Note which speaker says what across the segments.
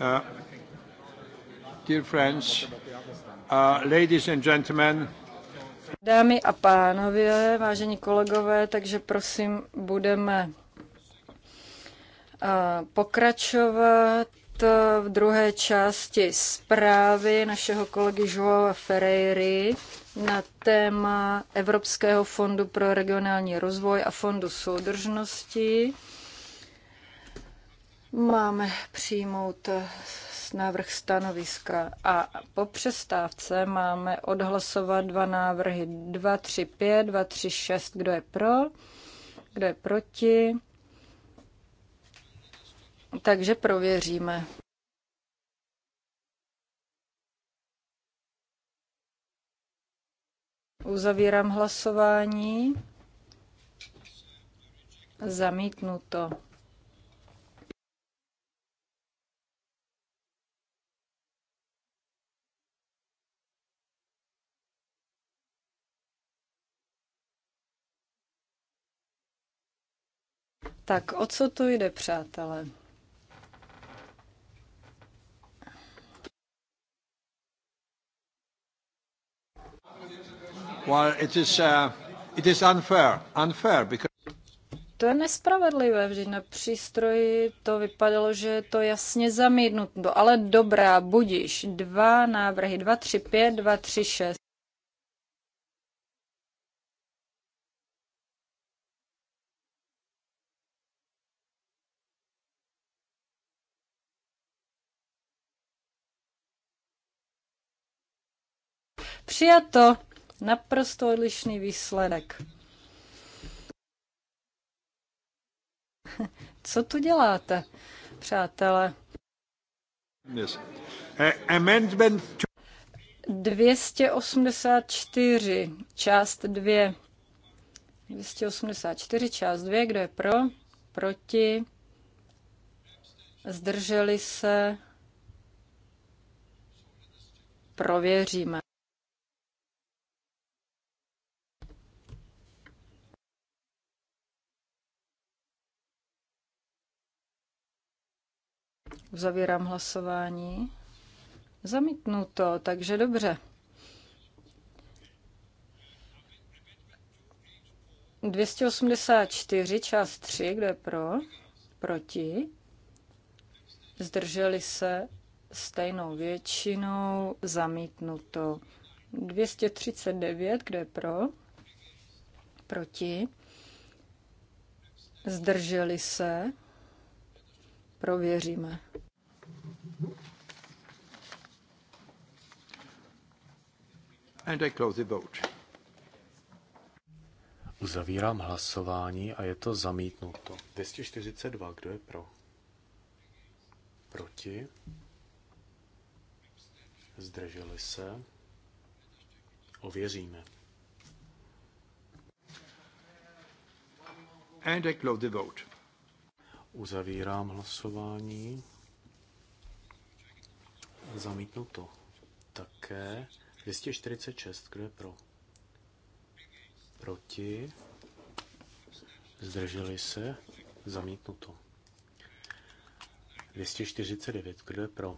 Speaker 1: Uh,
Speaker 2: dear friends, uh, ladies and gentlemen.
Speaker 3: Dámy a pánové, vážení kolegové, takže prosím, budeme uh, pokračovat v druhé části zprávy našeho kolegy Joao Ferreiry na téma Evropského fondu pro regionální rozvoj a fondu soudržnosti. Máme přijmout eh, návrh stanoviska a po přestávce máme odhlasovat dva návrhy 235, 236, kdo je pro, kdo je proti. Takže prověříme. Uzavírám hlasování. Zamítnuto. Tak o co to jde, přátelé?
Speaker 2: Well, it is, uh, it is unfair, unfair because...
Speaker 3: To je nespravedlivé, vždyť na přístroji to vypadalo, že je to jasně zamítnuto. Ale dobrá, budíš. Dva návrhy, tři, šest. Přijato. Naprosto odlišný výsledek. Co tu děláte, přátelé?
Speaker 2: Yes. Uh, amendment
Speaker 3: 284, část 2. 284, část 2, kdo je pro? Proti? Zdrželi se? Prověříme. Uzavírám hlasování. Zamítnuto, takže dobře. 284, část 3, kdo je pro? Proti? Zdrželi se stejnou většinou, zamítnuto. 239, kdo je pro? Proti? Zdrželi se? Prověříme.
Speaker 2: And I close the vote.
Speaker 4: Uzavírám hlasování a je to zamítnuto. 242, kdo je pro? Proti? Zdrželi se? Ověříme. And I close the vote. Uzavírám hlasování. Zamítnuto. Také 246, kdo je pro? Proti? Zdrželi se? Zamítnuto. 249, kdo je pro?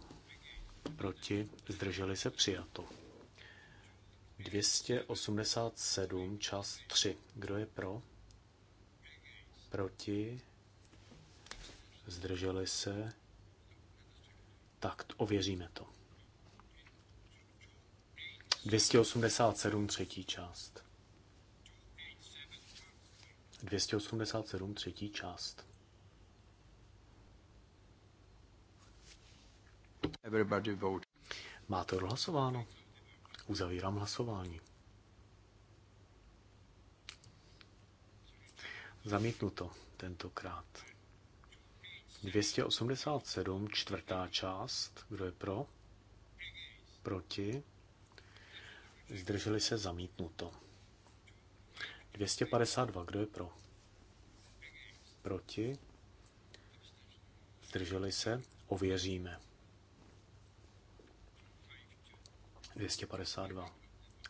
Speaker 4: Proti? Zdrželi se? Přijato. 287, čas 3. Kdo je pro? Proti? Zdrželi se? Tak, ověříme to. 287 třetí část. 287 třetí část. Everybody vote. Máte odhlasováno? Uzavírám hlasování. Zamítnuto tentokrát. 287 čtvrtá část. Kdo je pro? Proti? Zdrželi se zamítnuto. 252. Kdo je pro? Proti? Zdrželi se? Ověříme. 252.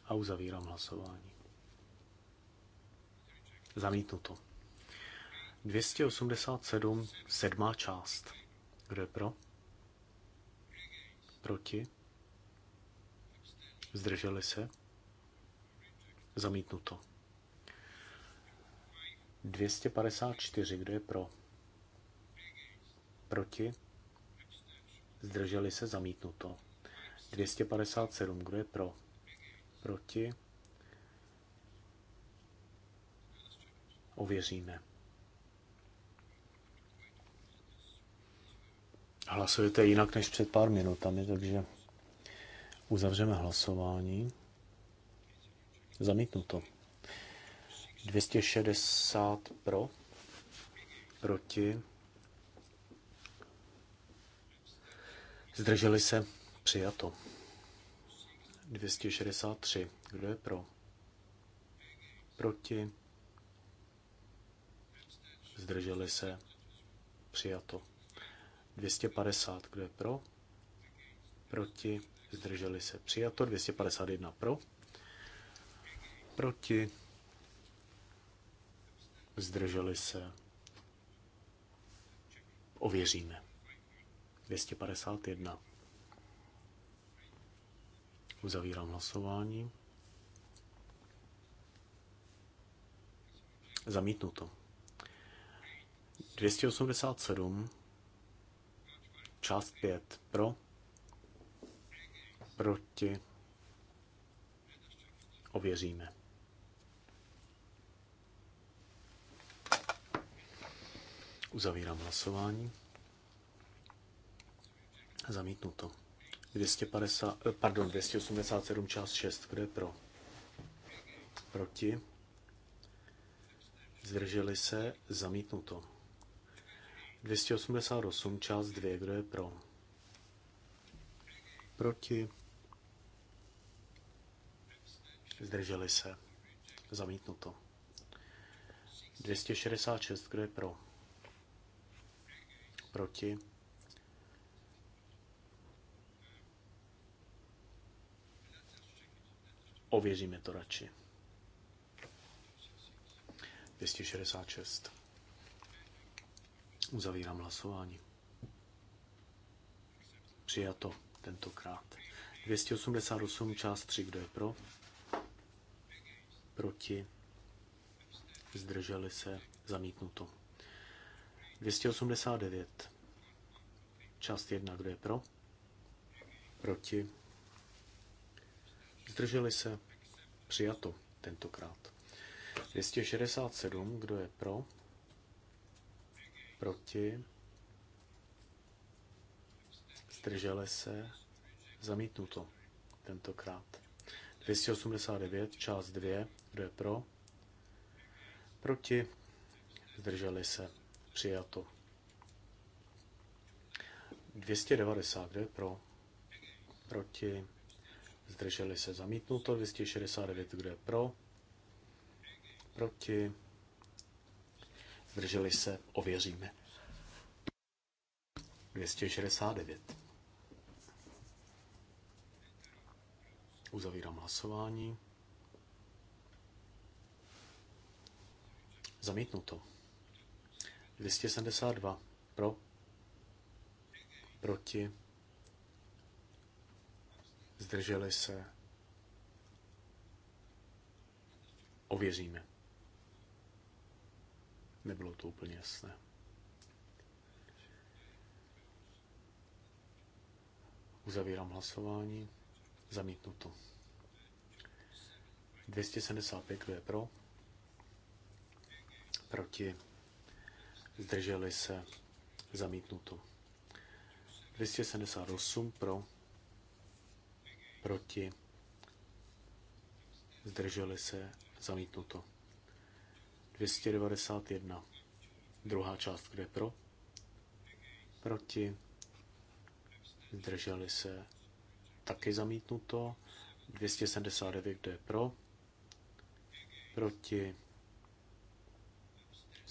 Speaker 4: A uzavírám hlasování. Zamítnuto. 287. Sedmá část. Kdo je pro? Proti? Zdrželi se? Zamítnuto. 254. Kdo je pro? Proti? Zdrželi se? Zamítnuto. 257. Kdo je pro? Proti? Ověříme. Hlasujete jinak než před pár minutami, takže Uzavřeme hlasování. Zamítnuto. 260 pro, proti, zdrželi se, přijato. 263, kdo je pro, proti, zdrželi se, přijato. 250, kdo je pro, proti, zdrželi se přijato, 251 pro, proti, zdrželi se, ověříme, 251. Uzavírám hlasování. Zamítnuto. 287, část 5 pro, proti, ověříme. Uzavírám hlasování. Zamítnuto. 250, eh, pardon, 287 část 6, kde je pro? Proti? Zdrželi se? Zamítnuto. 288 část 2, kdo je pro? Proti? Zdrželi se. Zamítnuto. 266, kdo je pro? Proti? Ověříme to radši. 266. Uzavírám hlasování. Přijato tentokrát. 288 část 3, kdo je pro? proti, zdrželi se, zamítnuto. 289, část 1, kdo je pro, proti, zdrželi se, přijato tentokrát. 267, kdo je pro, proti, zdrželi se, zamítnuto tentokrát. 289, část 2, kdo je pro? Proti? Zdrželi se. Přijato. 290. Kdo je pro? Proti? Zdrželi se. Zamítnuto. 269. Kdo je pro? Proti? Zdrželi se. Ověříme. 269. Uzavírám hlasování. Zamítnuto. 272. Pro. Proti. Zdrželi se. Ověříme. Nebylo to úplně jasné. Uzavírám hlasování. Zamítnuto. 275, kdo je pro? proti, zdrželi se, zamítnuto. 278 pro, proti, zdrželi se, zamítnuto. 291, druhá část, kde pro, proti, zdrželi se, taky zamítnuto. 279, kde pro, proti,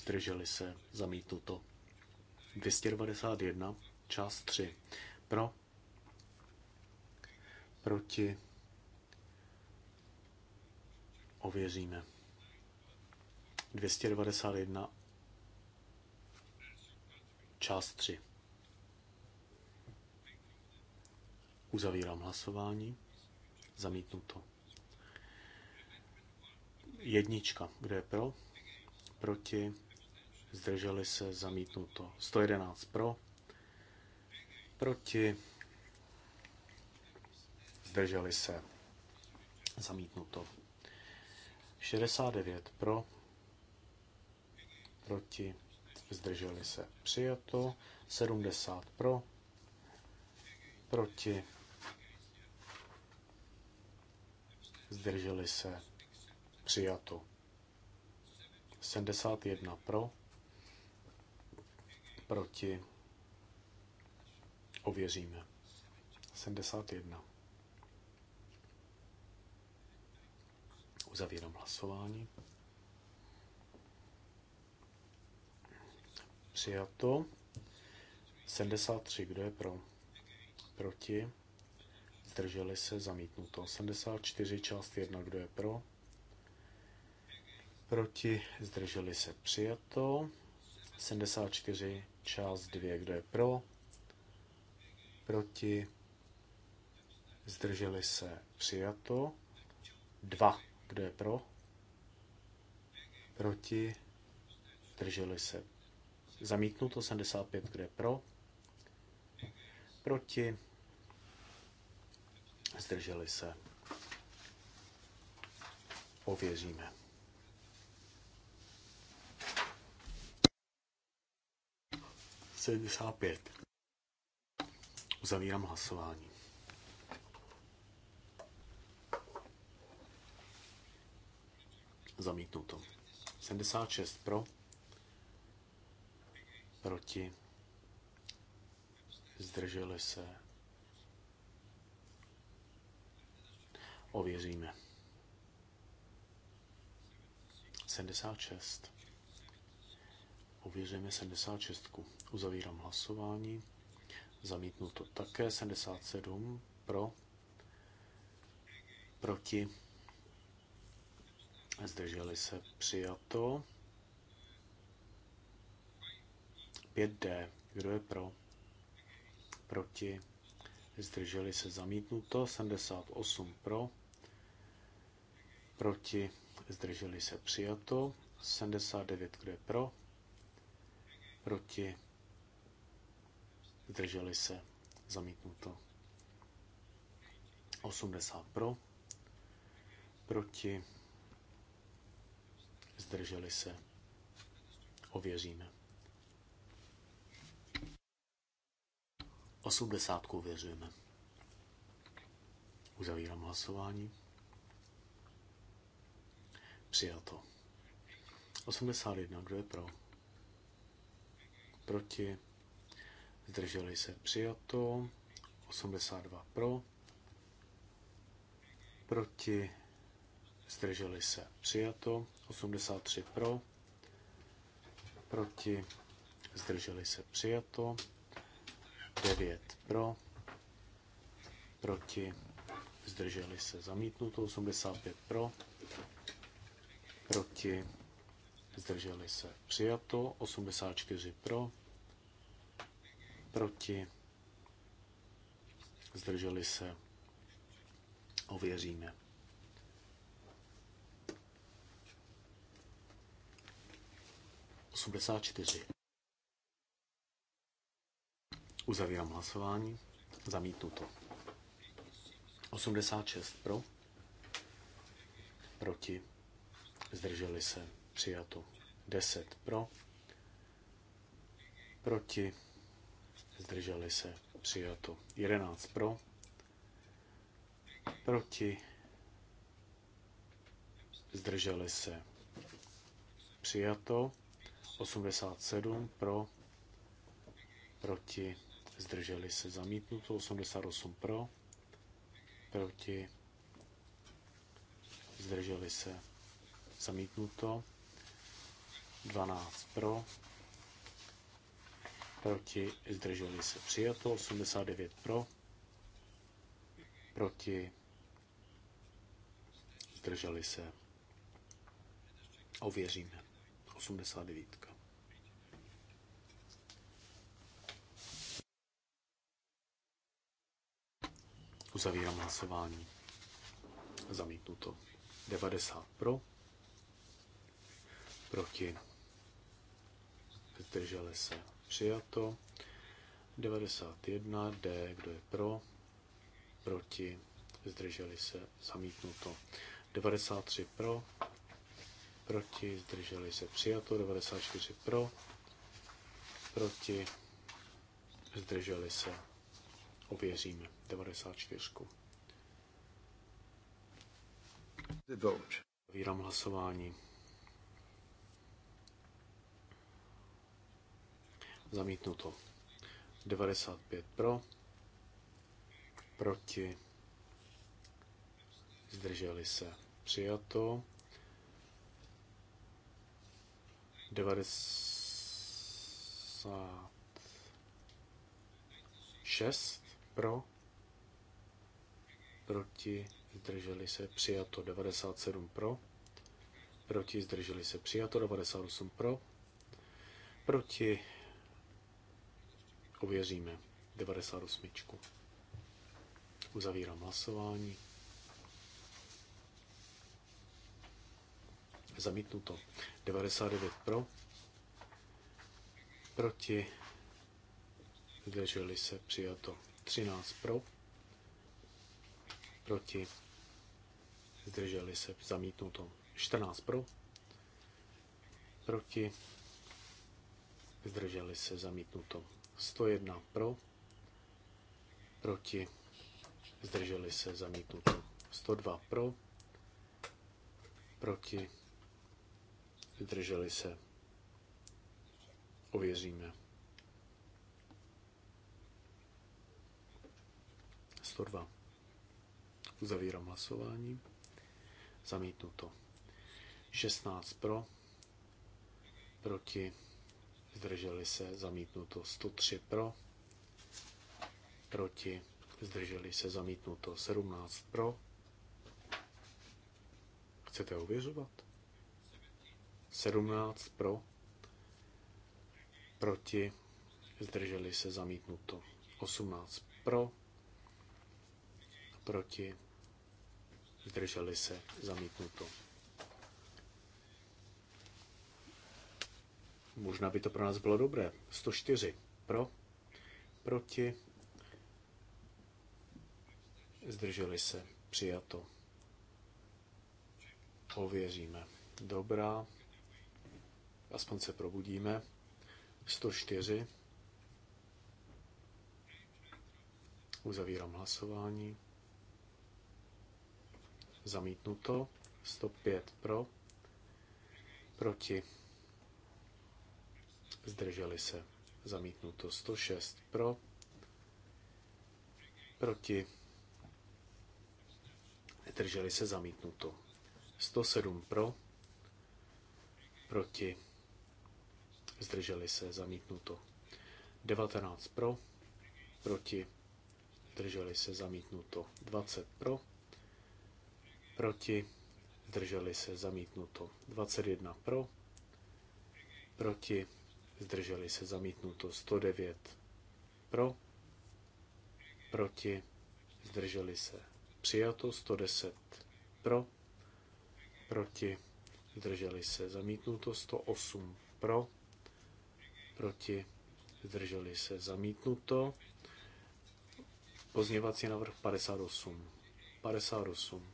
Speaker 4: zdrželi se, zamítl to. 291, část 3, pro, proti, ověříme. 291, část 3. Uzavírám hlasování. zamítnu to. Jednička. Kdo je pro? Proti? zdrželi se, zamítnuto. 111 pro, proti, zdrželi se, zamítnuto. 69 pro, proti, zdrželi se, přijato. 70 pro, proti, zdrželi se, přijato. 71 pro, proti, ověříme. 71. Uzavírám hlasování. Přijato. 73. Kdo je pro? Proti. Zdrželi se. Zamítnuto. 74. Část 1. Kdo je pro? Proti. Zdrželi se. Přijato. 74. Část 2. Kdo je pro? Proti? Zdrželi se. Přijato. 2. Kdo je pro? Proti? Zdrželi se. Zamítnuto 75. Kdo je pro? Proti? Zdrželi se. Ověříme. 75. Uzavírám hlasování. Zamítnuto. 76 pro, proti, zdrželi se, ověříme. 76. Ověříme 76. Uzavírám hlasování. to také 77 pro, proti, zdrželi se přijato. 5D, kdo je pro, proti, zdrželi se zamítnuto, 78 pro, proti, zdrželi se přijato, 79, kdo je pro, proti, zdrželi se, zamítnuto. 80 pro, proti, zdrželi se, ověříme. 80 ověřujeme. Uzavírám hlasování. Přijato. 81, kdo je pro? Proti? zdrželi se přijato, 82 pro, proti, zdrželi se přijato, 83 pro, proti, zdrželi se přijato, 9 pro, proti, zdrželi se zamítnuto, 85 pro, proti, zdrželi se přijato, 84 pro, proti, zdrželi se, ověříme. Uzavírám hlasování. to. 86 pro. Proti. Zdrželi se. Přijato. 10 pro. Proti zdrželi se, přijato. 11 pro, proti, zdrželi se, přijato. 87 pro, proti, zdrželi se, zamítnuto. 88 pro, proti, zdrželi se, zamítnuto. 12 pro, proti, zdrželi se přijato, 89 pro, proti, zdrželi se, ověříme, 89. Uzavírám hlasování. Zamítnuto. 90 pro, proti, zdrželi se, Přijato. 91 D, kdo je pro, proti, zdrželi se, zamítnuto. 93 pro, proti, zdrželi se, přijato. 94 pro, proti, zdrželi se, ověříme. 94. Vírám hlasování. Zamítnuto. 95 pro. Proti. Zdrželi se. Přijato. 96 pro. Proti. Zdrželi se. Přijato. 97 pro. Proti. Zdrželi se. Přijato. 98 pro. Proti Ověříme 98. Uzavírám hlasování. Zamítnuto. 99 pro. Proti. Zdrželi se. Přijato. 13 pro. Proti. Zdrželi se. Zamítnuto. 14 pro. Proti. Zdrželi se. Zamítnuto. 101 pro, proti, zdrželi se zamítnuto. 102 pro, proti, zdrželi se, ověříme. 102. Uzavírám hlasování. Zamítnuto. 16 pro, proti, zdrželi se, zamítnuto 103 pro, proti, zdrželi se, zamítnuto 17 pro. Chcete ověřovat? 17 pro, proti, zdrželi se, zamítnuto 18 pro, proti, zdrželi se, zamítnuto Možná by to pro nás bylo dobré. 104 pro, proti, zdrželi se, přijato. Ověříme. Dobrá, aspoň se probudíme. 104. Uzavírám hlasování. Zamítnuto. 105 pro. Proti zdrželi se, zamítnuto 106 pro, proti, zdrželi se, zamítnuto 107 pro, proti, zdrželi se, zamítnuto 19 pro, proti, zdrželi se, zamítnuto 20 pro, proti, zdrželi se, zamítnuto 21 pro, proti, zdrželi se zamítnuto 109 pro, proti, zdrželi se přijato 110 pro, proti, zdrželi se zamítnuto 108 pro, proti, zdrželi se zamítnuto. Pozněvací návrh 58. 58.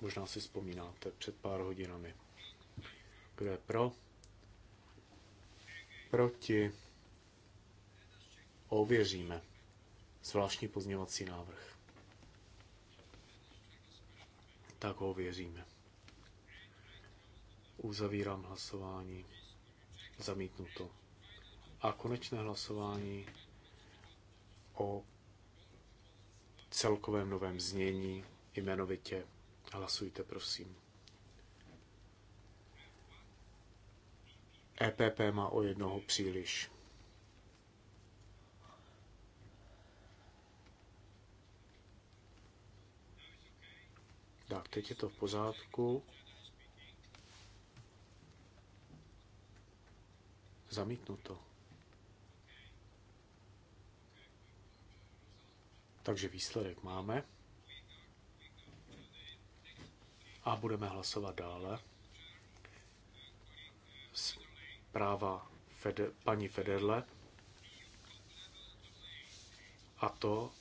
Speaker 4: Možná si vzpomínáte před pár hodinami. Kdo je pro? Proti. Ověříme. Zvláštní pozměvací návrh. Tak ověříme. Uzavírám hlasování. Zamítnuto. A konečné hlasování o celkovém novém znění jmenovitě. Hlasujte, prosím. EPP má o jednoho příliš. Tak, teď je to v pořádku. Zamítnuto. Takže výsledek máme. A budeme hlasovat dále práva Fede, paní Federle a to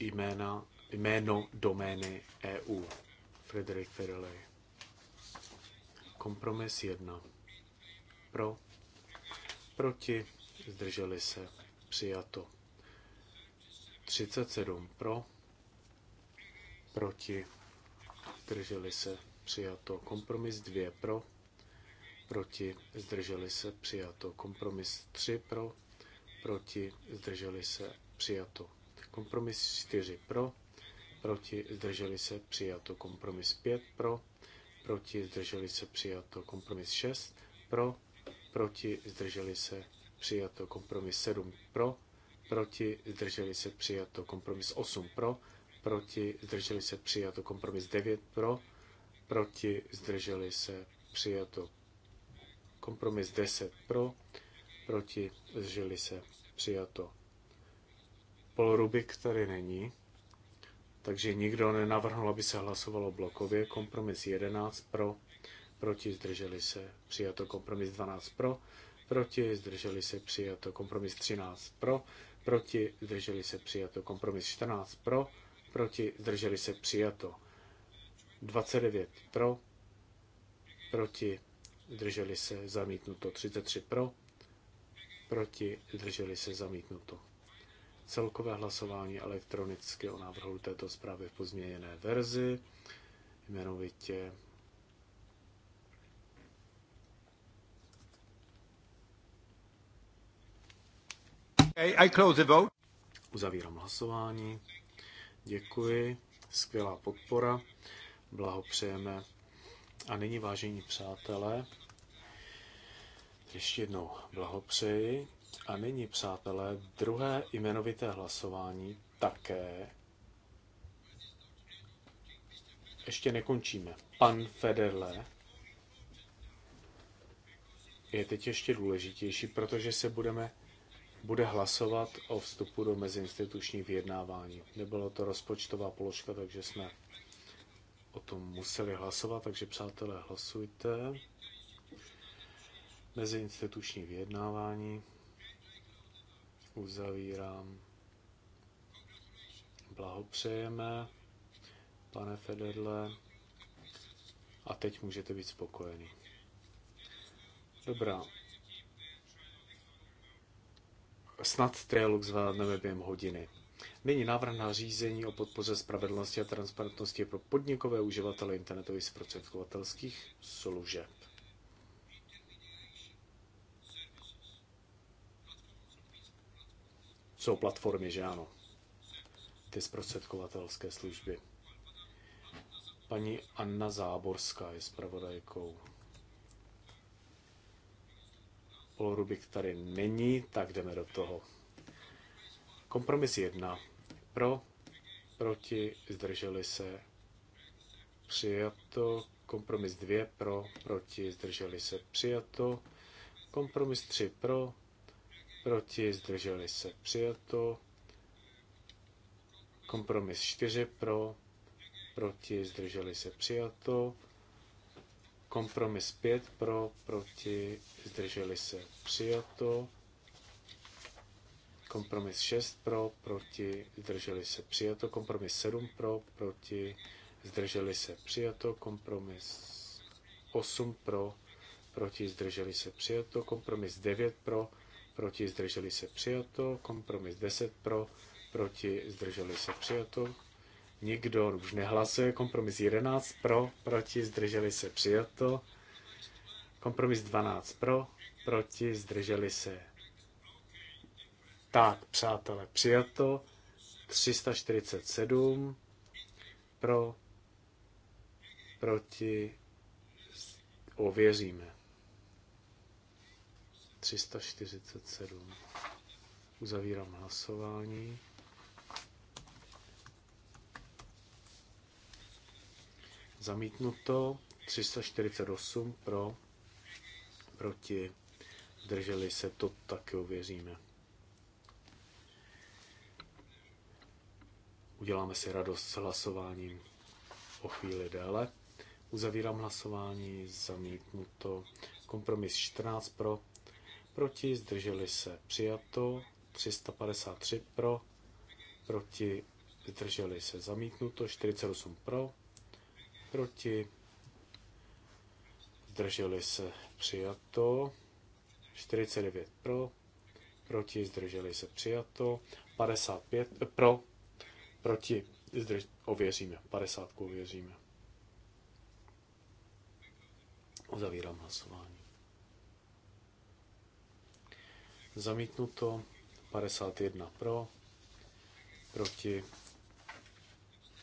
Speaker 4: jména, jméno domény EU. Frederik Federle Kompromis 1. Pro. Proti. Zdrželi se. Přijato. 37 pro. Proti. Zdrželi se. Přijato. Kompromis 2 pro proti, zdrželi se, přijato. Kompromis 3 pro, proti, zdrželi se, přijato. Kompromis 4 pro, proti, zdrželi se, přijato. Kompromis 5 pro, proti, zdrželi se, přijato. Kompromis 6 pro, proti, zdrželi se, přijato. Kompromis 7 pro, proti, zdrželi se, přijato. Kompromis 8 pro, proti, zdrželi se, přijato. Kompromis 9 pro, proti, zdrželi se, přijato Kompromis 10 pro, proti, zdrželi se, přijato. Polorubik tady není, takže nikdo nenavrhl, aby se hlasovalo blokově. Kompromis 11 pro, proti, zdrželi se, přijato. Kompromis 12 pro, proti, zdrželi se, přijato. Kompromis 13 pro, proti, zdrželi se, přijato. Kompromis 14 pro, proti, zdrželi se, přijato. 29 pro, proti, drželi se zamítnuto. 33 pro, proti, drželi se zamítnuto. Celkové hlasování elektronicky o návrhu této zprávy v pozměněné verzi, jmenovitě I close the vote. Uzavírám hlasování. Děkuji. Skvělá podpora. Blahopřejeme. A nyní, vážení přátelé, ještě jednou blahopřeji. A nyní, přátelé, druhé jmenovité hlasování také. Ještě nekončíme. Pan Federle je teď ještě důležitější, protože se budeme bude hlasovat o vstupu do meziinstitučních vyjednávání. Nebylo to rozpočtová položka, takže jsme o tom museli hlasovat, takže přátelé, hlasujte meziinstituční vyjednávání. Uzavírám. Blahopřejeme, pane Federle. A teď můžete být spokojený. Dobrá. Snad trialog zvládneme během hodiny. Nyní návrh na řízení o podpoře spravedlnosti a transparentnosti pro podnikové uživatele internetových zprostředkovatelských služeb. jsou platformy, že ano? Ty zprostředkovatelské služby. Paní Anna Záborská je zpravodajkou. Paul tady není, tak jdeme do toho. Kompromis jedna. Pro, proti, zdrželi se. Přijato. Kompromis dvě. Pro, proti, zdrželi se. Přijato. Kompromis tři. Pro, proti, zdrželi se přijato. Kompromis 4 pro, proti, zdrželi se přijato. Kompromis 5 pro, proti, zdrželi se přijato. Kompromis 6 pro, proti, zdrželi se přijato. Kompromis 7 pro, proti, zdrželi se přijato. Kompromis 8 pro, proti, zdrželi se přijato. Kompromis 9 pro, Proti proti, zdrželi se přijato, kompromis 10 pro, proti, zdrželi se přijato, nikdo už nehlasuje, kompromis 11 pro, proti, zdrželi se přijato, kompromis 12 pro, proti, zdrželi se. Tak, přátelé, přijato, 347 pro, proti, ověříme. 347. Uzavírám hlasování. Zamítnuto 348 pro, proti, drželi se, to taky ověříme. Uděláme si radost s hlasováním o chvíli déle. Uzavírám hlasování, zamítnuto. Kompromis 14 pro, proti, zdrželi se přijato, 353 pro, proti, zdrželi se zamítnuto, 48 pro, proti, zdrželi se přijato, 49 pro, proti, zdrželi se přijato, 55 eh, pro, proti, zdrž, ověříme, 50 ověříme. Uzavírám hlasování. Zamítnuto 51 pro, proti,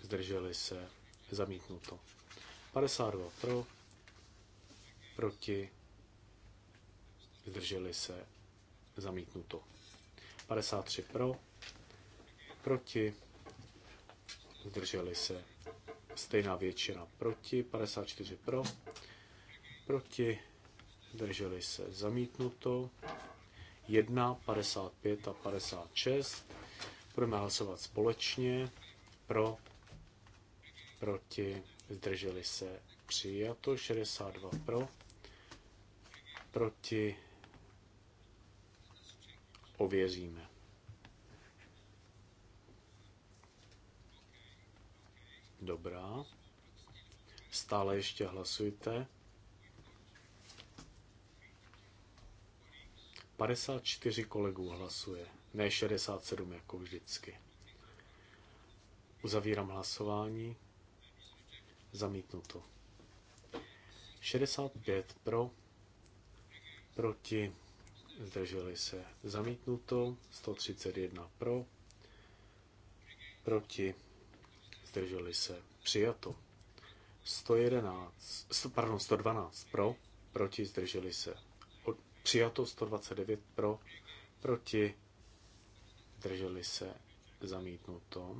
Speaker 4: zdrželi se, zamítnuto. 52 pro, proti, zdrželi se, zamítnuto. 53 pro, proti, zdrželi se, stejná většina proti, 54 pro, proti, zdrželi se, zamítnuto. 1, 55 a 56. Budeme hlasovat společně. Pro, proti, zdrželi se, přijato. 62 pro, proti, ověříme. Dobrá. Stále ještě hlasujte. 54 kolegů hlasuje, ne 67 jako vždycky. Uzavírám hlasování. Zamítnuto. 65 pro, proti, zdrželi se. Zamítnuto. 131 pro, proti, zdrželi se. Přijato. 111, pardon, 112 pro, proti, zdrželi se Přijato 129 pro, proti, drželi se zamítnuto.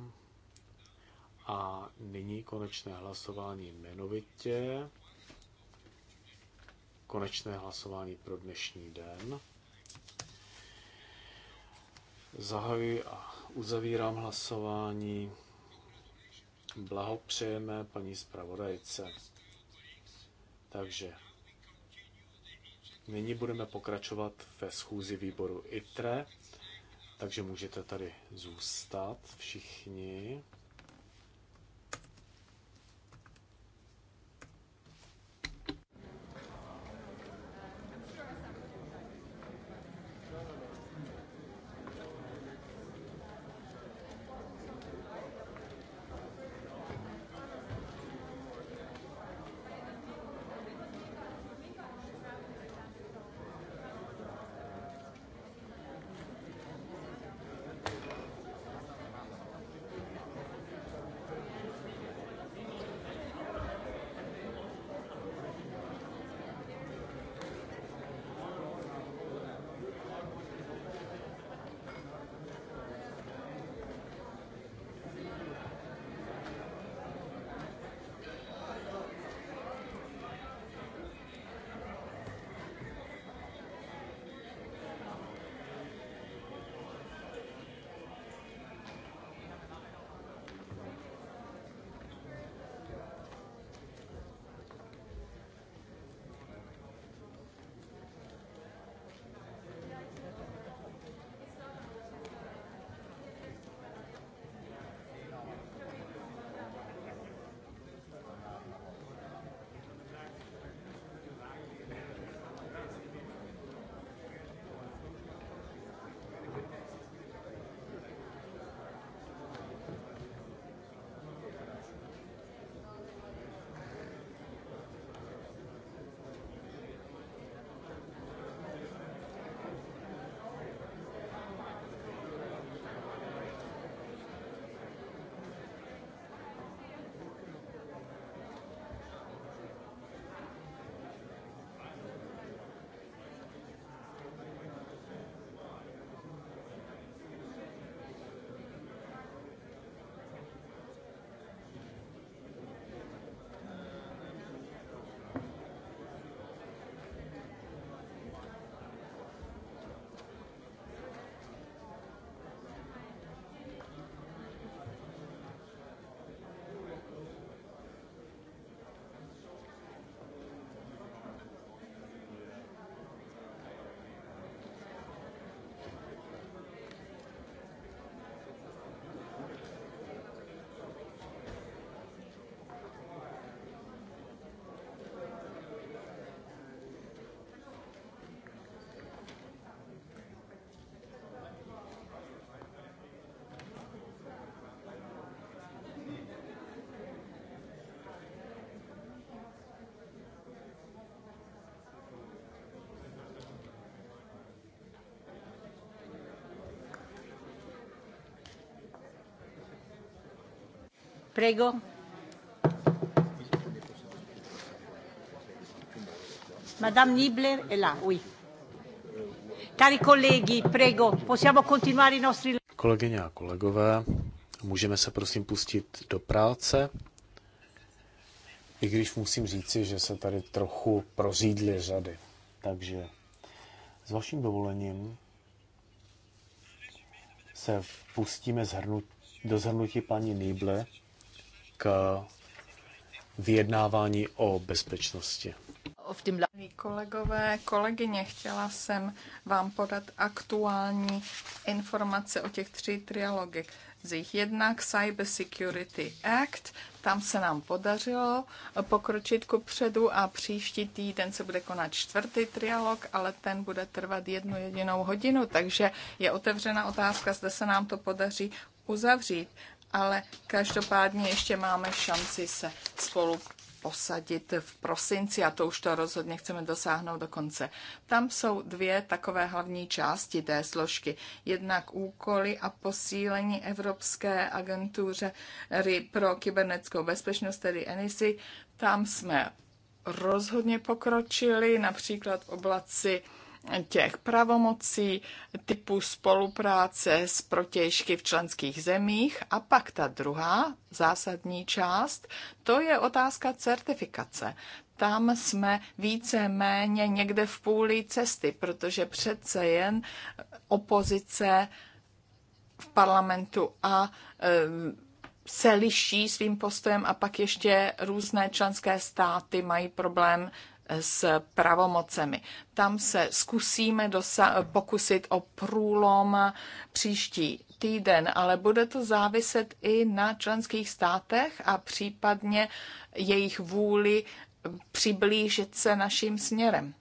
Speaker 4: A nyní konečné hlasování jmenovitě. Konečné hlasování pro dnešní den. Zahajuji a uzavírám hlasování. Blahopřejeme paní zpravodajce. Takže Nyní budeme pokračovat ve schůzi výboru ITRE, takže můžete tady zůstat všichni.
Speaker 1: Prego. Madame Nibler è là, oui. Cari colleghi, prego, possiamo continuare i nostri...
Speaker 4: Kolegyně a kolegové, můžeme se prosím pustit do práce. I když musím říci, že se tady trochu prořídly řady. Takže s vaším dovolením se pustíme zhrnut, do zhrnutí paní Nýble, k vyjednávání o bezpečnosti.
Speaker 5: Milí kolegové, kolegyně, chtěla jsem vám podat aktuální informace o těch tří trialogech. Z jich jednak Cyber Security Act, tam se nám podařilo pokročit ku předu a příští týden se bude konat čtvrtý trialog, ale ten bude trvat jednu jedinou hodinu, takže je otevřena otázka, zda se nám to podaří uzavřít ale každopádně ještě máme šanci se spolu posadit v prosinci a to už to rozhodně chceme dosáhnout do konce. Tam jsou dvě takové hlavní části té složky. Jednak úkoly a posílení Evropské agentuře pro kybernetickou bezpečnost, tedy ENISI. Tam jsme rozhodně pokročili, například v oblasti těch pravomocí, typu spolupráce s protějšky v členských zemích. A pak ta druhá zásadní část, to je otázka certifikace. Tam jsme více-méně někde v půli cesty, protože přece jen opozice v parlamentu a e, se liší svým postojem a pak ještě různé členské státy mají problém s pravomocemi. Tam se zkusíme pokusit o průlom příští týden, ale bude to záviset i na členských státech a případně jejich vůli přiblížit se naším směrem.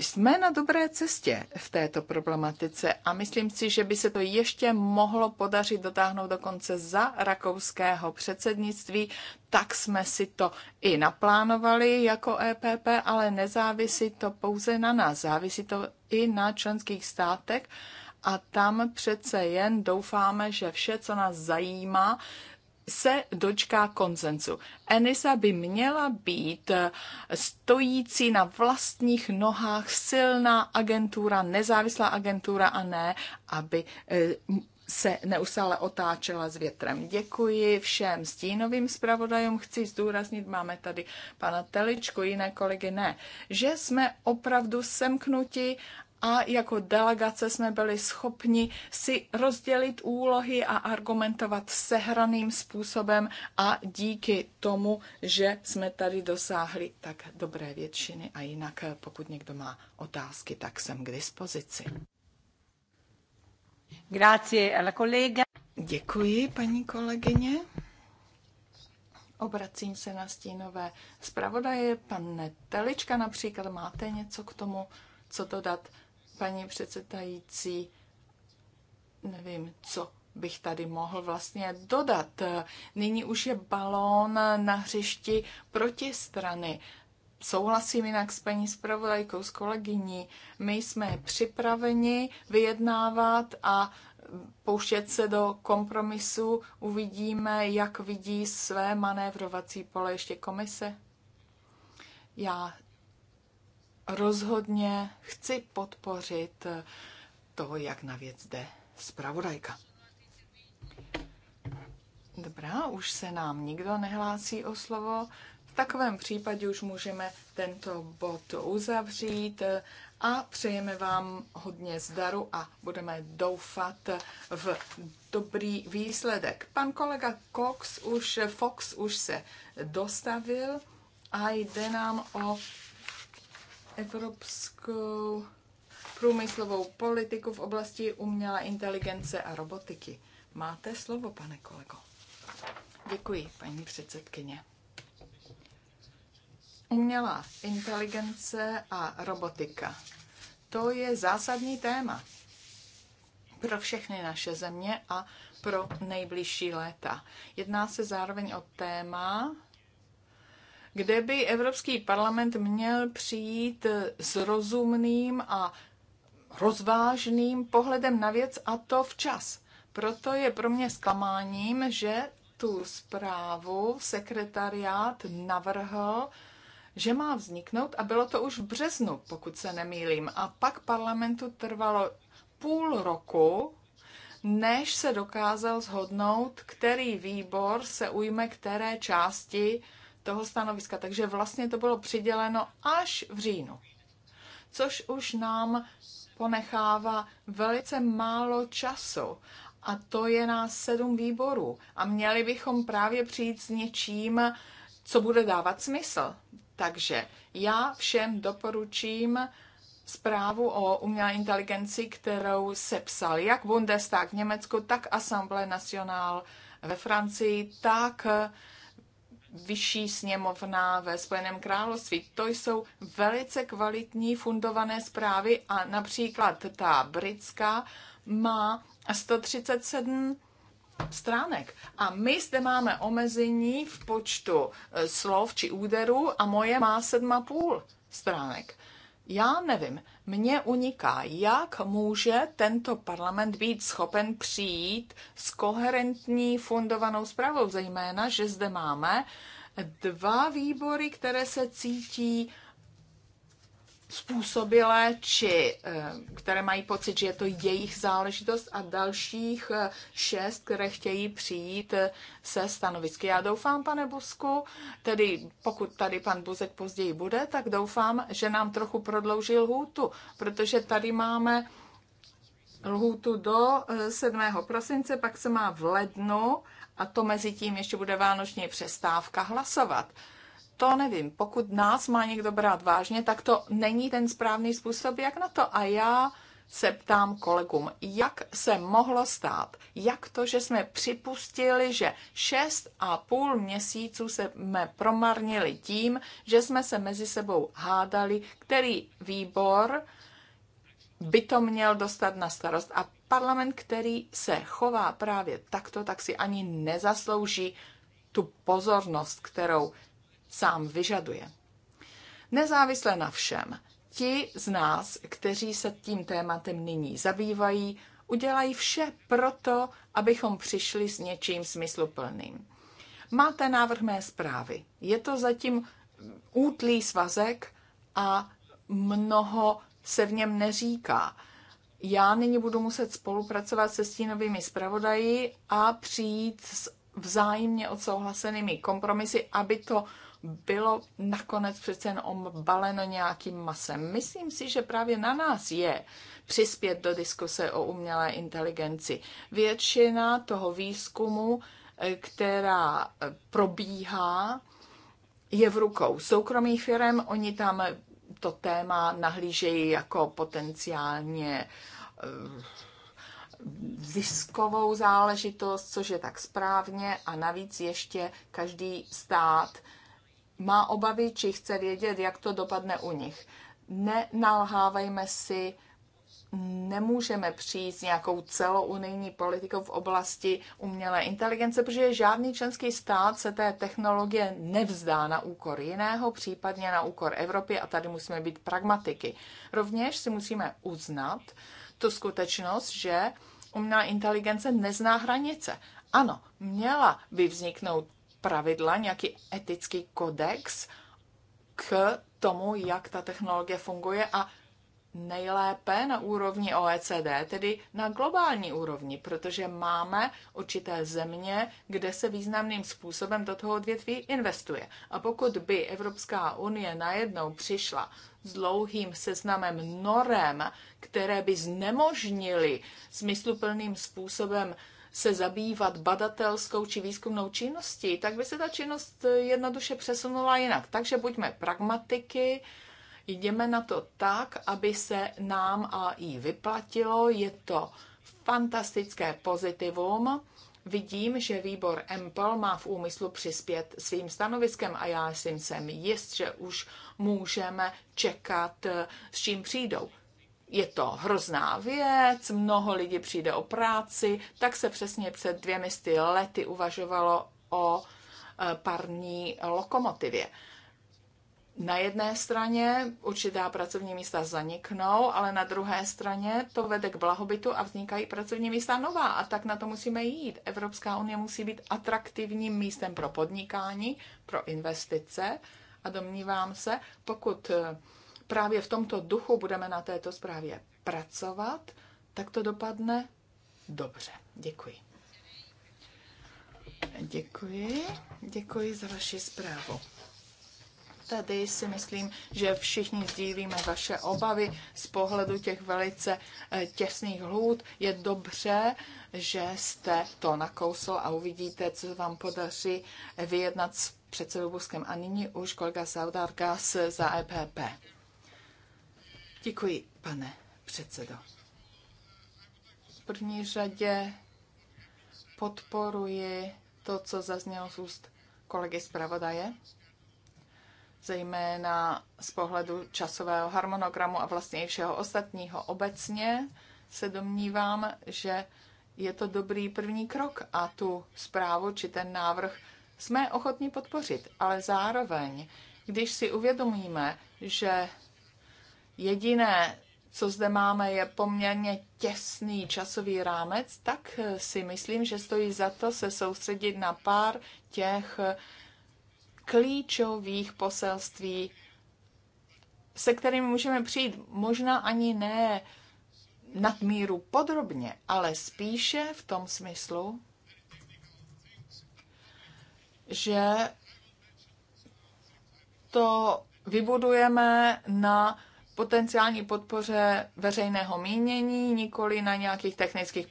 Speaker 5: Jsme na dobré cestě v této problematice a myslím si, že by se to ještě mohlo podařit dotáhnout dokonce za rakouského předsednictví. Tak jsme si to i naplánovali jako EPP, ale nezávisí to pouze na nás, závisí to i na členských státech a tam přece jen doufáme, že vše, co nás zajímá, se dočká konsenzu. Enisa by měla být stojící na vlastních nohách silná agentura, nezávislá agentura a ne, aby eh, se neustále otáčela s větrem. Děkuji všem stínovým zpravodajům. Chci zdůraznit, máme tady pana Teličku, jiné kolegy ne, že jsme opravdu semknuti a jako delegace jsme byli schopni si rozdělit úlohy a argumentovat sehraným způsobem a díky tomu, že jsme tady dosáhli tak dobré většiny a jinak eh, pokud někdo má otázky, tak jsem k dispozici. Grazie alla collega. Děkuji, paní kolegyně. Obracím se na stínové zpravodaje. Pane Telička například, máte něco k tomu, co dodat? paní předsedající. Nevím, co bych tady mohl vlastně dodat. Nyní už je balón na hřišti protistrany. Souhlasím jinak s paní zpravodajkou, s kolegyní. My jsme připraveni vyjednávat a pouštět se do kompromisu. Uvidíme, jak vidí své manévrovací pole ještě komise. Já rozhodně chci podpořit to, jak na věc jde zpravodajka. Dobrá, už se nám nikdo nehlásí o slovo. V takovém případě už můžeme tento bod uzavřít a přejeme vám hodně zdaru a budeme doufat v dobrý výsledek. Pan kolega Cox už, Fox už se dostavil a jde nám o evropskou průmyslovou politiku v oblasti umělé inteligence a robotiky. Máte slovo, pane kolego. Děkuji, paní předsedkyně. Umělá inteligence a robotika. To je zásadní téma pro všechny naše země a pro nejbližší léta. Jedná se zároveň o téma, kde by Evropský parlament měl přijít s rozumným a rozvážným pohledem na věc a to včas. Proto je pro mě zklamáním, že tu zprávu sekretariát navrhl, že má vzniknout a bylo to už v březnu, pokud se nemýlím. A pak parlamentu trvalo půl roku, než se dokázal shodnout, který výbor se ujme které části toho stanoviska. Takže vlastně to bylo přiděleno až v říjnu, což už nám ponechává velice málo času. A to je na sedm výborů. A měli bychom právě přijít s něčím, co bude dávat smysl. Takže já všem doporučím zprávu o umělé inteligenci, kterou sepsal jak Bundestag v Německu, tak Assemblée Nationale ve Francii, tak vyšší sněmovna ve Spojeném království. To jsou velice kvalitní fundované zprávy a například ta britská má 137 stránek. A my zde máme omezení v počtu eh, slov či úderů a moje má 7,5 stránek. Já nevím, mně uniká, jak může tento parlament být schopen přijít s koherentní fundovanou zprávou, zejména, že zde máme dva výbory, které se cítí způsobilé, či eh, které mají pocit, že je to jejich záležitost a dalších eh, šest, které chtějí přijít eh, se stanovisky. Já doufám, pane Busku, tedy pokud tady pan Buzek později bude, tak doufám, že nám trochu prodlouží lhůtu, protože tady máme lhůtu do 7. prosince, pak se má v lednu a to mezi tím ještě bude vánoční přestávka hlasovat to nevím. Pokud nás má někdo brát vážně, tak to není ten správný způsob, jak na to. A já se ptám kolegům, jak se mohlo stát, jak to, že jsme připustili, že šest a půl měsíců jsme promarnili tím, že jsme se mezi sebou hádali, který výbor by to měl dostat na starost. A parlament, který se chová právě takto, tak si ani nezaslouží tu pozornost, kterou sám vyžaduje. Nezávisle na všem, ti z nás, kteří se tím tématem nyní zabývají, udělají vše proto, abychom přišli s něčím smysluplným. Máte návrh mé zprávy. Je to zatím útlý svazek a mnoho se v něm neříká. Já nyní budu muset spolupracovat se stínovými zpravodaji a přijít s vzájemně odsouhlasenými kompromisy, aby to bylo nakonec přece jen obaleno nějakým masem. Myslím si, že právě na nás je přispět do diskuse o umělé inteligenci. Většina toho výzkumu, eh, která eh, probíhá, je v rukou soukromých firm. Oni tam eh, to téma nahlížejí jako potenciálně ziskovou záležitost, což je tak správně, a navíc ještě každý stát má obavy, či chce vědět, jak to dopadne u nich. Nenalhávejme si, nemůžeme přijít s nějakou celounijní politikou v oblasti umělé inteligence, protože žádný členský stát se té technologie nevzdá na úkor jiného, případně na úkor Evropy a tady musíme být pragmatiky. Rovněž si musíme uznat tu skutečnost, že umělá inteligence nezná hranice. Ano, měla by vzniknout pravidla, nějaký etický kodex k tomu, jak ta technologie funguje a nejlépe na úrovni OECD, tedy na globální úrovni, protože máme určité země, kde se významným způsobem do toho odvětví investuje. A pokud by Evropská unie najednou přišla s dlouhým seznamem norem, které by znemožnili smysluplným způsobem se zabývat badatelskou či výzkumnou činností, tak by se ta činnost jednoduše přesunula jinak. Takže buďme pragmatiky, jdeme na to tak, aby se nám a i vyplatilo, je to fantastické pozitivum. Vidím, že výbor Empel má v úmyslu přispět svým stanoviskem a já jsem jist, že už můžeme čekat, s čím přijdou je to hrozná věc, mnoho lidí přijde o práci, tak se přesně před dvěmi sty lety uvažovalo o e, parní lokomotivě. Na jedné straně určitá pracovní místa zaniknou, ale na druhé straně to vede k blahobytu a vznikají pracovní místa nová. A tak na to musíme jít. Evropská unie musí být atraktivním místem pro podnikání, pro investice. A domnívám se, pokud e, právě v tomto duchu budeme na této zprávě pracovat, tak to dopadne dobře. Děkuji. Děkuji. Děkuji za vaši zprávu. Tady si myslím, že všichni sdílíme vaše obavy z pohledu těch velice eh, těsných hlůd. Je dobře, že jste to nakousl a uvidíte, co vám podaří vyjednat s předsedou Buskem. A nyní už kolega Saudargas za EPP. Děkuji, pane předsedo. V první řadě podporuji to, co zaznělo z úst kolegy zpravodaje, zejména z pohledu časového harmonogramu a vlastně i všeho ostatního. Obecně se domnívám, že je to dobrý první krok a tu zprávu či ten návrh jsme ochotni podpořit, ale zároveň, když si uvědomíme, že jediné, co zde máme, je poměrně těsný časový rámec, tak si myslím, že stojí za to se soustředit na pár těch klíčových poselství, se kterými můžeme přijít. Možná ani ne nadmíru podrobně, ale spíše v tom smyslu, že to vybudujeme na potenciální podpoře veřejného mínění, nikoli na nějakých technických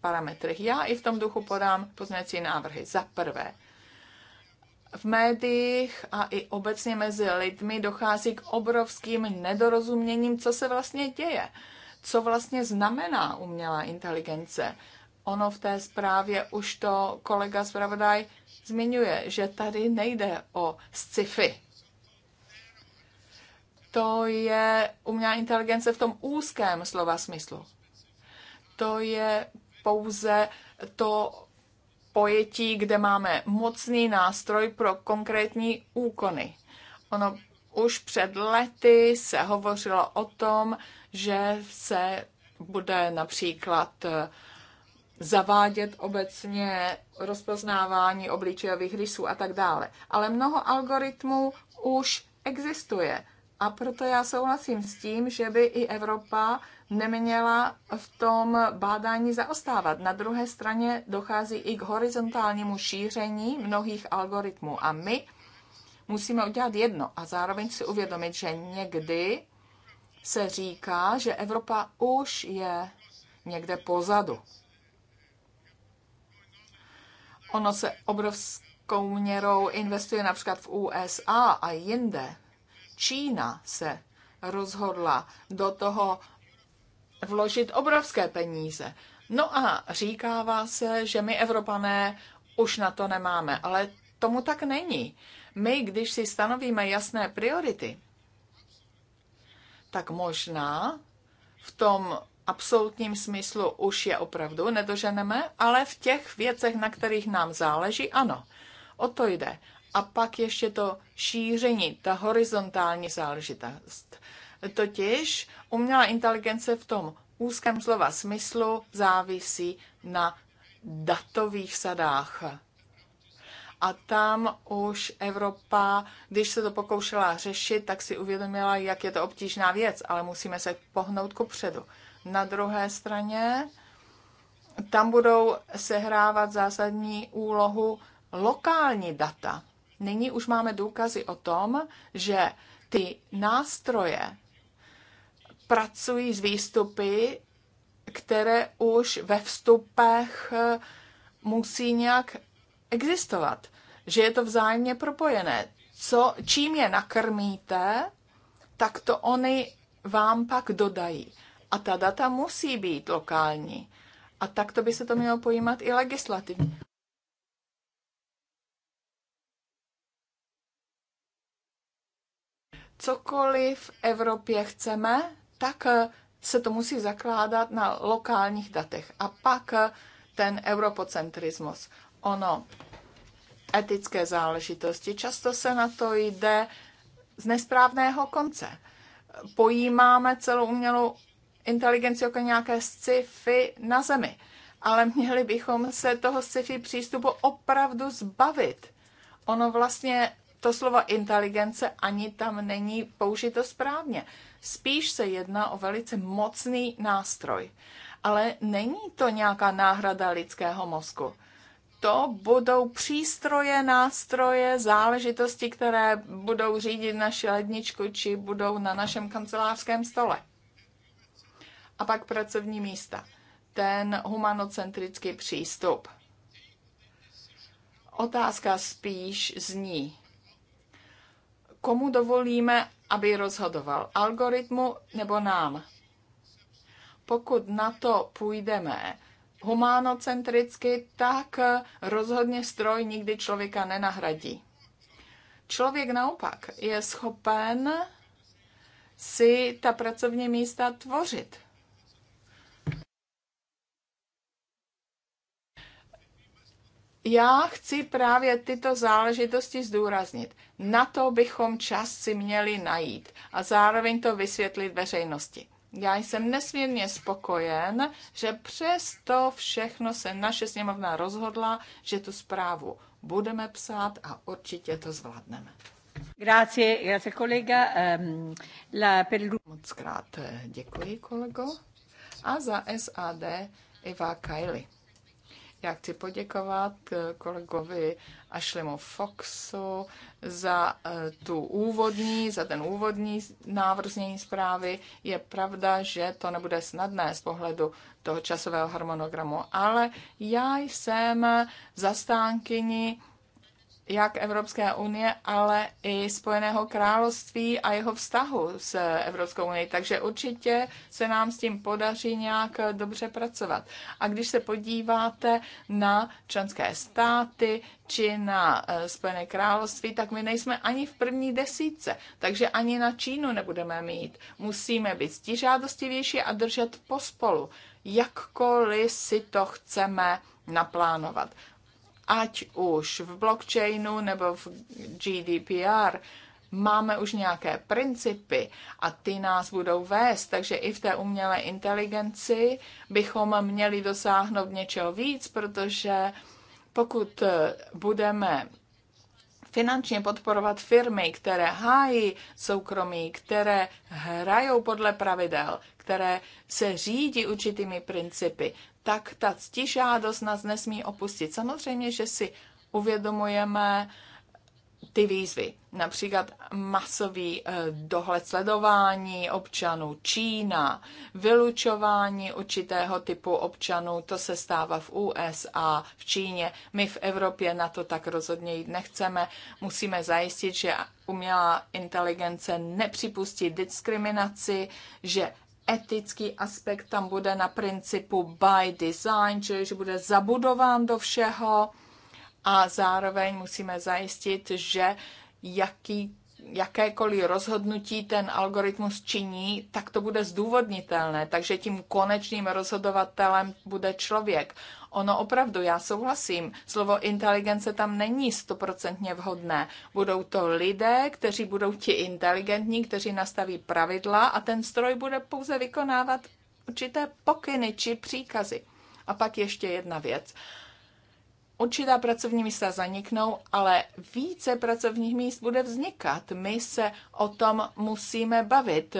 Speaker 5: parametrech. Já i v tom duchu podám poznací návrhy. Za prvé, v médiích a i obecně mezi lidmi dochází k obrovským nedorozuměním, co se vlastně děje, co vlastně znamená umělá inteligence. Ono v té zprávě už to kolega zpravodaj zmiňuje, že tady nejde o sci-fi, to je umělá inteligence v tom úzkém slova smyslu. To je pouze to pojetí, kde máme mocný nástroj pro konkrétní úkony. Ono už před lety se hovořilo o tom, že se bude například eh, zavádět obecně rozpoznávání obličejových rysů a tak dále. Ale mnoho algoritmů už existuje. A proto já souhlasím s tím, že by i Evropa neměla v tom bádání zaostávat. Na druhé straně dochází i k horizontálnímu šíření mnohých algoritmů. A my musíme udělat jedno a zároveň si uvědomit, že někdy se říká, že Evropa už je někde pozadu. Ono se obrovskou měrou investuje například v USA a jinde Čína se rozhodla do toho vložit obrovské peníze. No a říkává se, že my Evropané už na to nemáme, ale tomu tak není. My, když si stanovíme jasné priority, tak možná v tom absolutním smyslu už je opravdu nedoženeme, ale v těch věcech, na kterých nám záleží, ano. O to jde. A pak ještě to šíření, ta horizontální záležitost. Totiž umělá inteligence v tom úzkém slova smyslu závisí na datových sadách. A tam už Evropa, když se to pokoušela řešit, tak si uvědomila, jak je to obtížná věc, ale musíme se pohnout ku předu. Na druhé straně tam budou sehrávat zásadní úlohu lokální data. Nyní už máme důkazy o tom, že ty nástroje pracují s výstupy, které už ve vstupech eh, musí nějak existovat, že je to vzájemně propojené. Co, čím je nakrmíte, tak to oni vám pak dodají. A ta data musí být lokální. A takto by se to mělo pojímat i legislativně. cokoliv v Evropě chceme, tak eh, se to musí zakládat na lokálních datech. A pak eh, ten europocentrismus. Ono, etické záležitosti, často se na to jde z nesprávného konce. Pojímáme celou umělou inteligenci jako nějaké sci-fi na zemi. Ale měli bychom se toho sci-fi přístupu opravdu zbavit. Ono vlastně to slovo inteligence ani tam není použito správně. Spíš se jedná o velice mocný nástroj. Ale není to nějaká náhrada lidského mozku. To budou přístroje, nástroje, záležitosti, které budou řídit naši ledničku či budou na našem kancelářském stole. A pak pracovní místa. Ten humanocentrický přístup. Otázka spíš zní, komu dovolíme, aby rozhodoval? Algoritmu nebo nám? Pokud na to půjdeme humanocentricky, tak rozhodně stroj nikdy člověka nenahradí. Člověk naopak je schopen si ta pracovní místa tvořit já chci právě tyto záležitosti zdůraznit. Na to bychom čas si měli najít a zároveň to vysvětlit veřejnosti. Já jsem nesmírně spokojen, že přes to všechno se naše sněmovna rozhodla, že tu zprávu budeme psát a určitě to zvládneme. Grazie, grazie kolega. Um, la per... Moc krát eh, děkuji, kolego. A za SAD Eva Kajli. Já chci poděkovat eh, kolegovi Ashlemu Foxu za eh, tu úvodní, za ten úvodní návrh znění zprávy. Je pravda, že to nebude snadné z pohledu toho časového harmonogramu, ale já jsem zastánkyni jak Evropské unie, ale i Spojeného království a jeho vztahu s Evropskou unii. Takže určitě se nám s tím podaří nějak dobře pracovat. A když se podíváte na členské státy či na eh, Spojené království, tak my nejsme ani v první desítce, takže ani na Čínu nebudeme mít. Musíme být stižádostivější a držet pospolu, jakkoliv si to chceme naplánovat ať už v blockchainu nebo v GDPR, máme už nějaké principy a ty nás budou vést, takže i v té umělé inteligenci bychom měli dosáhnout něčeho víc, protože pokud budeme finančně podporovat firmy, které hájí soukromí, které hrajou podle pravidel, které se řídí určitými principy, tak ta ctižádost nás nesmí opustit. Samozřejmě, že si uvědomujeme, ty výzvy, například masový eh, dohled sledování občanů, Čína, vylučování určitého typu občanů, to se stává v USA, v Číně. My v Evropě na to tak rozhodně jít nechceme. Musíme zajistit, že umělá inteligence nepřipustí diskriminaci, že etický aspekt tam bude na principu by design, čili že bude zabudován do všeho a zároveň musíme zajistit, že jaký jakékoliv rozhodnutí ten algoritmus činí, tak to bude zdůvodnitelné. Takže tím konečným rozhodovatelem bude člověk. Ono opravdu, já souhlasím, slovo inteligence tam není stoprocentně vhodné. Budou to lidé, kteří budou ti inteligentní, kteří nastaví pravidla a ten stroj bude pouze vykonávat určité pokyny či příkazy. A pak ještě jedna věc. Uh, Určitá pracovní místa zaniknou, ale více pracovních míst bude vznikat. My se o tom musíme bavit.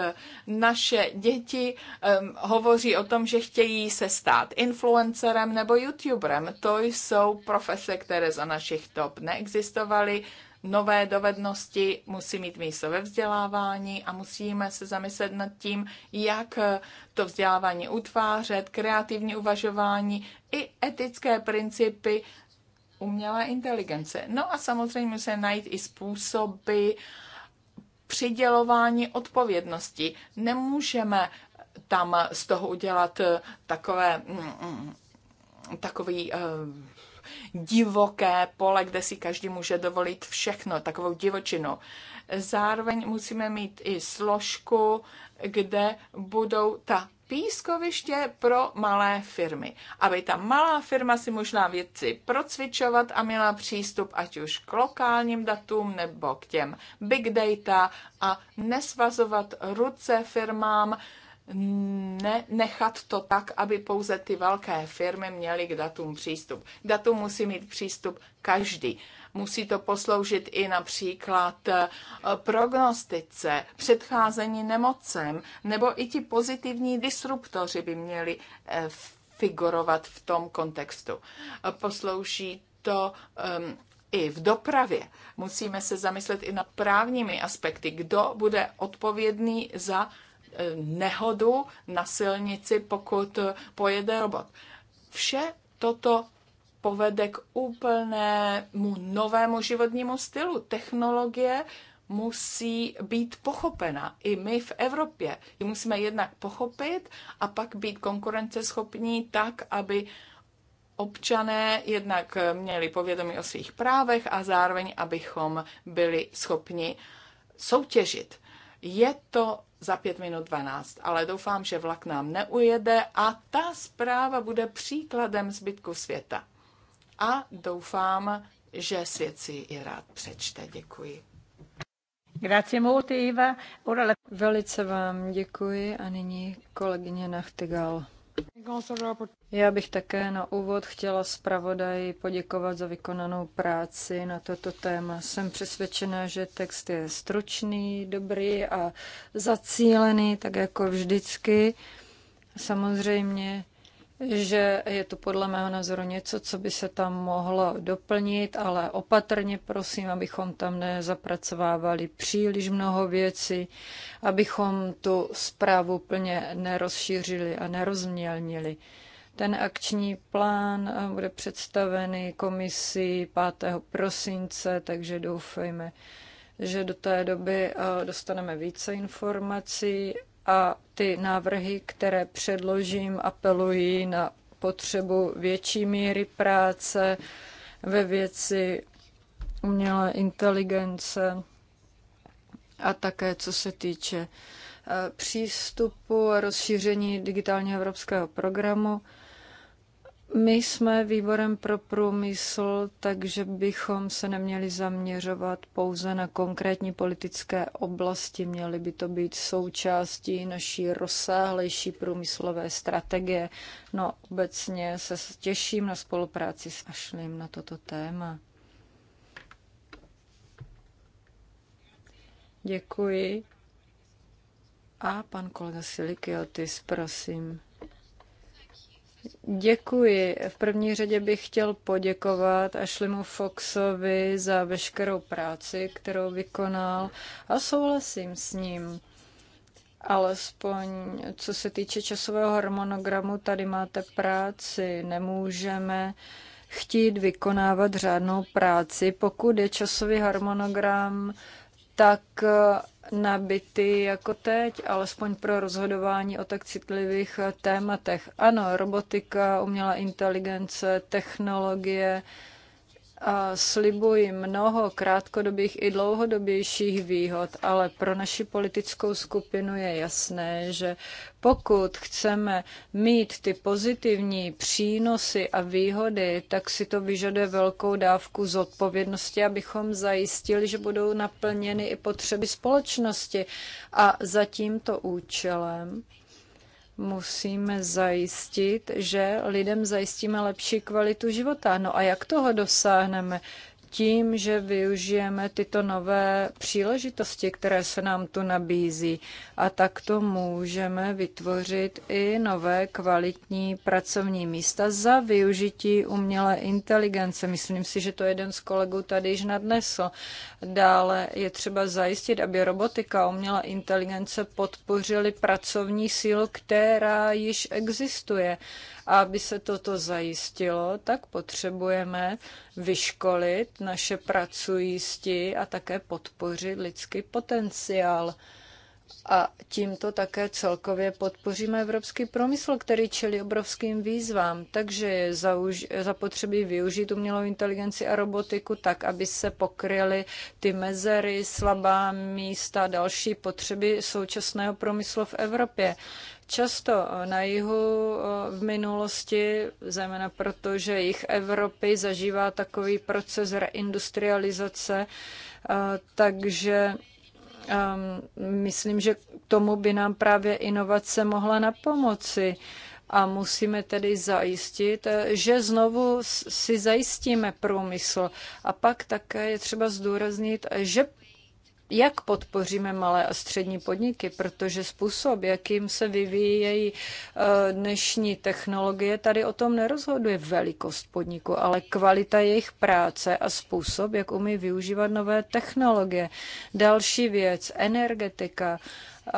Speaker 5: Naše děti um, hovoří o tom, že chtějí se stát influencerem nebo youtuberem. To jsou profese, které za našich top neexistovaly. Nové dovednosti musí mít místo ve vzdělávání a musíme se zamyslet nad tím, jak to vzdělávání utvářet, kreativní uvažování i etické principy umělé inteligence. No a samozřejmě musíme najít i způsoby přidělování odpovědnosti. Nemůžeme tam z toho udělat eh, takové, mm, mm, takový eh, divoké pole, kde si každý může dovolit všechno, takovou divočinu. Zároveň musíme mít i složku, kde budou ta pískoviště pro malé firmy. Aby ta malá firma si možná věci procvičovat a měla přístup ať už k lokálním datům nebo k těm big data a nesvazovat ruce firmám, ne, nechat to tak, aby pouze ty velké firmy měly k datům přístup. K datům musí mít přístup každý. Musí to posloužit i například eh, prognostice, předcházení nemocem, nebo i ti pozitivní disruptoři by měli eh, figurovat v tom kontextu. Eh, poslouží to um, i v dopravě. Musíme se zamyslet i nad právními aspekty, kdo bude odpovědný za nehodu na silnici, pokud pojede robot. Vše toto povede k úplnému novému životnímu stylu. Technologie musí být pochopena. I my v Evropě ji musíme jednak pochopit a pak být konkurenceschopní tak, aby občané jednak měli povědomí o svých právech a zároveň, abychom byli schopni soutěžit. Je to za pět minut 12, ale doufám, že vlak nám neujede a ta zpráva bude příkladem zbytku světa. A doufám, že svět si ji rád přečte. Děkuji.
Speaker 3: Grazie molto, Iva. Velice vám děkuji a nyní kolegyně Nachtigal. Já bych také na úvod chtěla zpravodaji poděkovat za vykonanou práci na toto téma. Jsem přesvědčena, že text je stručný, dobrý a zacílený, tak jako vždycky. Samozřejmě že je to podle mého názoru něco, co by se tam mohlo doplnit, ale opatrně prosím, abychom tam nezapracovávali příliš mnoho věcí, abychom tu zprávu plně nerozšířili a nerozmělnili. Ten akční plán bude představený komisí 5. prosince, takže doufejme, že do té doby eh, dostaneme více informací a ty návrhy, které předložím, apelují na potřebu větší míry práce ve věci umělé inteligence a také co se týče eh, přístupu a rozšíření digitálního evropského programu. My jsme výborem pro průmysl, takže bychom se neměli zaměřovat pouze na konkrétní politické oblasti. Měly by to být součástí naší rozsáhlejší průmyslové strategie. No obecně se těším na spolupráci s Ašlim na toto téma. Děkuji. A pan kolega Silikiotis, prosím. Děkuji. V první řadě bych chtěl poděkovat Ashlimu Foxovi za veškerou práci, kterou vykonal a souhlasím s ním. Alespoň co se týče časového harmonogramu, tady máte práci. Nemůžeme chtít vykonávat řádnou práci, pokud je časový harmonogram tak nabity jako teď, alespoň pro rozhodování o tak citlivých tématech. Ano, robotika, umělá inteligence, technologie, a slibuji mnoho krátkodobých i dlouhodobějších výhod, ale pro naši politickou skupinu je jasné, že pokud chceme mít ty pozitivní přínosy a výhody, tak si to vyžaduje velkou dávku zodpovědnosti, abychom zajistili, že budou naplněny i potřeby společnosti. A za tímto účelem musíme zajistit, že lidem zajistíme lepší kvalitu života. No a jak toho dosáhneme? tím, že využijeme tyto nové příležitosti, které se nám tu nabízí. A takto můžeme vytvořit i nové kvalitní pracovní místa za využití umělé inteligence. Myslím si, že to jeden z kolegů tady již nadnesl. Dále je třeba zajistit, aby robotika a umělá inteligence podpořily pracovní sílu, která již existuje a aby se toto zajistilo, tak potřebujeme vyškolit naše pracující a také podpořit lidský potenciál a tímto také celkově podpoříme evropský průmysl, který čelí obrovským výzvám. Takže je zapotřebí využít umělou inteligenci a robotiku tak, aby se pokryly ty mezery, slabá místa, další potřeby současného průmyslu v Evropě. Často na jihu v minulosti, zejména proto, že jich Evropy zažívá takový proces reindustrializace, takže Ehm, myslím, že k tomu by nám právě inovace mohla napomoci. A musíme tedy zajistit, eh, že znovu si zajistíme průmysl. A pak také je třeba zdůraznit, eh, že jak podpoříme malé a střední podniky, protože způsob, jakým se vyvíjejí eh, dnešní technologie, tady o tom nerozhoduje velikost podniku, ale kvalita jejich práce a způsob, jak umí využívat nové technologie. Další věc, energetika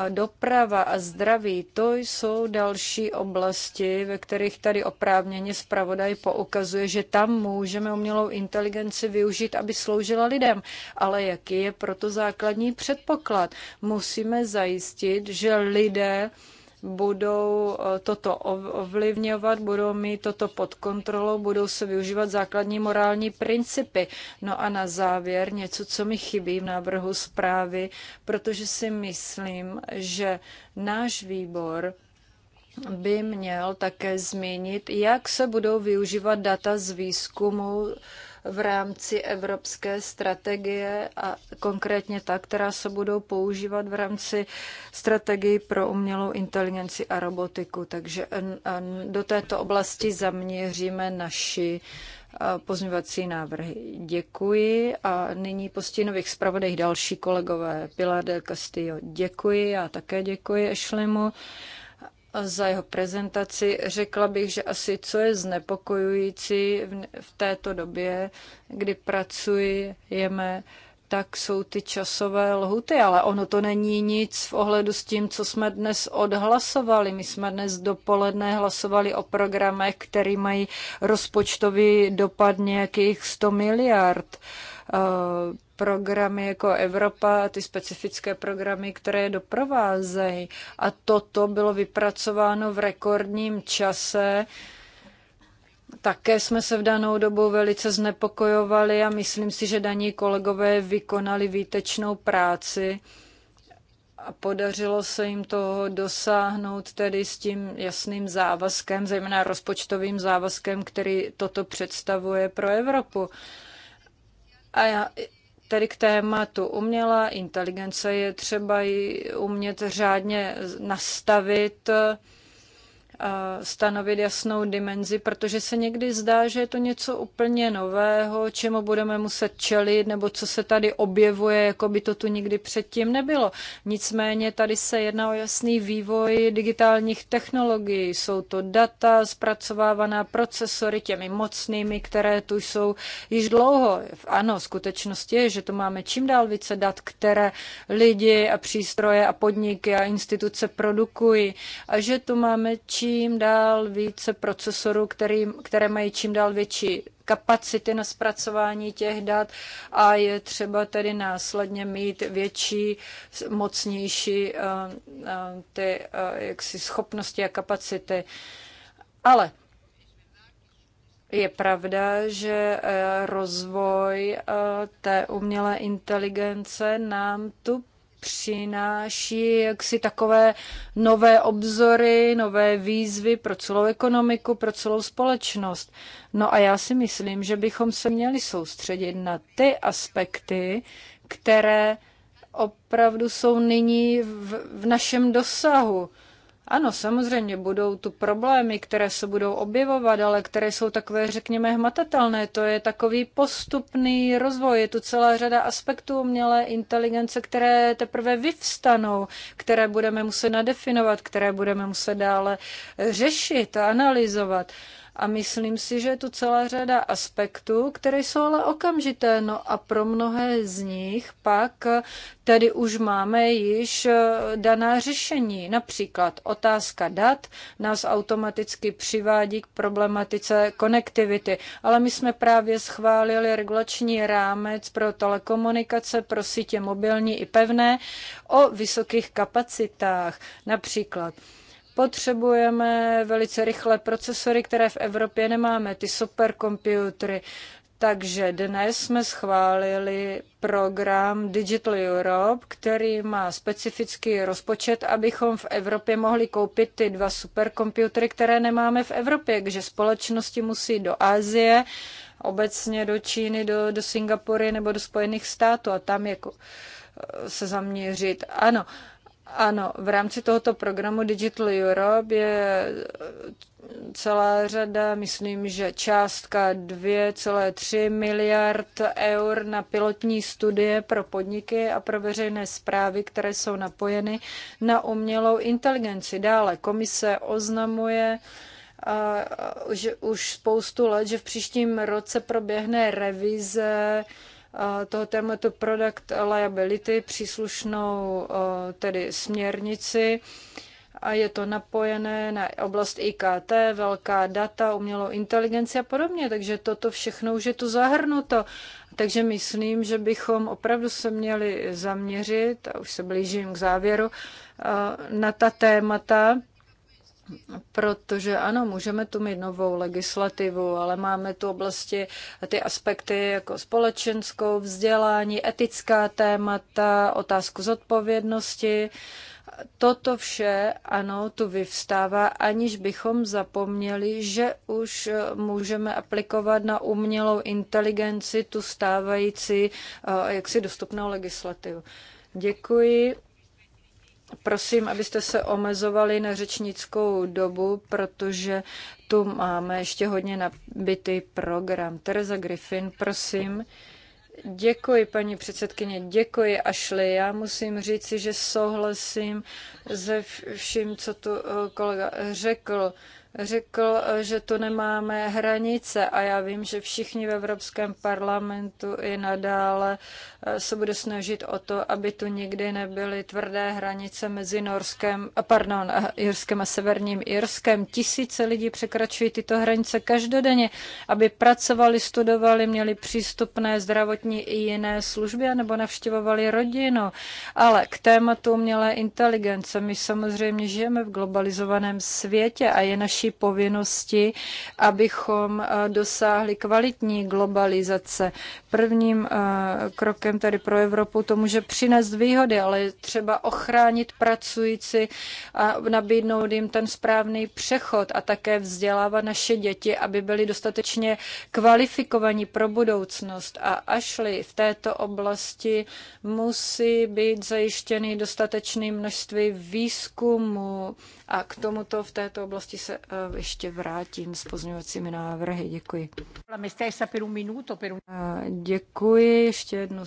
Speaker 3: Doprava a zdraví, to jsou další oblasti, ve kterých tady oprávněně zpravodaj poukazuje, že tam můžeme umělou inteligenci využít, aby sloužila lidem. Ale jaký je proto základní předpoklad? Musíme zajistit, že lidé budou eh, toto ovlivňovat, budou mít toto pod kontrolou, budou se využívat základní morální principy. No a na závěr něco, co mi chybí v návrhu zprávy, protože si myslím, že náš výbor by měl také zmínit, jak se budou využívat data z výzkumu v rámci evropské strategie a konkrétně ta, která se budou používat v rámci strategii pro umělou inteligenci a robotiku. Takže do této oblasti zaměříme naši pozměvací návrhy. Děkuji a nyní po stínových zpravodech další kolegové. Pilar del Castillo, děkuji, A také děkuji Ešlimu za jeho prezentaci. Řekla bych, že asi co je znepokojující v této době, kdy pracujeme, tak jsou ty časové lhuty, ale ono to není nic v ohledu s tím, co jsme dnes odhlasovali. My jsme dnes dopoledne hlasovali o programech, které mají rozpočtový dopad nějakých 100 miliard. Eh, programy jako Evropa ty specifické programy, které je doprovázejí. A toto bylo vypracováno v rekordním čase. Také jsme se v danou dobu velice znepokojovali a myslím si, že daní kolegové vykonali výtečnou práci a podařilo se jim toho dosáhnout tedy s tím jasným závazkem, zejména rozpočtovým závazkem, který toto představuje pro Evropu. A já Tedy k tématu umělá inteligence je třeba ji umět řádně nastavit, stanovit jasnou dimenzi, protože se někdy zdá, že je to něco úplně nového, čemu budeme muset čelit, nebo co se tady objevuje, jako by to tu nikdy předtím nebylo. Nicméně tady se jedná o jasný vývoj digitálních technologií. Jsou to data zpracovávaná procesory těmi mocnými, které tu jsou již dlouho. Ano, skutečnost je, že tu máme čím dál více dat, které lidi a přístroje a podniky a instituce produkují a že tu máme čím čím dál více procesorů, který, které mají čím dál větší kapacity na zpracování těch dat a je třeba tedy následně mít větší, mocnější eh, eh, ty eh, jaksi schopnosti a kapacity. Ale je pravda, že rozvoj té umělé inteligence nám tu přináší jaksi takové nové obzory, nové výzvy pro celou ekonomiku, pro celou společnost. No a já si myslím, že bychom se měli soustředit na ty aspekty, které opravdu jsou nyní v, v našem dosahu ano, samozřejmě budou tu problémy, které se budou objevovat, ale které jsou takové, řekněme, hmatatelné. To je takový postupný rozvoj. Je tu celá řada aspektů umělé inteligence, které teprve vyvstanou, které budeme muset nadefinovat, které budeme muset dále řešit a analyzovat. A myslím si, že je tu celá řada aspektů, které jsou ale okamžité. No a pro mnohé z nich pak tedy už máme již eh, daná řešení. Například otázka dat nás automaticky přivádí k problematice konektivity. Ale my jsme právě schválili regulační rámec pro telekomunikace, pro sítě mobilní i pevné o vysokých kapacitách. Například Potřebujeme velice rychlé procesory, které v Evropě nemáme, ty superkomputery. Takže dnes jsme schválili program Digital Europe, který má specifický rozpočet, abychom v Evropě mohli koupit ty dva superkomputery, které nemáme v Evropě, takže společnosti musí do Asie, obecně do Číny, do, do Singapury nebo do Spojených států a tam jako se zaměřit. Ano, ano, v rámci tohoto programu Digital Europe je eh, celá řada, myslím, že částka 2,3 miliard eur na pilotní studie pro podniky a pro veřejné zprávy, které jsou napojeny na umělou inteligenci. Dále komise oznamuje, eh, že už spoustu let, že v příštím roce proběhne revize Eh, toho tématu Product Liability, příslušnou eh, tedy směrnici a je to napojené na oblast IKT, velká data, umělou inteligenci a podobně, takže toto všechno už je tu zahrnuto. Takže myslím, že bychom opravdu se měli zaměřit, a už se blížím k závěru, eh, na ta témata, Protože ano, můžeme tu mít novou legislativu, ale máme tu oblasti ty aspekty jako společenskou, vzdělání, etická témata, otázku zodpovědnosti. Toto vše, ano, tu vyvstává, aniž bychom zapomněli, že už můžeme aplikovat na umělou inteligenci tu stávající, eh, jaksi dostupnou legislativu. Děkuji. Prosím, abyste se omezovali na řečnickou dobu, protože tu máme ještě hodně nabitý program. Tereza Griffin, prosím. Děkuji, paní předsedkyně, děkuji, Ashley. Já musím říci, že souhlasím se vším, co tu eh, kolega řekl řekl, že tu nemáme hranice a já vím, že všichni v Evropském parlamentu i nadále eh, se bude snažit o to, aby tu nikdy nebyly tvrdé hranice mezi Norskem, eh, pardon, Jirskem eh, a Severním Jirskem. Tisíce lidí překračují tyto hranice každodenně, aby pracovali, studovali, měli přístupné zdravotní i jiné služby nebo navštěvovali rodinu. Ale k tématu umělé inteligence my samozřejmě žijeme v globalizovaném světě a je naší naší povinnosti, abychom eh, dosáhli kvalitní globalizace. Prvním eh, krokem tady pro Evropu to může přinést výhody, ale je třeba ochránit pracující a nabídnout jim ten správný přechod a také vzdělávat naše děti, aby byli dostatečně kvalifikovaní pro budoucnost. A ašli v této oblasti musí být zajištěný dostatečný množství výzkumu a k tomuto v této oblasti se Eh, ještě vrátím s pozměňovacími návrhy. Děkuji. Eh, děkuji. Ještě jednu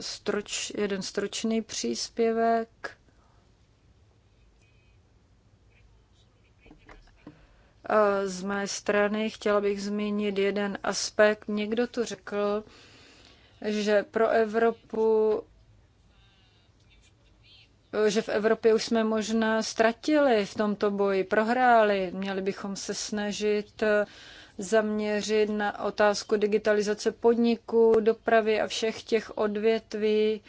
Speaker 3: stroč, jeden stročný příspěvek. Eh, z mé strany chtěla bych zmínit jeden aspekt. Někdo tu řekl, že pro Evropu že v Evropě už jsme možná ztratili v tomto boji, prohráli. Měli bychom se snažit eh, zaměřit na otázku digitalizace podniků, dopravy a všech těch odvětví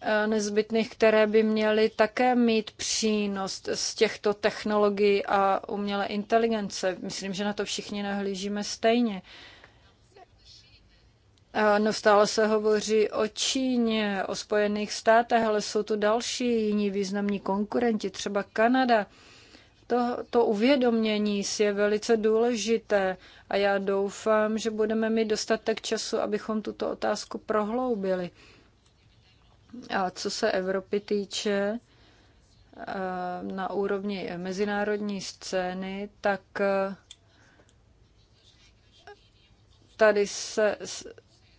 Speaker 3: eh, nezbytných, které by měly také mít přínos z těchto technologií a umělé inteligence. Myslím, že na to všichni nahlížíme stejně. No stále se hovoří o Číně, o Spojených státech, ale jsou tu další jiní významní konkurenti, třeba Kanada. To, to uvědomění si je velice důležité a já doufám, že budeme mít dostatek času, abychom tuto otázku prohloubili. A co se Evropy týče, na úrovni mezinárodní scény, tak tady se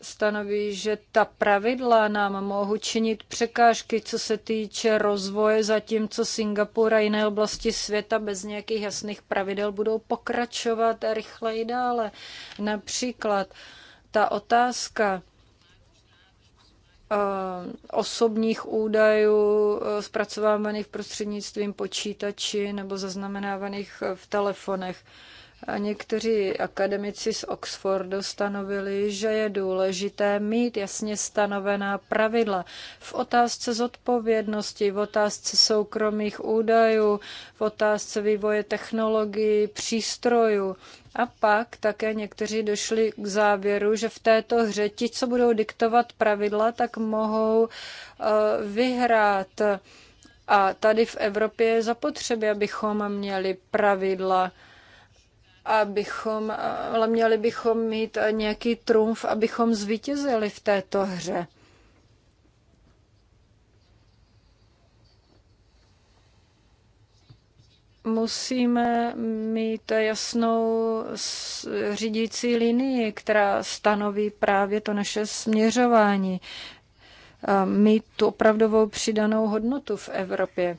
Speaker 3: stanoví, že ta pravidla nám mohou činit překážky, co se týče rozvoje, zatímco Singapur a jiné oblasti světa bez nějakých jasných pravidel budou pokračovat rychleji dále. Například ta otázka eh, osobních údajů eh, zpracovávaných prostřednictvím počítači nebo zaznamenávaných eh, v telefonech. A Někteří akademici z Oxfordu stanovili, že je důležité mít jasně stanovená pravidla v otázce zodpovědnosti, v otázce soukromých údajů, v otázce vývoje technologií, přístrojů. A pak také někteří došli k závěru, že v této hře ti, co budou diktovat pravidla, tak mohou eh, vyhrát. A tady v Evropě je zapotřebí, abychom měli pravidla abychom, ale měli bychom mít nějaký trumf, abychom zvítězili v této hře. musíme mít jasnou řídící linii, která stanoví právě to naše směřování. Mít tu opravdovou přidanou hodnotu v Evropě.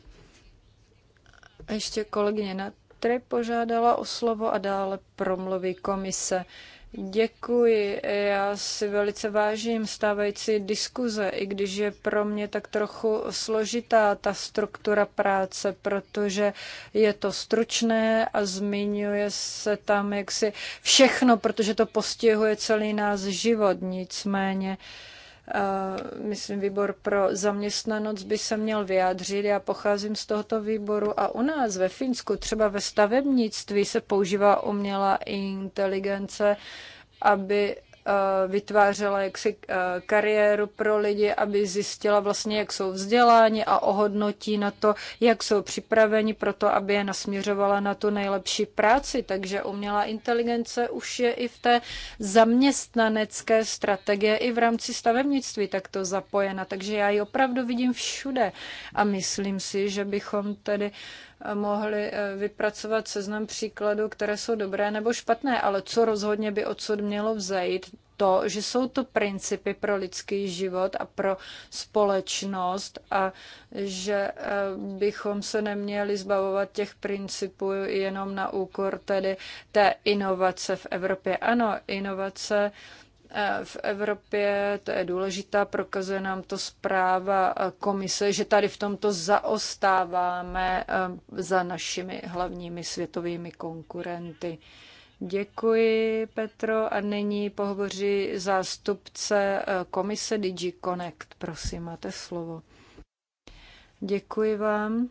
Speaker 3: Ještě kolegyně, na Petry požádala o slovo a dále promluví komise. Děkuji. Já si velice vážím stávající diskuze, i když je pro mě tak trochu složitá ta struktura práce, protože je to stručné a zmiňuje se tam jaksi všechno, protože to postihuje celý nás život. Nicméně uh, Eh, myslím, výbor pro zaměstnanost by se měl vyjádřit. Já pocházím z tohoto výboru a u nás ve Finsku, třeba ve stavebnictví, se používá umělá inteligence, aby Eh, vytvářela jaksi eh, kariéru pro lidi, aby zjistila vlastně, jak jsou vzděláni a ohodnotí na to, jak jsou připraveni pro to, aby je nasměřovala na tu nejlepší práci. Takže umělá inteligence už je i v té zaměstnanecké strategie, i v rámci stavebnictví takto zapojena. Takže já ji opravdu vidím všude a myslím si, že bychom tedy uh, mohli eh, vypracovat seznam příkladů, které jsou dobré nebo špatné, ale co rozhodně by odsud mělo vzejít, to, že jsou to principy pro lidský život a pro společnost a že eh, bychom se neměli zbavovat těch principů jenom na úkor tedy té inovace v Evropě. Ano, inovace Eh, v Evropě, to je důležitá, prokazuje nám to zpráva eh, komise, že tady v tomto zaostáváme eh, za našimi hlavními světovými konkurenty. Děkuji, Petro. A nyní pohovoří zástupce komise DigiConnect. Prosím, máte slovo. Děkuji vám.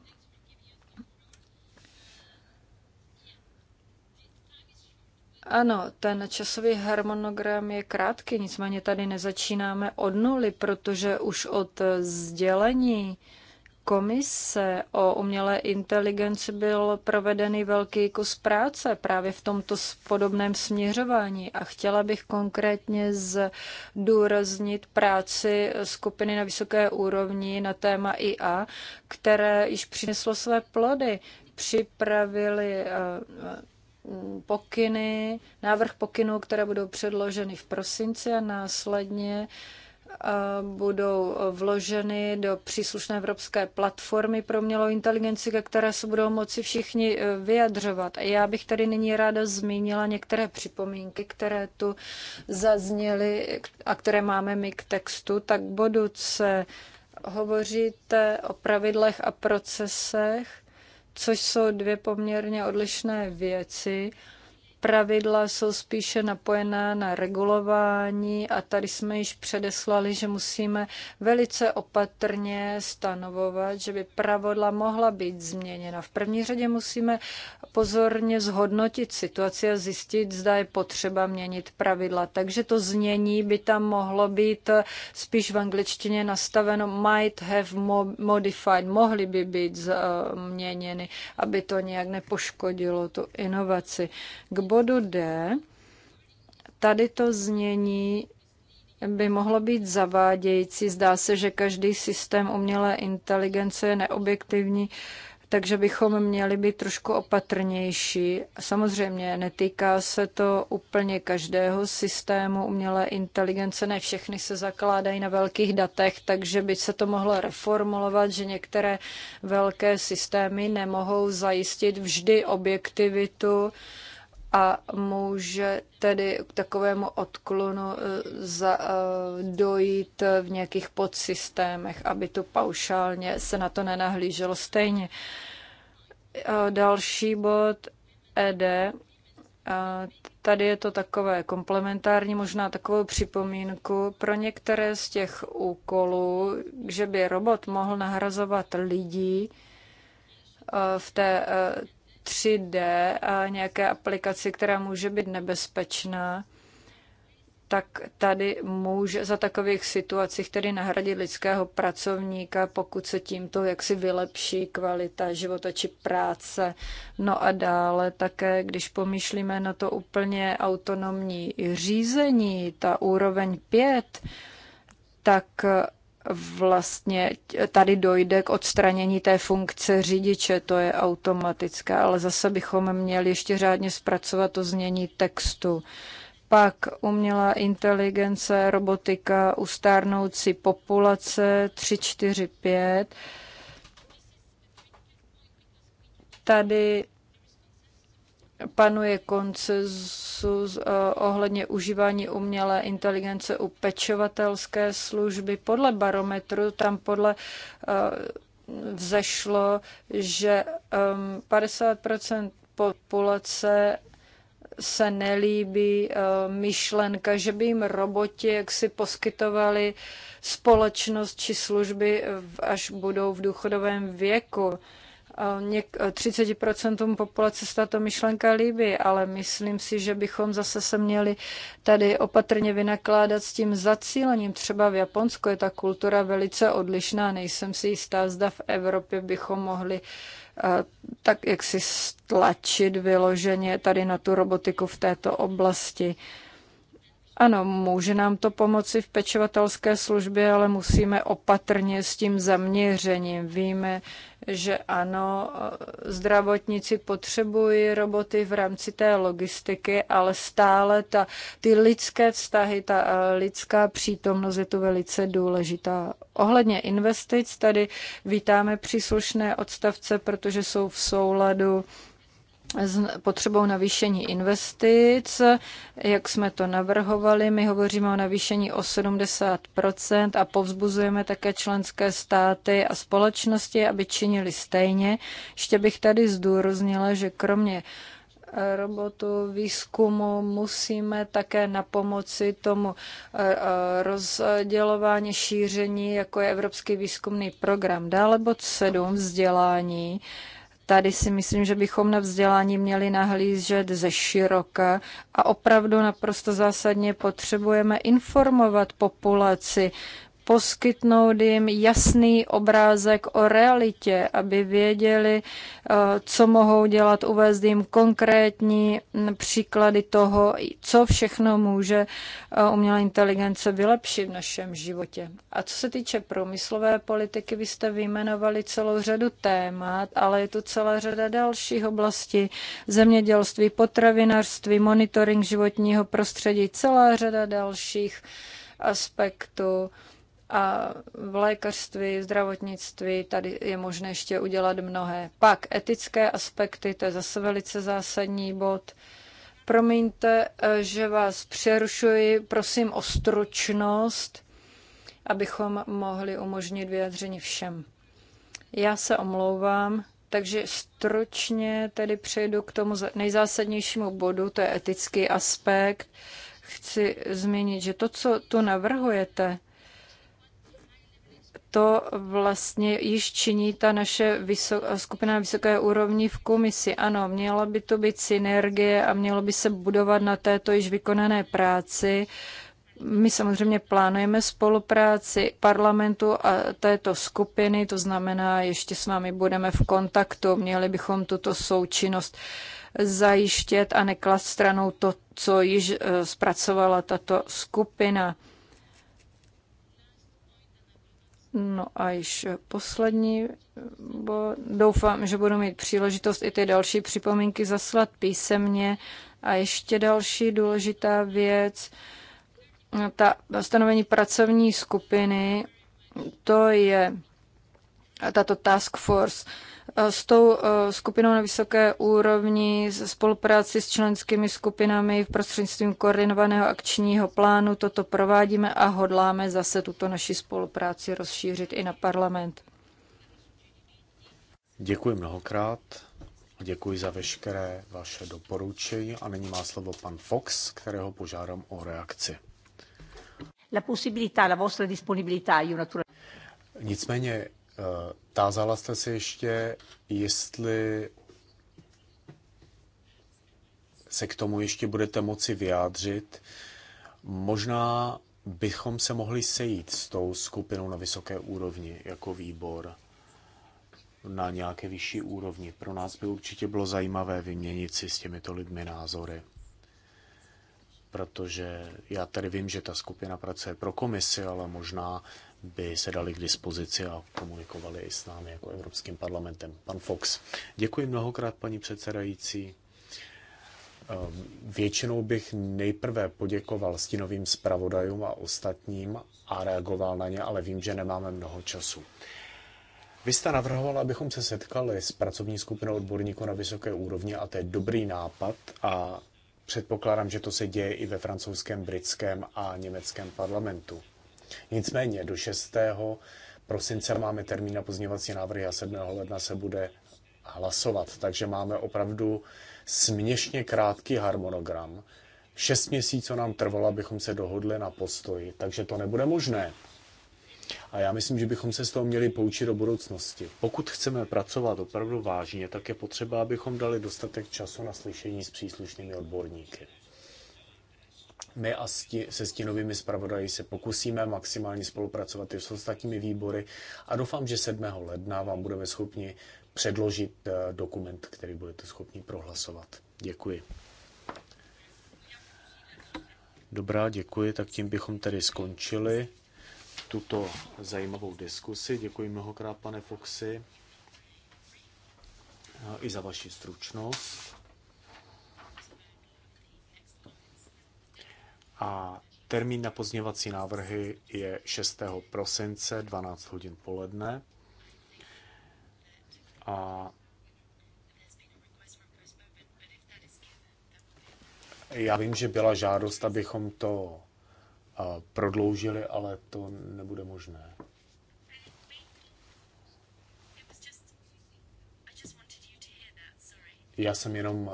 Speaker 3: Ano, ten časový harmonogram je krátký, nicméně tady nezačínáme od nuly, protože už od sdělení komise o umělé inteligenci byl provedený velký kus práce právě v tomto podobném směřování a chtěla bych konkrétně zdůraznit práci skupiny na vysoké úrovni na téma IA, které již přineslo své plody. Připravili eh, Mm, pokyny, návrh pokynů, které budou předloženy v prosinci a následně eh, budou vloženy do příslušné evropské platformy pro mělou inteligenci, ke které se budou moci všichni eh, vyjadřovat. A já bych tady nyní ráda zmínila některé připomínky, které tu zazněly a které máme my k textu. Tak bodu se hovoříte eh, o pravidlech a procesech což jsou dvě poměrně odlišné věci pravidla jsou spíše napojená na regulování a tady jsme již předeslali, že musíme velice opatrně stanovovat, že by pravidla mohla být změněna. V první řadě musíme pozorně zhodnotit situaci a zjistit, zda je potřeba měnit pravidla. Takže to znění by tam mohlo být spíš v angličtině nastaveno might have modified, mohly by být změněny, eh, aby to nějak nepoškodilo tu inovaci. K bodu D tady to znění by mohlo být zavádějící. Zdá se, že každý systém umělé inteligence je neobjektivní, takže bychom měli být trošku opatrnější. Samozřejmě netýká se to úplně každého systému umělé inteligence, ne všechny se zakládají na velkých datech, takže by se to mohlo reformulovat, že některé velké systémy nemohou zajistit vždy objektivitu a může tedy k takovému odklonu e, za, e, dojít v nějakých podsystémech, aby to paušálně se na to nenahlíželo stejně. Další bod ED. Tady je to takové komplementární, možná takovou připomínku pro některé z těch úkolů, že by robot mohl nahrazovat lidi e, v té 3D a nějaké aplikaci, která může být nebezpečná, tak tady může za takových situacích tedy nahradit lidského pracovníka, pokud se tímto jaksi vylepší kvalita života či práce. No a dále také, když pomýšlíme na to úplně autonomní řízení, ta úroveň 5, tak vlastně tady dojde k odstranění té funkce řidiče, to je automatické, ale zase bychom měli ještě řádně zpracovat to změní textu. Pak umělá inteligence, robotika, ustárnoucí populace 3, 4, 5. Tady panuje konsenzus eh, ohledně užívání umělé inteligence u pečovatelské služby. Podle barometru tam podle eh, vzešlo, že 50 eh, populace se nelíbí myšlenka, že by jim roboti jaksi poskytovali společnost či služby, až budou v důchodovém věku. 30% populace se tato myšlenka líbí, ale myslím si, že bychom zase se měli tady opatrně vynakládat s tím zacílením. Třeba v Japonsku je ta kultura velice odlišná, nejsem si jistá, zda v Evropě bychom mohli tak jak si stlačit vyloženě tady na tu robotiku v této oblasti. Ano, může nám to pomoci v pečovatelské službě, ale musíme opatrně s tím zaměřením. Víme, že ano, zdravotníci potřebují roboty v rámci té logistiky, ale stále ta, ty lidské vztahy, ta eh, lidská přítomnost je tu velice důležitá. Ohledně investic tady vítáme příslušné odstavce, protože jsou v souladu s potřebou navýšení investic. Jak jsme to navrhovali, my hovoříme o navýšení o 70 a povzbuzujeme také členské státy a společnosti, aby činili stejně. Ještě bych tady zdůraznila, že kromě eh, robotu, výzkumu, musíme také na pomoci tomu eh, eh, rozdělování, šíření, jako je Evropský výzkumný program. Dále bod 7, vzdělání. Tady si myslím, že bychom na vzdělání měli nahlížet ze široka a opravdu naprosto zásadně potřebujeme informovat populaci, poskytnout jim jasný obrázek o realitě, aby věděli, eh, co mohou dělat, uvést jim konkrétní příklady toho, co všechno může eh, umělá inteligence vylepšit v našem životě. A co se týče průmyslové politiky, vy jste vyjmenovali celou řadu témat, ale je tu celá řada dalších oblastí. Zemědělství, potravinářství, monitoring životního prostředí, celá řada dalších aspektů a v lékařství, zdravotnictví tady je možné ještě udělat mnohé. Pak etické aspekty, to je zase velice zásadní bod. Promiňte, že vás přerušuji, prosím o stručnost, abychom mohli umožnit vyjádření všem. Já se omlouvám, takže stručně tedy přejdu k tomu nejzásadnějšímu bodu, to je etický aspekt. Chci zmínit, že to, co tu navrhujete, to vlastně již činí ta naše vysok, skupina na vysoké úrovni v komisi. Ano, měla by to být synergie a mělo by se budovat na této již vykonané práci. My samozřejmě plánujeme spolupráci parlamentu a této skupiny, to znamená, ještě s vámi budeme v kontaktu, měli bychom tuto součinnost zajištět a neklat stranou to, co již eh, zpracovala tato skupina. No a již poslední, bo doufám, že budu mít příležitost i ty další připomínky zaslat písemně. A ještě další důležitá věc, ta stanovení pracovní skupiny, to je tato task force. E, s tou e, skupinou na vysoké úrovni, spolupráci s členskými skupinami v prostřednictvím koordinovaného akčního plánu toto provádíme a hodláme zase tuto naši spolupráci rozšířit i na parlament.
Speaker 4: Děkuji mnohokrát. Děkuji za veškeré vaše doporučení a nyní má slovo pan Fox, kterého požádám o reakci.
Speaker 1: La possibilità, la vostra disponibilità, io naturalmente.
Speaker 4: Nicméně Eh, tázala jste se ještě, jestli se k tomu ještě budete moci vyjádřit. Možná bychom se mohli sejít s tou skupinou na vysoké úrovni jako výbor na nějaké vyšší úrovni. Pro nás by určitě bylo zajímavé vyměnit si s těmito lidmi názory. Protože já tady vím, že ta skupina pracuje pro komisi, ale možná by se dali k dispozici a komunikovali i s námi jako Evropským parlamentem. Pan Fox. Děkuji mnohokrát, paní předsedající. Ehm, většinou bych nejprve poděkoval stínovým zpravodajům a ostatním a reagoval na ně, ale vím, že nemáme mnoho času. Vy jste navrhoval, abychom se setkali s pracovní skupinou odborníků na vysoké úrovni a to je dobrý nápad a předpokládám, že to se děje i ve francouzském, britském a německém parlamentu. Nicméně do 6. prosince máme termín na pozměňovací návrhy a 7. ledna se bude hlasovat. Takže máme opravdu směšně krátký harmonogram. Šest měsíců nám trvalo, abychom se dohodli na postoji, takže to nebude možné. A já myslím, že bychom se z toho měli poučit do budoucnosti. Pokud chceme pracovat opravdu vážně, tak je potřeba, abychom dali dostatek času na slyšení s příslušnými odborníky. My a sti, se stínovými zpravodaji se pokusíme maximálně spolupracovat i s ostatními výbory a doufám, že 7. ledna vám budeme schopni předložit eh, dokument, který budete schopni prohlasovat. Děkuji. Dobrá, děkuji. Tak tím bychom tedy skončili tuto zajímavou diskusi. Děkuji mnohokrát, pane Foxy, eh, i za vaši stručnost. a termín na pozněvací návrhy je 6. prosince 12 hodin poledne. A já vím, že byla žádost, abychom to prodloužili, ale to nebude možné. Já jsem jenom uh,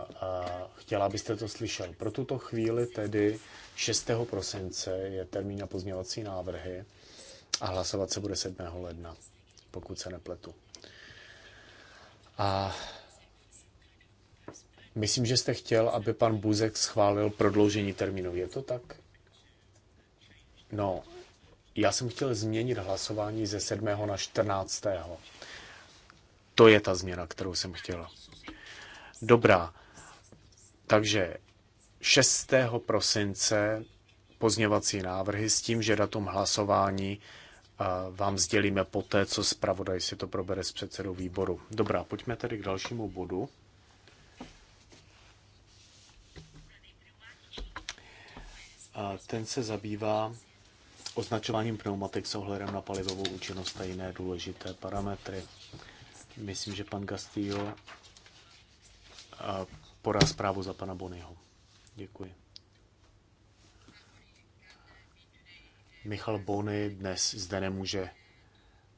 Speaker 4: chtěla, abyste to slyšel. Pro tuto chvíli tedy 6. prosince je termín na pozměňovací návrhy a hlasovat se bude 7. ledna, pokud se nepletu. A myslím, že jste chtěl, aby pan Buzek schválil prodloužení termínu. Je to tak? No, já jsem chtěl změnit hlasování ze 7. na 14. To je ta změna, kterou jsem chtěl. Dobrá. Takže 6. prosince pozněvací návrhy s tím, že datum hlasování eh, vám sdělíme poté, co zpravodaj si to probere s předsedou výboru. Dobrá, pojďme tedy k dalšímu bodu. A ten se zabývá označováním pneumatik s ohledem na palivovou účinnost a jiné důležité parametry. Myslím, že pan Castillo eh, podá zprávu za pana Bonyho. Děkuji. Michal Bony dnes zde nemůže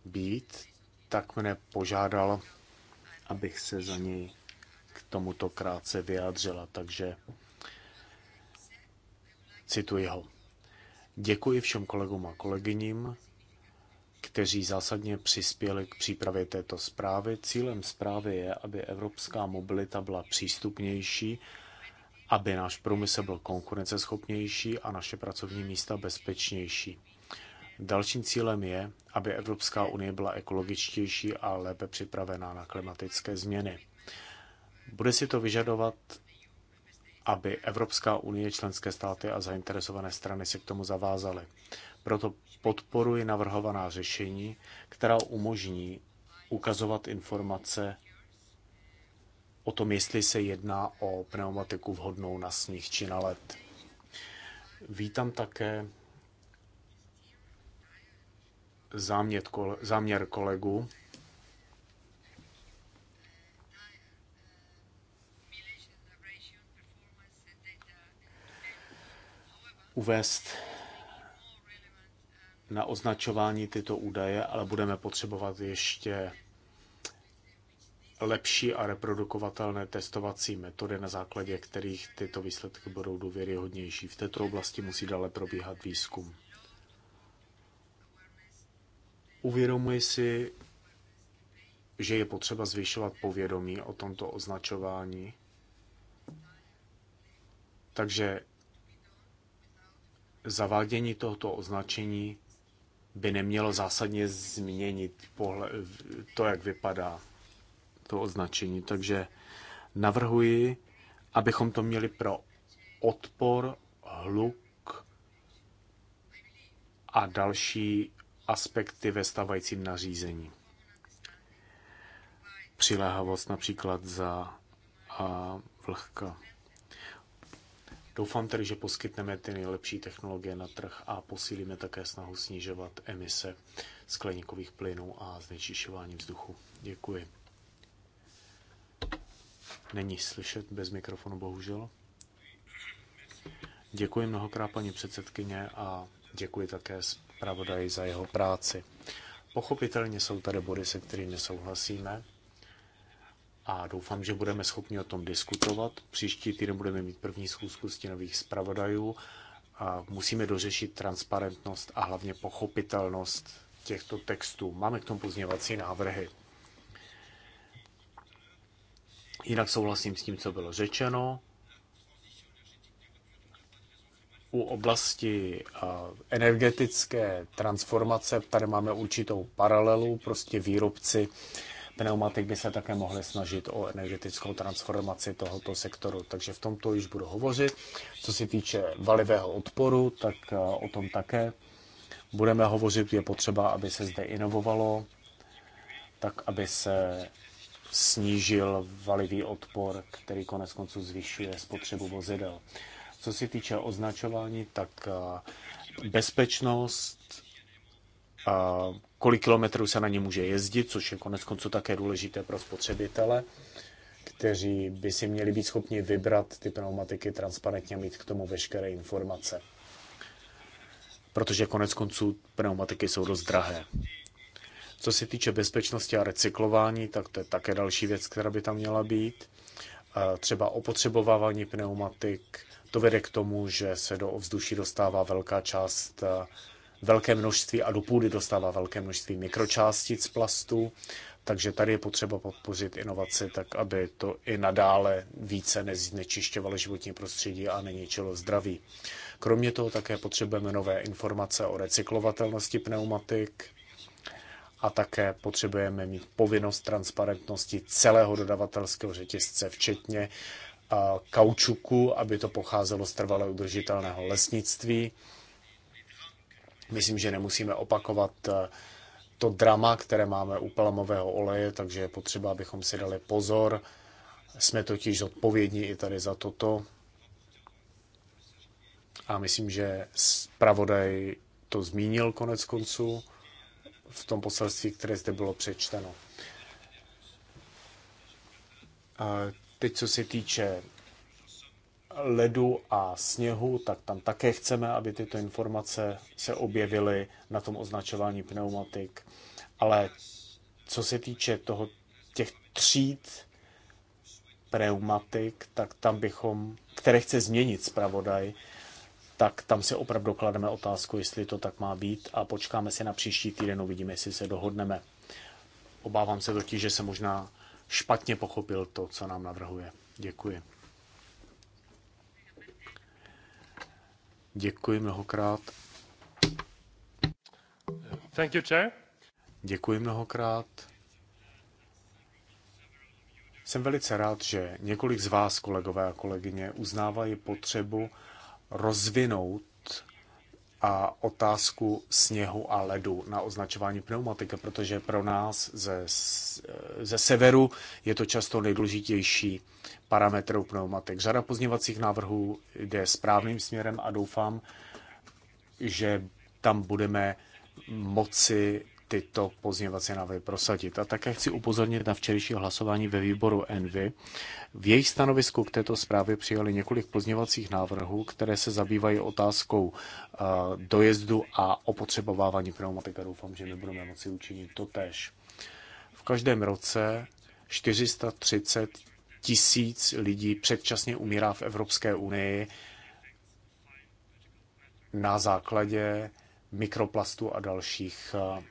Speaker 4: být, tak mne požádal, abych se za něj k tomuto krátce vyjádřila, takže cituji ho. Děkuji všem kolegům a kolegyním, kteří zásadně přispěli k přípravě této zprávy. Cílem zprávy je, aby evropská mobilita byla přístupnější aby náš průmysl byl konkurenceschopnější a naše pracovní místa bezpečnější. Dalším cílem je, aby Evropská unie byla ekologičtější a lépe připravená na klimatické změny. Bude si to vyžadovat, aby Evropská unie, členské státy a zainteresované strany se k tomu zavázaly. Proto podporuji navrhovaná řešení, která umožní ukazovat informace o tom, jestli se jedná o pneumatiku vhodnou na sníh či na led. Vítám také záměr, kole, záměr kolegu uvést na označování tyto údaje, ale budeme potřebovat ještě lepší a reprodukovatelné testovací metody, na základě kterých tyto výsledky budou důvěryhodnější. V této oblasti musí dále probíhat výzkum. Uvědomuji si, že je potřeba zvyšovat povědomí o tomto označování. Takže zavádění tohoto označení by nemělo zásadně změnit pohled, to, jak vypadá to označení. Takže navrhuji, abychom to měli pro odpor, hluk a další aspekty ve stávajícím nařízení. Přiléhavost například za a vlhka. Doufám tedy, že poskytneme ty nejlepší technologie na trh a posílíme také snahu snižovat emise skleníkových plynů a znečišťování vzduchu. Děkuji. Není slyšet bez mikrofonu, bohužel. Děkuji mnohokrát paní předsedkyně a děkuji také zpravodaji za jeho práci. Pochopitelně jsou tady body, se kterými nesouhlasíme a doufám, že budeme schopni o tom diskutovat. Příští týden budeme mít první schůzku stěnových zpravodajů. A musíme dořešit transparentnost a hlavně pochopitelnost těchto textů. Máme k tomu pozněvací návrhy. Jinak souhlasím s tím, co bylo řečeno. U oblasti energetické transformace tady máme určitou paralelu, prostě výrobci pneumatik by se také mohli snažit o energetickou transformaci tohoto sektoru. Takže v tomto již budu hovořit. Co se týče valivého odporu, tak o tom také budeme hovořit. Je potřeba, aby se zde inovovalo, tak aby se snížil valivý odpor, který konec konců zvyšuje spotřebu vozidel. Co se týče označování, tak eh, bezpečnost, eh, kolik kilometrů se na ně může jezdit, což je konec konců také důležité pro spotřebitele, kteří by si měli být schopni vybrat ty pneumatiky transparentně a mít k tomu veškeré informace. Protože konec konců pneumatiky jsou dost drahé. Co se týče bezpečnosti a recyklování, tak to je také další věc, která by tam měla být. Třeba opotřebovávání pneumatik, to vede k tomu, že se do ovzduší dostává velká část, eh, velké množství a do půdy dostává velké množství mikročástic plastu, takže tady je potřeba podpořit inovace, tak, aby to i nadále více neznečišťovalo životní prostředí a neničilo zdraví. Kromě toho také potřebujeme nové informace o recyklovatelnosti pneumatik, a také potřebujeme mít povinnost transparentnosti celého dodavatelského řetězce, včetně kaučuku, aby to pocházelo z trvale udržitelného lesnictví. Myslím, že nemusíme opakovat to drama, které máme u palmového oleje, takže je potřeba, abychom si dali pozor. Jsme totiž odpovědní i tady za toto. A myslím, že zpravodaj to zmínil konec konců v tom poselství, které zde bylo přečteno. A teď, co se týče ledu a sněhu, tak tam také chceme, aby tyto informace se objevily na tom označování pneumatik. Ale co se týče toho, těch tříd pneumatik, tak tam bychom, které chce změnit zpravodaj, tak tam si opravdu klademe otázku, jestli to tak má být a počkáme si na příští týden, uvidíme, jestli se dohodneme. Obávám se totiž, že se možná špatně pochopil to, co nám navrhuje. Děkuji. Děkuji mnohokrát. Thank you, chair. Děkuji mnohokrát. Jsem velice rád, že několik z vás, kolegové a kolegyně, uznávají potřebu rozvinout a otázku sněhu a ledu na označování pneumatiky, protože pro nás ze, ze severu je to často nejdůležitější parametr pneumatik. Řada pozněvacích návrhů jde správným směrem a doufám, že tam budeme moci tyto pozměňovací návrhy prosadit. A také chci upozornit na včerejší hlasování ve výboru Envy. V jejich stanovisku k této zprávě přijali několik pozměňovacích návrhů, které se zabývají otázkou eh, dojezdu a opotřebovávání pneumatik. A doufám, že my budeme moci učinit to tež. V každém roce 430 tisíc lidí předčasně umírá v Evropské unii na základě mikroplastů a dalších eh,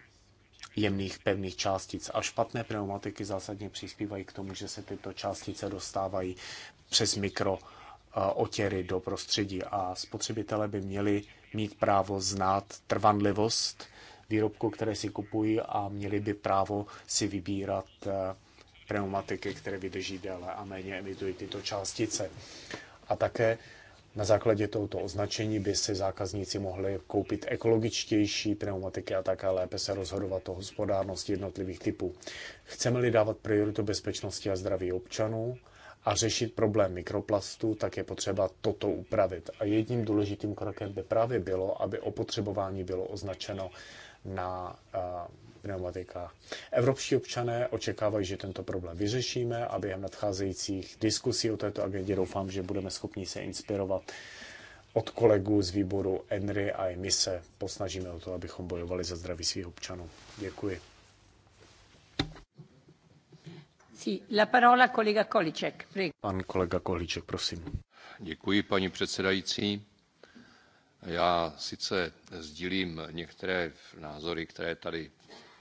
Speaker 4: jemných pevných částic. A špatné pneumatiky zásadně přispívají k tomu, že se tyto částice dostávají přes mikro eh, otěry do prostředí a spotřebitelé by měli mít právo znát trvanlivost výrobku, které si kupují a měli by právo si vybírat eh, pneumatiky, které vydrží déle a méně emitují tyto částice. A také na základě tohoto označení by si zákazníci mohli koupit ekologičtější pneumatiky a také lépe se rozhodovat o hospodárnosti jednotlivých typů. Chceme-li dávat prioritu bezpečnosti a zdraví občanů a řešit problém mikroplastů, tak je potřeba toto upravit. A jedním důležitým krokem by právě bylo, aby opotřebování bylo označeno na eh, pneumatikách. Evropští občané očekávají, že tento problém vyřešíme a během nadcházejících diskusí o této agendě doufám, že budeme schopni se inspirovat od kolegů z výboru Enry a i my se posnažíme o to, abychom bojovali za zdraví svých občanů. Děkuji.
Speaker 1: La parola kolega
Speaker 2: Pan kolega Kolíček, prosím. Děkuji, paní předsedající. Já sice sdílím některé názory, které tady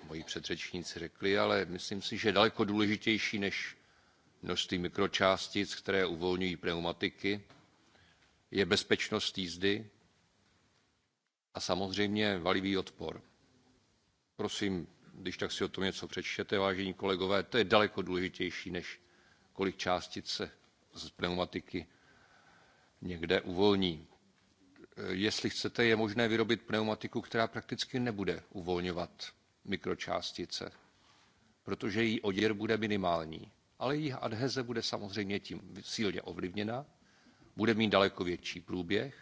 Speaker 2: moji předřečníci řekli, ale myslím si, že daleko důležitější než množství mikročástic, které uvolňují pneumatiky, je bezpečnost jízdy a samozřejmě valivý odpor. Prosím, když tak si o tom něco přečtěte, vážení kolegové, to je daleko důležitější, než kolik částic se z pneumatiky někde uvolní. Jestli chcete, je možné vyrobit pneumatiku, která prakticky nebude uvolňovat mikročástice, protože její oděr bude minimální, ale její adheze bude samozřejmě tím silně ovlivněna, bude mít daleko větší průběh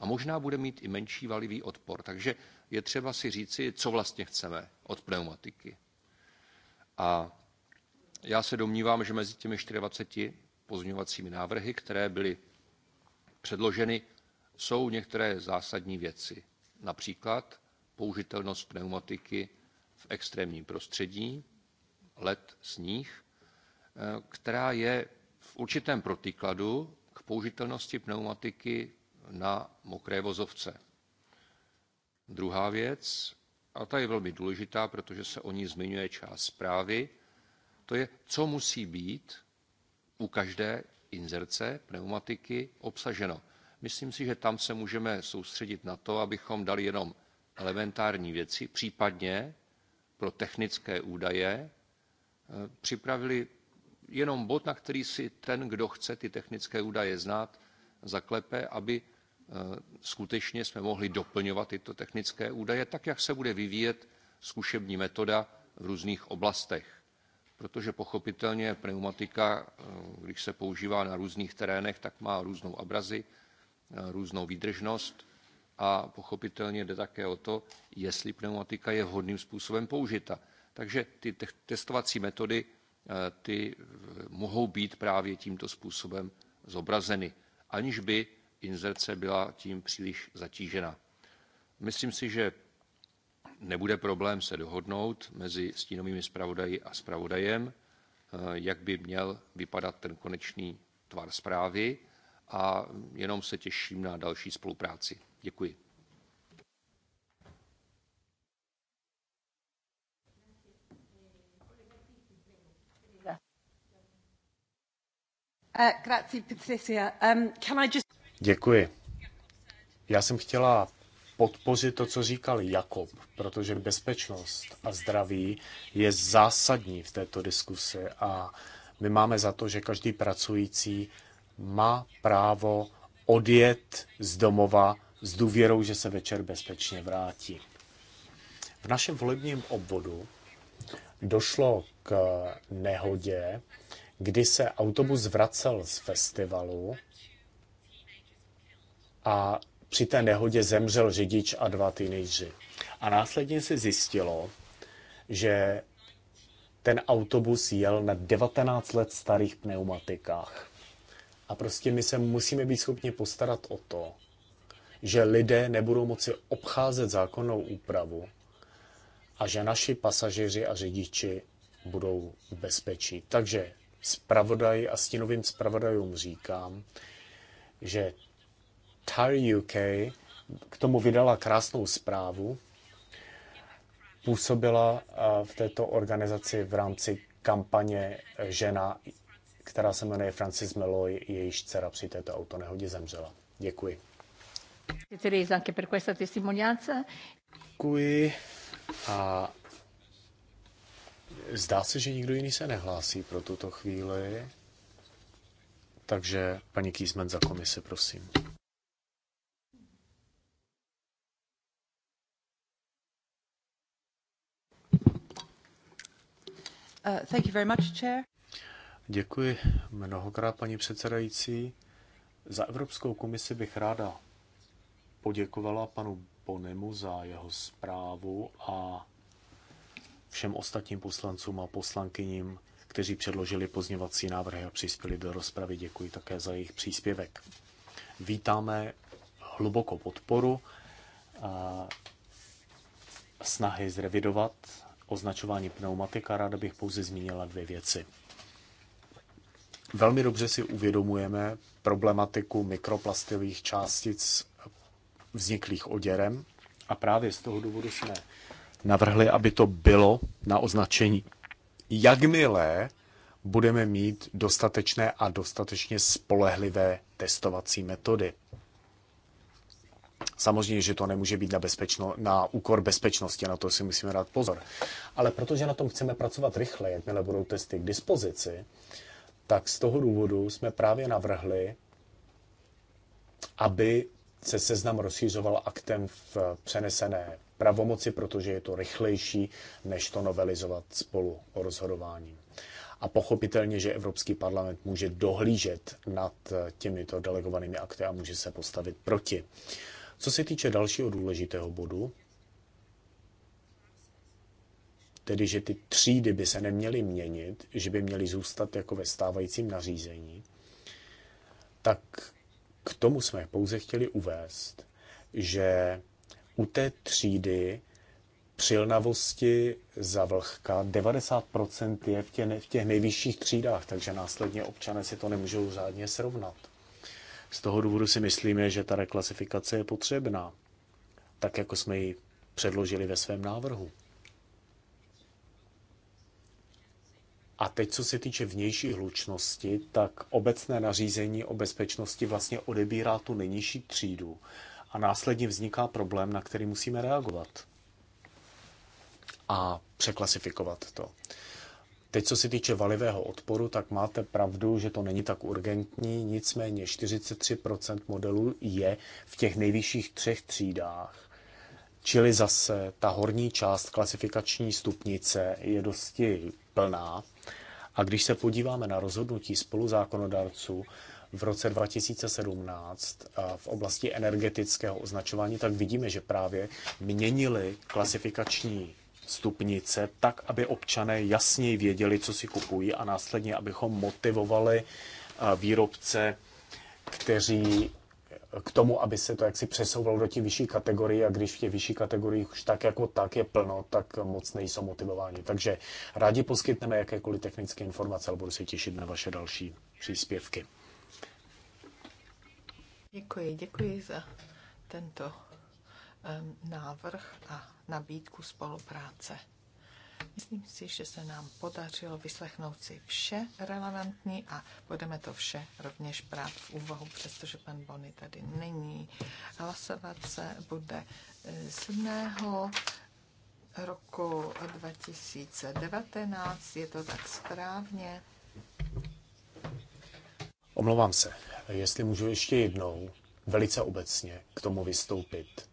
Speaker 2: a možná bude mít i menší valivý odpor. Takže je třeba si říci, co vlastně chceme od pneumatiky. A já se domnívám, že mezi těmi 24 pozměňovacími návrhy, které byly předloženy, jsou některé zásadní věci. Například použitelnost pneumatiky v extrémním prostředí, led, sníh, eh, která je v určitém protikladu k použitelnosti pneumatiky na mokré vozovce. Druhá věc, a ta je velmi důležitá, protože se o ní zmiňuje část zprávy, to je, co musí být u každé inzerce pneumatiky obsaženo. Myslím si, že tam se můžeme soustředit na to, abychom dali jenom elementární věci, případně pro technické údaje, eh, připravili jenom bod, na který si ten, kdo chce ty technické údaje znát, zaklepe, aby eh, skutečně jsme mohli doplňovat tyto technické údaje, tak jak se bude vyvíjet zkušební metoda v různých oblastech. Protože pochopitelně pneumatika, eh, když se používá na různých terénech, tak má různou abrazi, různou výdržnost a pochopitelně jde také o to, jestli pneumatika je vhodným způsobem použita. Takže ty te testovací metody eh, ty eh, mohou být právě tímto způsobem zobrazeny, aniž by inzerce byla tím příliš zatížena. Myslím si, že nebude problém se dohodnout mezi stínovými zpravodaji a zpravodajem, eh, jak by měl vypadat ten konečný tvar zprávy a jenom se těším na další spolupráci. Děkuji.
Speaker 1: Eh, um,
Speaker 4: Děkuji. Já jsem chtěla podpořit to, co říkal Jakob, protože bezpečnost a zdraví je zásadní v této diskusi a my máme za to, že každý pracující má právo odjet z domova s důvěrou, že se večer bezpečně vrátí. V našem volebním obvodu došlo k nehodě, kdy se autobus vracel z festivalu a při té nehodě zemřel řidič a dva teenageři. A následně se zjistilo, že ten autobus jel na 19 let starých pneumatikách. A prostě my se musíme být schopni postarat o to, že lidé nebudou moci obcházet zákonnou úpravu a že naši pasažeři a řidiči budou v bezpečí. Takže zpravodaj a stínovým zpravodajům říkám, že Tire UK k tomu vydala krásnou zprávu, působila v této organizaci v rámci kampaně žena, která se jmenuje Francis Meloy, jejíž dcera při této autonehodě zemřela. Děkuji.
Speaker 1: Teresa, anche per questa testimonianza.
Speaker 4: Děkuji a zdá se, že nikdo jiný se nehlásí pro tuto chvíli. Takže paní Kýzmen za komise, prosím.
Speaker 5: Uh, thank you very much, chair.
Speaker 4: Děkuji mnohokrát, paní předsedající. Za Evropskou komisi bych ráda poděkovala panu Bonemu za jeho zprávu a všem ostatním poslancům a poslankyním, kteří předložili pozněvací návrhy a přispěli do rozpravy. Děkuji také za jejich příspěvek. Vítáme hluboko podporu a snahy zrevidovat označování pneumatik a ráda bych pouze zmínila dvě věci. Velmi dobře si uvědomujeme problematiku mikroplastových částic vzniklých oděrem a právě z toho důvodu jsme navrhli, aby to bylo na označení. Jakmile budeme mít dostatečné a dostatečně spolehlivé testovací metody. Samozřejmě, že to nemůže být na, bezpečno, na úkor bezpečnosti, na to si musíme dát pozor. Ale protože na tom chceme pracovat rychle, jakmile budou testy k dispozici, tak z toho důvodu jsme právě navrhli, aby se seznam rozšířoval aktem v přenesené pravomoci, protože je to rychlejší, než to novelizovat spolu o rozhodování. A pochopitelně, že Evropský parlament může dohlížet nad těmito delegovanými akty a může se postavit proti. Co se týče dalšího důležitého bodu, tedy že ty třídy by se neměly měnit, že by měly zůstat jako ve stávajícím nařízení, tak k tomu jsme pouze chtěli uvést, že u té třídy přilnavosti za vlhka 90% je v těch, v těch nejvyšších třídách, takže následně občané si to nemůžou řádně srovnat. Z toho důvodu si myslíme, že ta reklasifikace je potřebná, tak jako jsme ji předložili ve svém návrhu. A teď, co se týče vnější hlučnosti, tak obecné nařízení o bezpečnosti vlastně odebírá tu nejnižší třídu a následně vzniká problém, na který musíme reagovat a překlasifikovat to. Teď, co se týče valivého odporu, tak máte pravdu, že to není tak urgentní, nicméně 43% modelů je v těch nejvyšších třech třídách. Čili zase ta horní část klasifikační stupnice je dosti plná. A když se podíváme na rozhodnutí spoluzákonodárců v roce 2017 v oblasti energetického označování, tak vidíme, že právě měnili klasifikační stupnice tak, aby občané jasněji věděli, co si kupují a následně, abychom motivovali výrobce, kteří k tomu, aby se to jaksi přesouvalo do těch vyšší kategorií a když v těch vyšší kategoriích už tak jako tak je plno, tak moc nejsou motivováni. Takže rádi poskytneme jakékoliv technické informace ale budu se těšit na vaše další příspěvky.
Speaker 5: Děkuji, děkuji za tento návrh a nabídku spolupráce. Myslím si, že se nám podařilo vyslechnout si vše relevantní a budeme to vše rovněž brát v úvahu, přestože pan Bony tady není. Hlasovat se bude 7. Eh, roku 2019, je to tak správně.
Speaker 4: Omlouvám se, jestli můžu ještě jednou velice obecně k tomu vystoupit.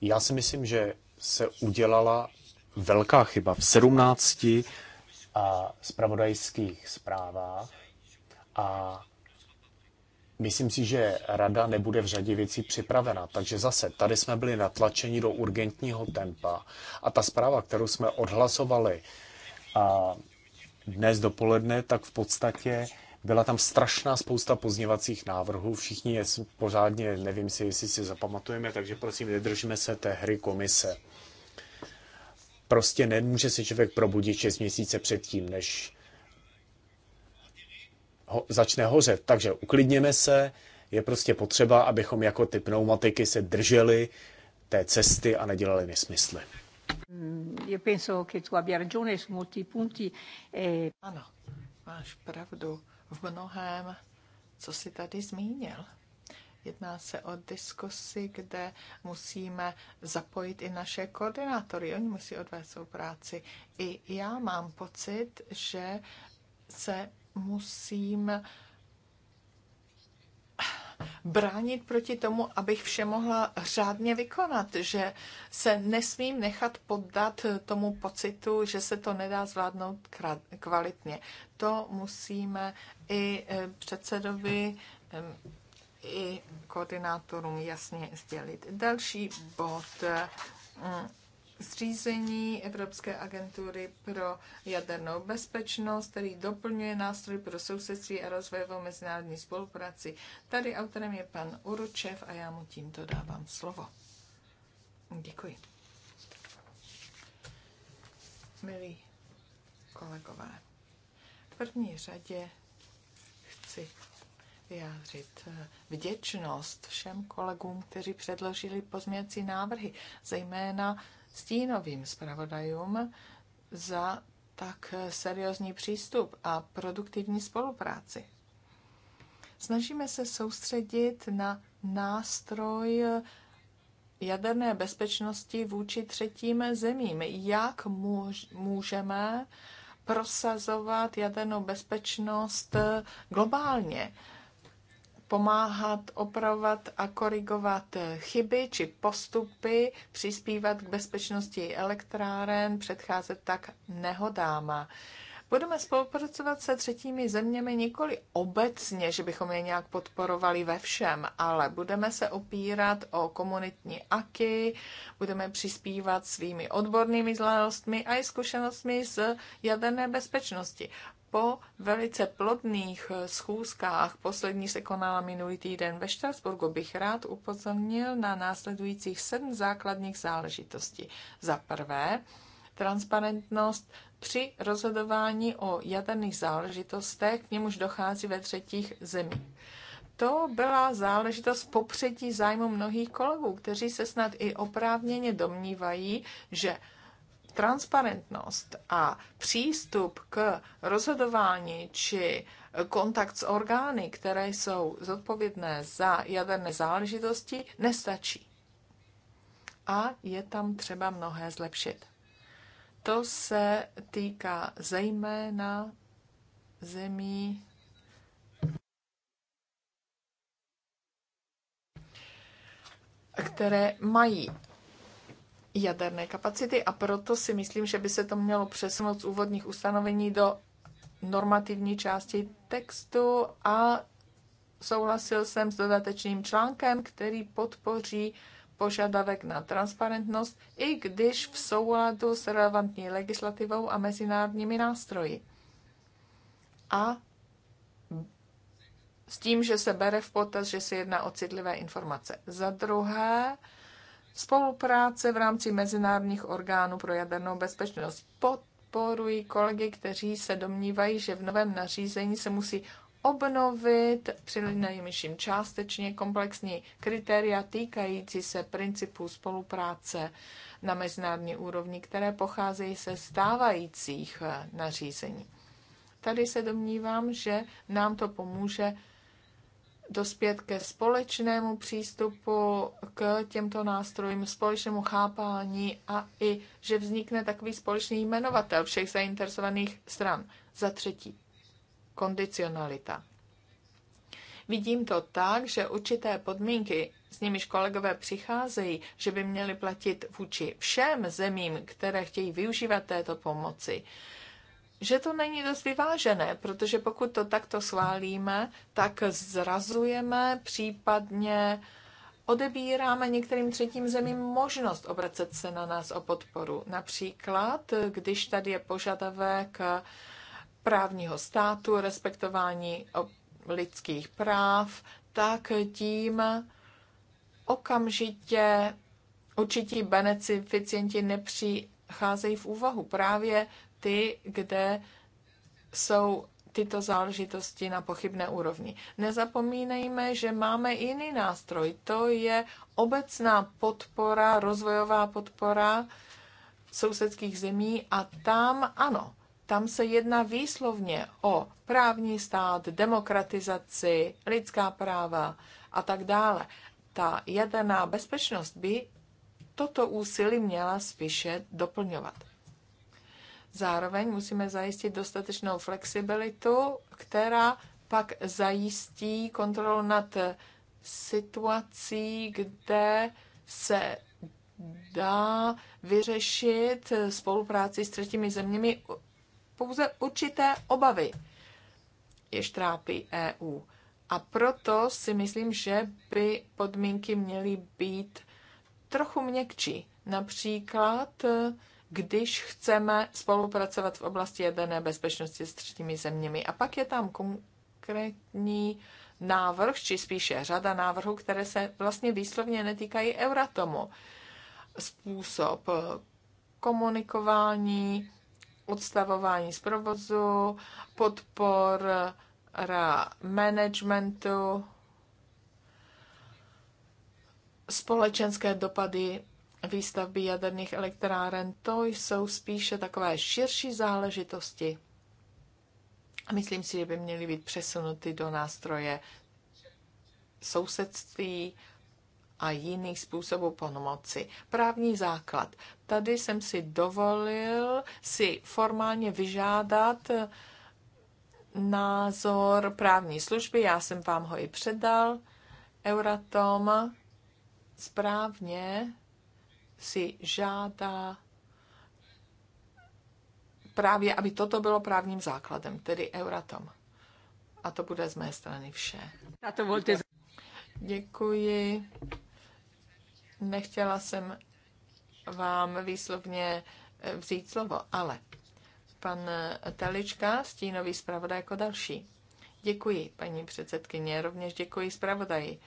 Speaker 4: Já si myslím, že se udělala velká chyba v 17 a spravodajských zprávách a myslím si, že rada nebude v řadě věcí připravena. Takže zase, tady jsme byli natlačeni do urgentního tempa a ta zpráva, kterou jsme odhlasovali a dnes dopoledne, tak v podstatě byla tam strašná spousta pozněvacích návrhů, všichni je pořádně, nevím si, jestli si zapamatujeme, takže prosím, nedržme se té hry komise. Prostě nemůže se člověk probudit 6 měsíce předtím, než ho, začne hořet. Takže uklidněme se, je prostě potřeba, abychom jako ty pneumatiky se drželi té cesty a nedělali nesmysly.
Speaker 1: Mm, e- ano, máš
Speaker 5: pravdu v mnohem, co jsi tady zmínil. Jedná se o diskusy, kde musíme zapojit i naše koordinátory. Oni musí odvést svou práci. I já mám pocit, že se musím bránit proti tomu, abych vše mohla řádně vykonat, že se nesmím nechat poddat tomu pocitu, že se to nedá zvládnout kvalitně. To musíme i eh, předsedovi i koordinátorům jasně sdělit. Další bod mm, zřízení Evropské agentury pro jadernou bezpečnost, který doplňuje nástroj pro sousedství a rozvojovou mezinárodní spolupráci. Tady autorem je pan Uručev a já mu tímto dávám slovo. Děkuji. Milí kolegové, v první řadě chci vyjádřit eh, vděčnost všem kolegům, kteří předložili pozměňovací návrhy, zejména stínovým zpravodajům za tak eh, seriózní přístup a produktivní spolupráci. Snažíme se soustředit na nástroj eh, jaderné bezpečnosti vůči třetím zemím. Jak můžeme prosazovat jadernou bezpečnost globálně? pomáhat opravovat a korigovat chyby či postupy, přispívat k bezpečnosti elektráren, předcházet tak nehodáma. Budeme spolupracovat se třetími zeměmi nikoli obecně, že bychom je nějak podporovali ve všem, ale budeme se opírat o komunitní aky, budeme přispívat svými odbornými znalostmi a i zkušenostmi z jaderné bezpečnosti po velice plodných eh, schůzkách, poslední se konala minulý týden ve Štrasburgu, bych rád upozornil na následujících sedm základních záležitostí. Za prvé, transparentnost při rozhodování o jaderných záležitostech, k němuž dochází ve třetích zemích. To byla záležitost popředí zájmu mnohých kolegů, kteří se snad i oprávněně domnívají, že transparentnost a přístup k rozhodování či kontakt s orgány, které jsou zodpovědné za jaderné záležitosti, nestačí. A je tam třeba mnohé zlepšit. To se týká zejména zemí které mají jaderné kapacity a proto si myslím, že by se to mělo přesunout z úvodních ustanovení do normativní části textu a souhlasil jsem s dodatečným článkem, který podpoří požadavek na transparentnost, i když v souladu s relevantní legislativou a mezinárodními nástroji. A s tím, že se bere v potaz, že se jedná o citlivé informace. Za druhé, spolupráce v rámci mezinárodních orgánů pro jadernou bezpečnost. Podporuji kolegy, kteří se domnívají, že v novém nařízení se musí obnovit nejmyším částečně komplexní kritéria týkající se principů spolupráce na mezinárodní úrovni, které pocházejí se stávajících nařízení. Tady se domnívám, že nám to pomůže dospět ke společnému přístupu k těmto nástrojům, společnému chápání a i, že vznikne takový společný jmenovatel všech zainteresovaných stran. Za třetí, kondicionalita. Vidím to tak, že určité podmínky, s nimiž kolegové přicházejí, že by měly platit vůči všem zemím, které chtějí využívat této pomoci, že to není dost vyvážené, protože pokud to takto schválíme, tak zrazujeme, případně odebíráme některým třetím zemím možnost obracet se na nás o podporu. Například, když tady je požadavek právního státu, respektování lidských práv, tak tím okamžitě určití beneficienti nepři cházejí v úvahu. Právě ty, kde jsou tyto záležitosti na pochybné úrovni. Nezapomínejme, že máme jiný nástroj. To je obecná podpora, rozvojová podpora sousedských zemí a tam ano, tam se jedná výslovně o právní stát, demokratizaci, lidská práva a tak dále. Ta jedená bezpečnost by toto úsilí měla spíše doplňovat. Zároveň musíme zajistit dostatečnou flexibilitu, která pak zajistí kontrolu nad situací, kde se dá vyřešit spolupráci s třetími zeměmi pouze určité obavy, jež trápí EU. A proto si myslím, že by podmínky měly být trochu měkčí. Například když chceme spolupracovat v oblasti jaderné bezpečnosti s třetími zeměmi. A pak je tam konkrétní návrh, či spíše řada návrhů, které se vlastně výslovně netýkají Euratomu. Způsob komunikování, odstavování z provozu, podpora managementu, společenské dopady výstavby jaderných elektráren, to jsou spíše takové širší záležitosti. A myslím si, že by měly být přesunuty do nástroje sousedství a jiných způsobů pomoci. Právní základ. Tady jsem si dovolil si formálně vyžádat názor právní služby, já jsem vám ho i předal, Euratom správně si žádá právě, aby toto bylo právním základem, tedy Euratom. A to bude z mé strany vše. Na to volte. Děkuji. Nechtěla jsem vám výslovně eh, vzít slovo, ale pan Telička, stínový zpravodaj jako další. Děkuji, paní předsedkyně, rovněž děkuji zpravodaji.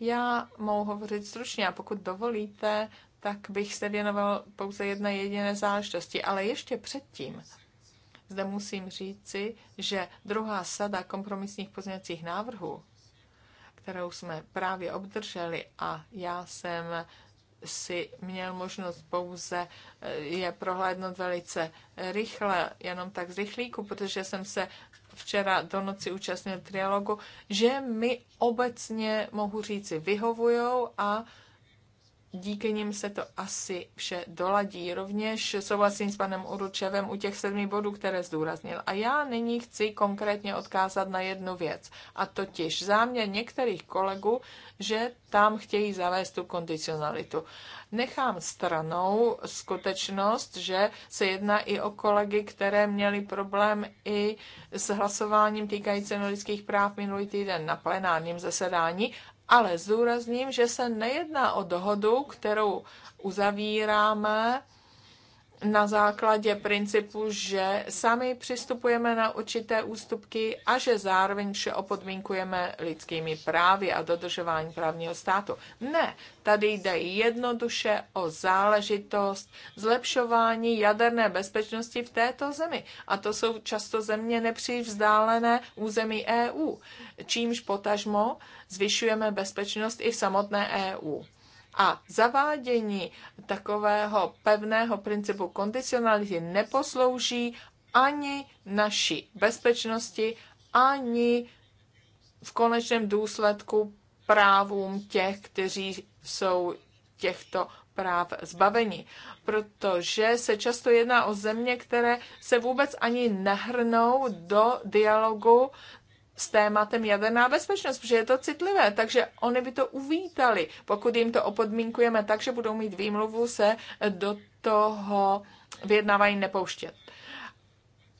Speaker 5: Já mohu hovořit stručně a pokud dovolíte, tak bych se věnoval pouze jedné jediné záležitosti. Ale ještě předtím zde musím říci, že druhá sada kompromisních pozměňovacích návrhů, kterou jsme právě obdrželi a já jsem si měl možnost pouze eh, je prohlédnout velice rychle, jenom tak z rychlíku, protože jsem se včera do noci účastnil trialogu, že mi obecně mohu říci vyhovujou a díky nim se to asi vše doladí. Rovněž souhlasím s panem Uručevem u těch sedmi bodů, které zdůraznil. A já nyní chci konkrétně odkázat na jednu věc, a totiž záměr některých kolegů, že tam chtějí zavést tu kondicionalitu. Nechám stranou skutečnost, že se jedná i o kolegy, které měli problém i s hlasováním týkající lidských práv minulý týden na plenárním zasedání ale zdůrazním, že se nejedná o dohodu, kterou uzavíráme na základě principu, že sami přistupujeme na určité ústupky a že zároveň vše opodmínkujeme lidskými právy a dodržování právního státu. Ne, tady jde jednoduše o záležitost zlepšování jaderné bezpečnosti v této zemi. A to jsou často země nepřivzdálené území EU, čímž potažmo zvyšujeme bezpečnost i v samotné EU. A zavádění takového pevného principu kondicionality neposlouží ani naší bezpečnosti, ani v konečném důsledku právům těch, kteří jsou těchto práv zbaveni, protože se často jedná o země, které se vůbec ani nehrnou do dialogu s tématem jaderná bezpečnost, protože je to citlivé, takže oni by to uvítali, pokud jim to opodmínkujeme tak, že budou mít výmluvu se do toho vyjednávání nepouštět.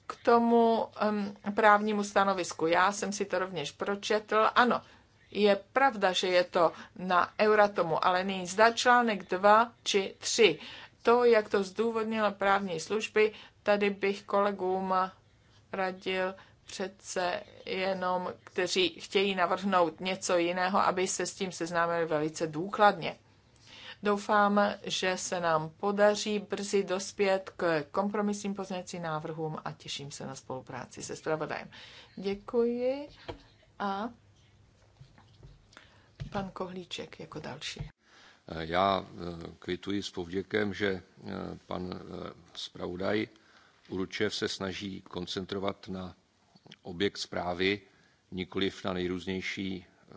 Speaker 5: K tomu um, právnímu stanovisku. Já jsem si to rovněž pročetl. Ano, je pravda, že je to na Euratomu, ale není zda článek 2 či 3. To, jak to zdůvodnila právní služby, tady bych kolegům radil, přece jenom, kteří chtějí navrhnout něco jiného, aby se s tím seznámili velice důkladně. Doufám, že se nám podaří brzy dospět k kompromisním pozměňovacím návrhům a těším se na spolupráci se zpravodajem. Děkuji a pan Kohlíček jako
Speaker 2: další. Já eh, kvituji s povděkem, že eh, pan eh, zpravodaj Uručev se snaží koncentrovat na objekt zprávy, nikoliv na nejrůznější eh,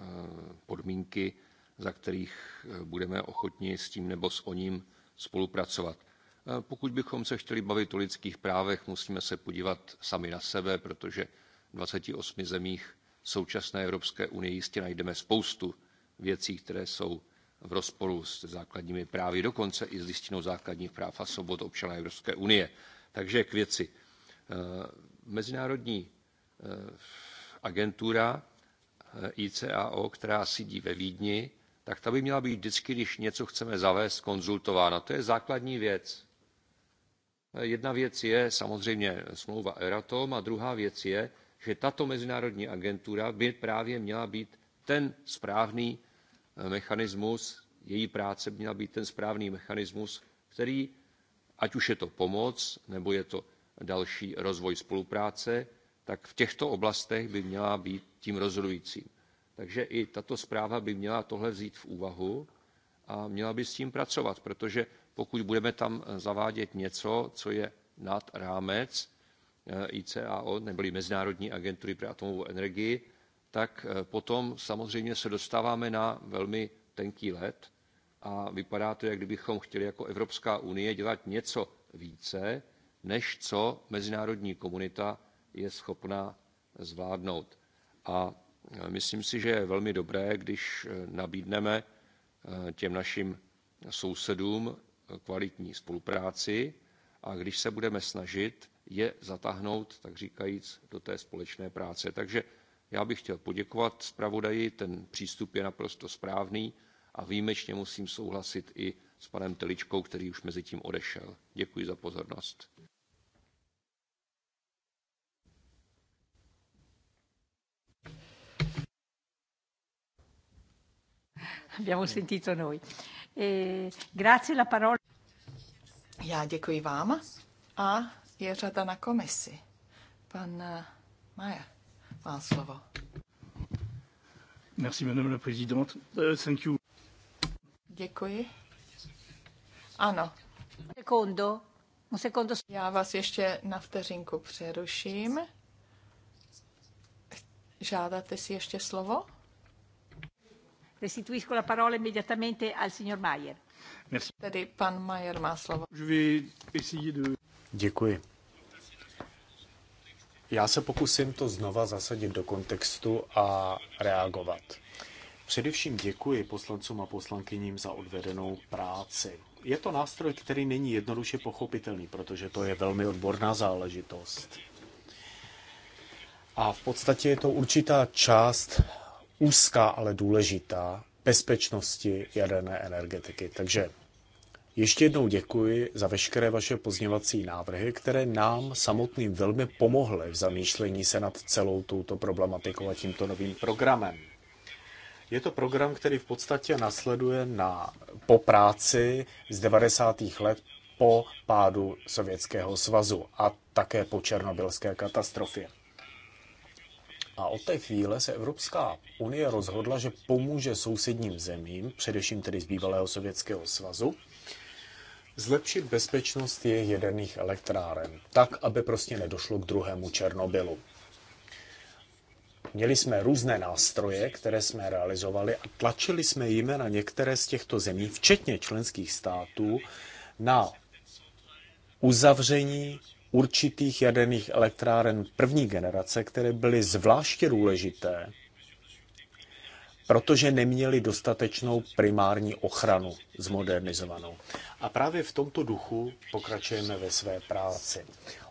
Speaker 2: podmínky, za kterých eh, budeme ochotni s tím nebo s oním spolupracovat. Eh, pokud bychom se chtěli bavit o lidských právech, musíme se podívat sami na sebe, protože v 28 zemích současné Evropské unie jistě najdeme spoustu věcí, které jsou v rozporu s základními právy, dokonce i s listinou základních práv a svobod občana Evropské unie. Takže k věci. Mezinárodní Eh, agentura eh, ICAO, která sídí ve Vídni, tak ta by měla být vždycky, když něco chceme zavést, konzultována. To je základní věc. Eh, jedna věc je samozřejmě smlouva Eratom a druhá věc je, že tato mezinárodní agentura by právě měla být ten správný mechanismus, její práce by měla být ten správný mechanismus, který, ať už je to pomoc, nebo je to další rozvoj spolupráce, tak v těchto oblastech by měla být tím rozhodujícím. Takže i tato zpráva by měla tohle vzít v úvahu a měla by s tím pracovat, protože pokud budeme tam zavádět něco, co je nad rámec eh, ICAO, neboli Mezinárodní agentury pro atomovou energii, tak eh, potom samozřejmě se dostáváme na velmi tenký led a vypadá to, jak kdybychom chtěli jako Evropská unie dělat něco více, než co mezinárodní komunita je schopna zvládnout. A e, myslím si, že je velmi dobré, když e, nabídneme e, těm našim sousedům kvalitní spolupráci a když se budeme snažit je zatáhnout, tak říkajíc, do té společné práce. Takže já bych chtěl poděkovat zpravodaji, ten přístup je naprosto správný a výjimečně musím souhlasit i s panem Teličkou, který už mezi tím odešel. Děkuji za pozornost.
Speaker 1: abbiamo mm. sentito noi. E grazie la parola.
Speaker 5: Já děkuji vám a je řada na komisi. Pan eh, Maja má slovo.
Speaker 1: Merci, madame la présidente. Uh, thank you.
Speaker 5: Děkuji. Ano. Sekundo. Un Sekundo. Já vás ještě na vteřinku přeruším. Žádáte si ještě slovo? Restituisco la parola
Speaker 1: immediatamente al signor Mayer.
Speaker 4: Děkuji. Já se pokusím to znova zasadit do kontextu a reagovat. Především děkuji poslancům a poslankyním za odvedenou práci. Je to nástroj, který není jednoduše pochopitelný, protože to je velmi odborná záležitost. A v podstatě je to určitá část úzká, ale důležitá bezpečnosti jaderné energetiky. Takže ještě jednou děkuji za veškeré vaše pozněvací návrhy, které nám samotným velmi pomohly v zamýšlení se nad celou touto problematikou a tímto novým programem. Je to program, který v podstatě nasleduje na, po práci z 90. let po pádu Sovětského svazu a také po černobylské katastrofě. A od té chvíle se Evropská unie rozhodla, že pomůže sousedním zemím, především tedy z bývalého Sovětského svazu, zlepšit bezpečnost jejich jaderných elektráren, tak, aby prostě nedošlo k druhému Černobylu. Měli jsme různé nástroje, které jsme realizovali a tlačili jsme jim na některé z těchto zemí, včetně členských států, na uzavření určitých jaderných elektráren první generace, které byly zvláště důležité, protože neměly dostatečnou primární ochranu zmodernizovanou. A právě v tomto duchu pokračujeme ve své práci.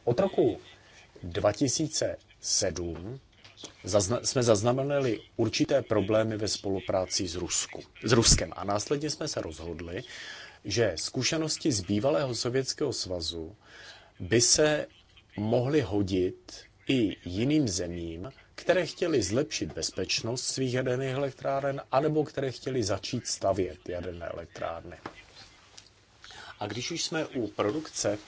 Speaker 4: Od roku 2007 zazna- jsme zaznamenali určité problémy ve spolupráci s, Rusku, s Ruskem a následně jsme se rozhodli, že zkušenosti z bývalého Sovětského svazu by se mohly hodit i jiným zemím, které chtěly zlepšit bezpečnost svých jaderných elektráren, anebo které chtěly začít stavět jaderné elektrárny. A když už jsme u produkce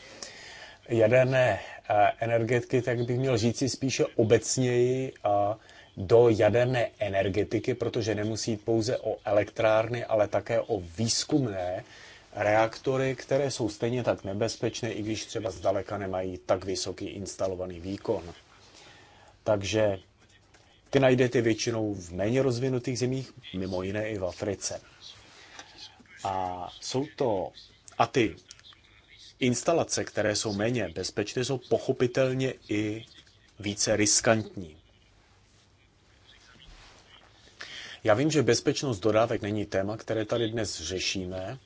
Speaker 4: jaderné eh, energetiky, tak bych měl říci spíše obecněji eh, do jaderné energetiky, protože nemusí jít pouze o elektrárny, ale také o výzkumné reaktory, které jsou stejně tak nebezpečné, i když třeba zdaleka nemají tak vysoký instalovaný výkon. Takže ty najdete většinou v méně rozvinutých zemích, mimo jiné i v Africe. A jsou to a ty instalace, které jsou méně bezpečné, jsou pochopitelně i více riskantní. Já vím, že bezpečnost dodávek není téma, které tady dnes řešíme,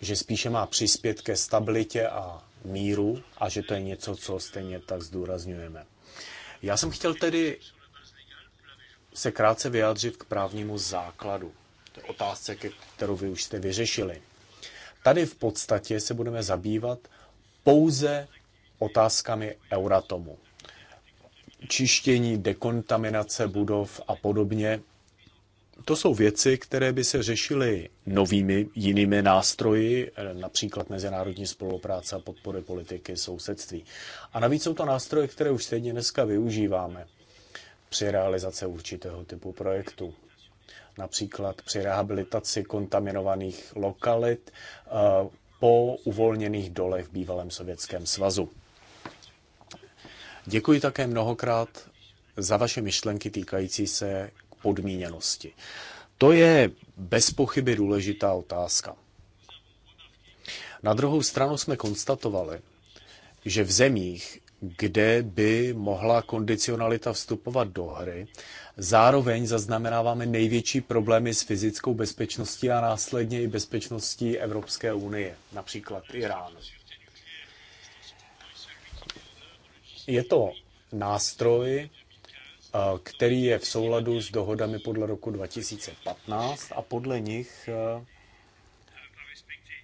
Speaker 4: že spíše má přispět ke stabilitě a míru a že to je něco, co stejně tak zdůrazňujeme. Já jsem chtěl tedy se krátce vyjádřit k právnímu základu. To je otázce, kterou vy už jste vyřešili. Tady v podstatě se budeme zabývat pouze otázkami Euratomu. Čištění, dekontaminace budov a podobně, to jsou věci, které by se řešily novými, jinými nástroji, eh, například mezinárodní spolupráce a podpory politiky sousedství. A navíc jsou to nástroje, které už stejně dneska využíváme při realizaci určitého typu projektu. Například při rehabilitaci kontaminovaných lokalit eh, po uvolněných dolech v bývalém Sovětském svazu. Děkuji také mnohokrát za vaše myšlenky týkající se podmíněnosti. To je bez pochyby důležitá otázka. Na druhou stranu jsme konstatovali, že v zemích, kde by mohla kondicionalita vstupovat do hry, zároveň zaznamenáváme největší problémy s fyzickou bezpečností a následně i bezpečností Evropské unie, například Irán. Je to nástroj, který je v souladu s dohodami podle roku 2015 a podle nich e,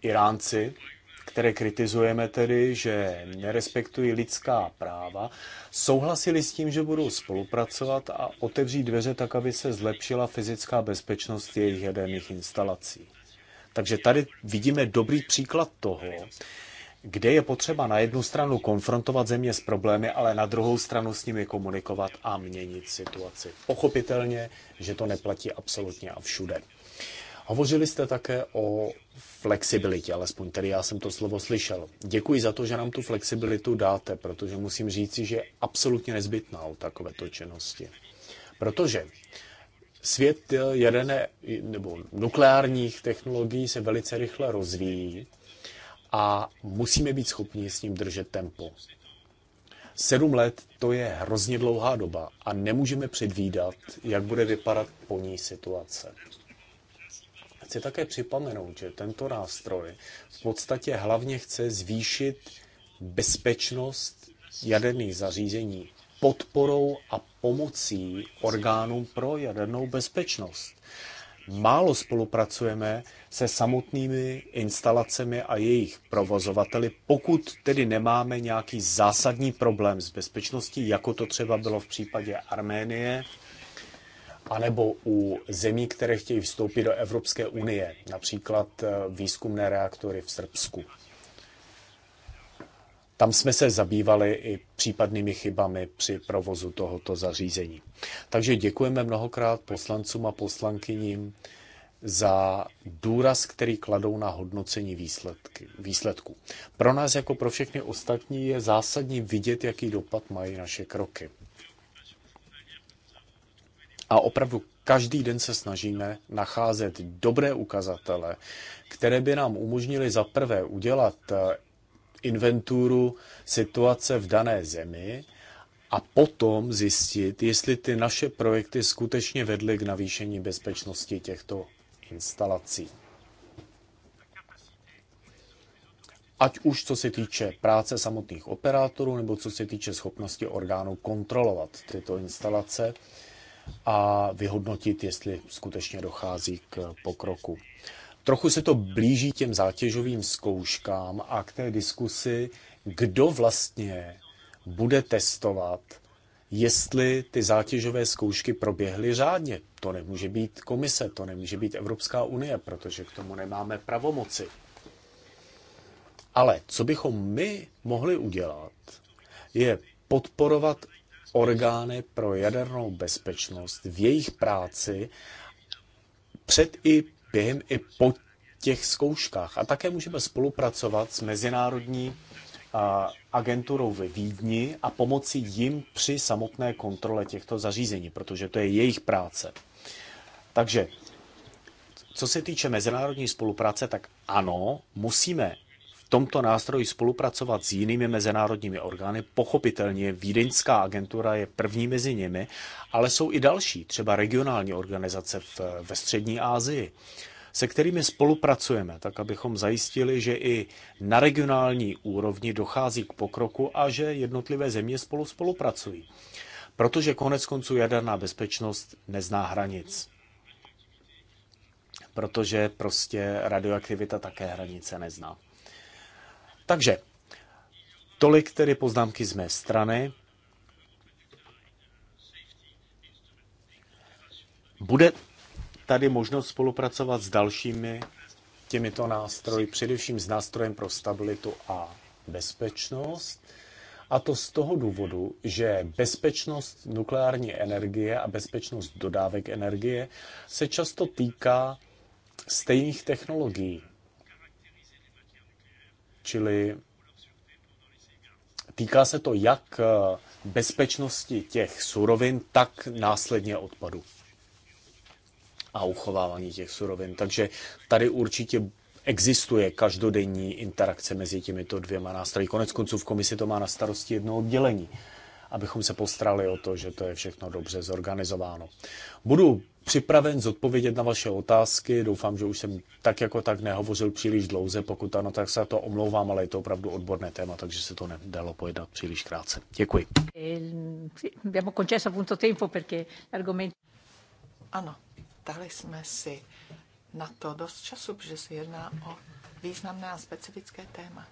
Speaker 4: Iránci, které kritizujeme tedy, že nerespektují lidská práva, souhlasili s tím, že budou spolupracovat a otevřít dveře tak, aby se zlepšila fyzická bezpečnost jejich jaderných instalací. Takže tady vidíme dobrý příklad toho, kde je potřeba na jednu stranu konfrontovat země s problémy, ale na druhou stranu s nimi komunikovat a měnit situaci. Pochopitelně, že to neplatí absolutně a všude. Hovořili jste také o flexibilitě, alespoň tedy já jsem to slovo slyšel. Děkuji za to, že nám tu flexibilitu dáte, protože musím říci, že je absolutně nezbytná u takovéto činnosti. Protože svět jaderné nebo nukleárních technologií se velice rychle rozvíjí a musíme být schopni s ním držet tempo. Sedm let to je hrozně dlouhá doba a nemůžeme předvídat, jak bude vypadat po ní situace. Chci také připomenout, že tento nástroj v podstatě hlavně chce zvýšit bezpečnost jaderných zařízení podporou a pomocí orgánům pro jadernou bezpečnost. Málo spolupracujeme se samotnými instalacemi a jejich provozovateli, pokud tedy nemáme nějaký zásadní problém s bezpečností, jako to třeba bylo v případě Arménie, anebo u zemí, které chtějí vstoupit do Evropské unie, například eh, výzkumné reaktory v Srbsku. Tam jsme se zabývali i případnými chybami při provozu tohoto zařízení. Takže děkujeme mnohokrát poslancům a poslankyním za důraz, který kladou na hodnocení výsledky, výsledků. Pro nás, jako pro všechny ostatní, je zásadní vidět, jaký dopad mají naše kroky. A opravdu každý den se snažíme nacházet dobré ukazatele, které by nám umožnily za prvé udělat eh, inventuru situace v dané zemi a potom zjistit, jestli ty naše projekty skutečně vedly k navýšení bezpečnosti těchto instalací. Ať už co se týče práce samotných operátorů, nebo co se týče schopnosti orgánů kontrolovat tyto instalace a vyhodnotit, jestli skutečně dochází k pokroku. Trochu se to blíží těm zátěžovým zkouškám a k té diskusi, kdo vlastně bude testovat, jestli ty zátěžové zkoušky proběhly řádně. To nemůže být komise, to nemůže být Evropská unie, protože k tomu nemáme pravomoci. Ale co bychom my mohli udělat, je podporovat orgány pro jadernou bezpečnost v jejich práci před i během i po těch zkouškách. A také můžeme spolupracovat s Mezinárodní agenturou ve Vídni a pomoci jim při samotné kontrole těchto zařízení, protože to je jejich práce. Takže, co se týče mezinárodní spolupráce, tak ano, musíme tomto nástroji spolupracovat s jinými mezinárodními orgány. Pochopitelně Vídeňská agentura je první mezi nimi, ale jsou i další, třeba regionální organizace v, ve střední Asii, se kterými spolupracujeme, tak abychom zajistili, že i na regionální úrovni dochází k pokroku a že jednotlivé země spolu spolupracují. Protože konec konců jaderná bezpečnost nezná hranic protože prostě radioaktivita také hranice nezná. Takže tolik tedy poznámky z mé strany. Bude tady možnost spolupracovat s dalšími těmito nástroji, především s nástrojem pro stabilitu a bezpečnost. A to z toho důvodu, že bezpečnost nukleární energie a bezpečnost dodávek energie se často týká stejných technologií. Čili týká se to jak eh, bezpečnosti těch surovin, tak následně odpadu a uchovávání těch surovin. Takže tady určitě existuje každodenní interakce mezi těmito dvěma nástroji. Konec konců v komisi to má na starosti jedno oddělení abychom se postrali o to, že to je všechno dobře zorganizováno. Budu připraven zodpovědět na vaše otázky. Doufám, že už jsem tak jako tak nehovořil příliš dlouze. Pokud ano, tak se to omlouvám, ale je to opravdu odborné téma, takže se to nedalo pojednat příliš krátce. Děkuji.
Speaker 1: Eh,
Speaker 5: ano, dali jsme si na to dost času, protože se jedná o významné a specifické téma.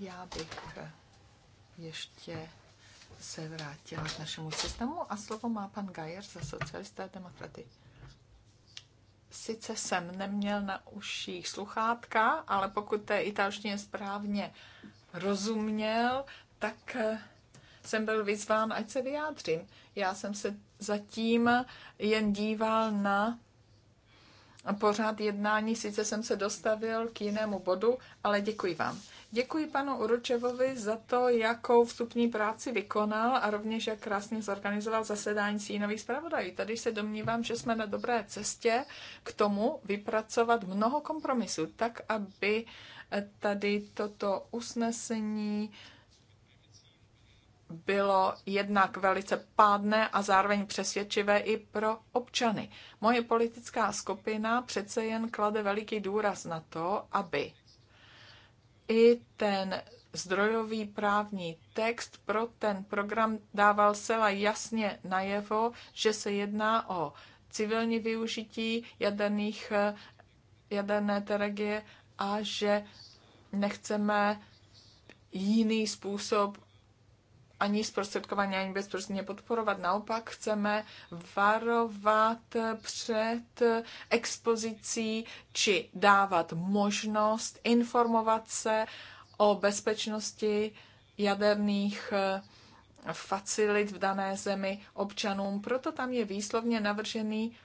Speaker 5: Já bych eh, ještě se vrátila k našemu systému a slovo má pan Gajer za socialisté demokraty. Sice jsem neměl na uších sluchátka, ale pokud té italštině správně rozuměl, tak eh, jsem byl vyzván, ať se vyjádřím. Já jsem se zatím jen díval na pořád jednání, sice jsem se dostavil k jinému bodu, ale děkuji vám. Děkuji panu Uročevovi za to, jakou vstupní práci vykonal a rovněž jak krásně zorganizoval zasedání sínových zpravodajů. Tady se domnívám, že jsme na dobré cestě k tomu vypracovat mnoho kompromisů, tak aby tady toto usnesení bylo jednak velice pádné a zároveň přesvědčivé i pro občany. Moje politická skupina přece jen klade veliký důraz na to, aby i ten zdrojový právní text pro ten program dával zcela jasně najevo, že se jedná o civilní využití jaderných, jaderné energie a že nechceme jiný způsob ani zprostředkování, ani bezprostředně podporovat. Naopak chceme varovat před expozicí či dávat možnost informovat se o bezpečnosti jaderných eh, facilit v dané zemi občanům. Proto tam je výslovně navržený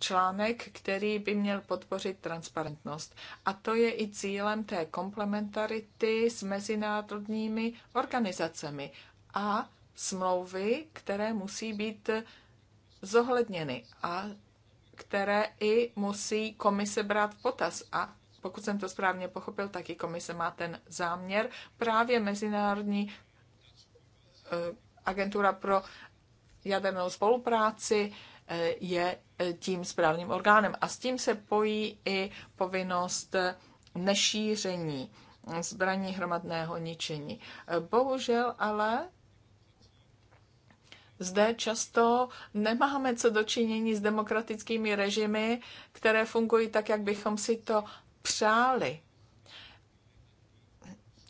Speaker 5: článek, který by měl podpořit transparentnost. A to je i cílem té komplementarity s mezinárodními organizacemi a smlouvy, které musí být zohledněny a které i musí komise brát v potaz. A pokud jsem to správně pochopil, tak i komise má ten záměr. Právě Mezinárodní eh, agentura pro jadernou spolupráci eh, je eh, tím správným orgánem. A s tím se pojí i povinnost nešíření zbraní hromadného ničení. Bohužel ale zde často nemáme co dočinění s demokratickými režimy, které fungují tak, jak bychom si to přáli.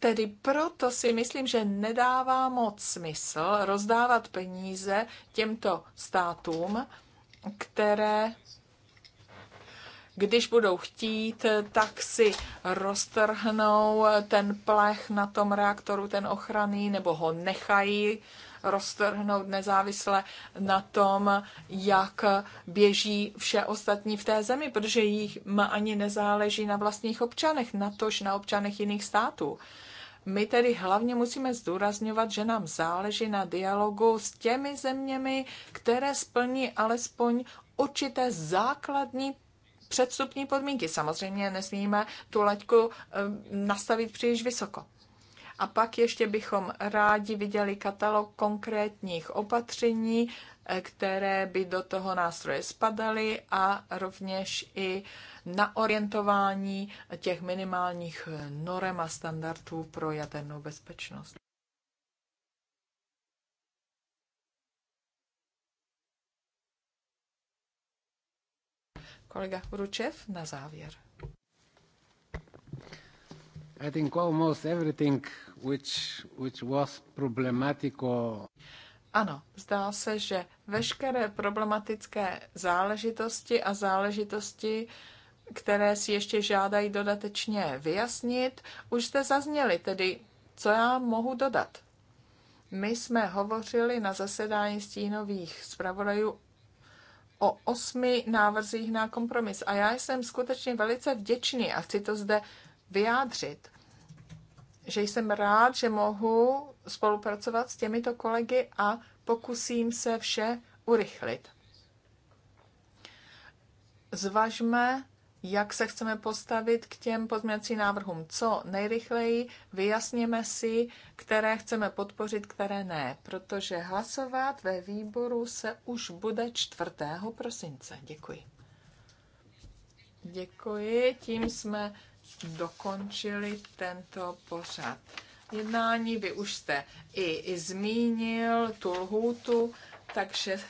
Speaker 5: Tedy proto si myslím, že nedává moc smysl rozdávat peníze těmto státům, které, když budou chtít, tak si roztrhnou ten plech na tom reaktoru, ten ochranný, nebo ho nechají roztrhnout nezávisle na tom, jak běží vše ostatní v té zemi, protože jich ani nezáleží na vlastních občanech, natož na občanech jiných států. My tedy hlavně musíme zdůrazňovat, že nám záleží na dialogu s těmi zeměmi, které splní alespoň určité základní předstupní podmínky. Samozřejmě nesmíme tu laťku eh, nastavit příliš vysoko. A pak ještě bychom rádi viděli katalog konkrétních opatření, eh, které by do toho nástroje spadaly a rovněž i na orientování těch minimálních norem a standardů pro jadernou bezpečnost. Kolega Hručev na závěr.
Speaker 2: I think almost everything which, which was problematic
Speaker 5: Ano, zdá se, že veškeré problematické záležitosti a záležitosti, které si ještě žádají dodatečně vyjasnit, už jste zazněli, tedy co já mohu dodat. My jsme hovořili na zasedání stínových zpravodajů o osmi návrzích na kompromis a já jsem skutečně velice vděčný a chci to zde vyjádřit, že jsem rád, že mohu spolupracovat s těmito kolegy a pokusím se vše urychlit. Zvažme, jak se chceme postavit k těm pozměňovacím návrhům co nejrychleji, vyjasněme si, které chceme podpořit, které ne, protože hlasovat ve výboru se už bude 4. prosince. Děkuji. Děkuji, tím jsme dokončili tento pořad jednání. Vy už jste i, i zmínil tu lhůtu, takže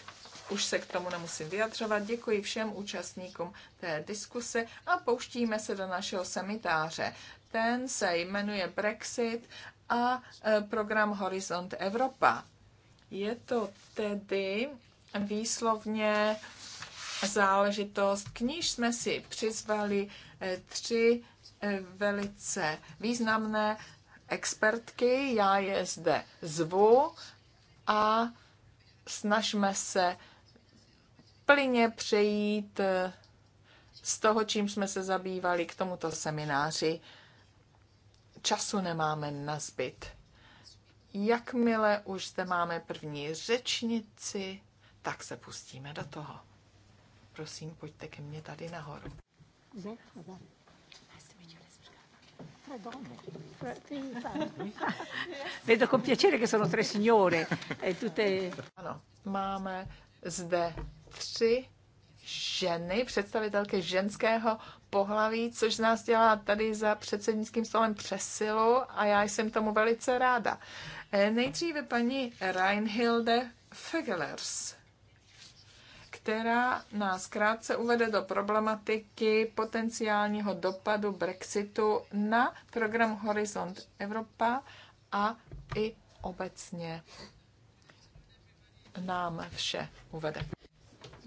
Speaker 5: už se k tomu nemusím vyjadřovat. Děkuji všem účastníkům té diskuse a pouštíme se do našeho semitáře. Ten se jmenuje Brexit a e, program Horizont Evropa. Je to tedy výslovně záležitost, k níž jsme si přizvali e, tři velice významné expertky, já je zde zvu a snažme se plně přejít eh, z toho, čím jsme se zabývali k tomuto semináři. Času nemáme na zbyt. Jakmile už zde máme první řečnici, tak se pustíme do toho. Prosím, pojďte ke mně tady nahoru.
Speaker 1: Zde, tre donne, tre,
Speaker 5: Vedo con piacere che sono tre signore, e tutte... Ano, máme zde tři ženy, představitelky ženského pohlaví, což nás dělá tady za předsednickým stolem přesilu a já jsem tomu velice ráda. Eh, nejdříve paní Reinhilde Fegelers která nás krátce uvede do problematiky potenciálního dopadu Brexitu na program Horizont Evropa a i obecně nám vše uvede.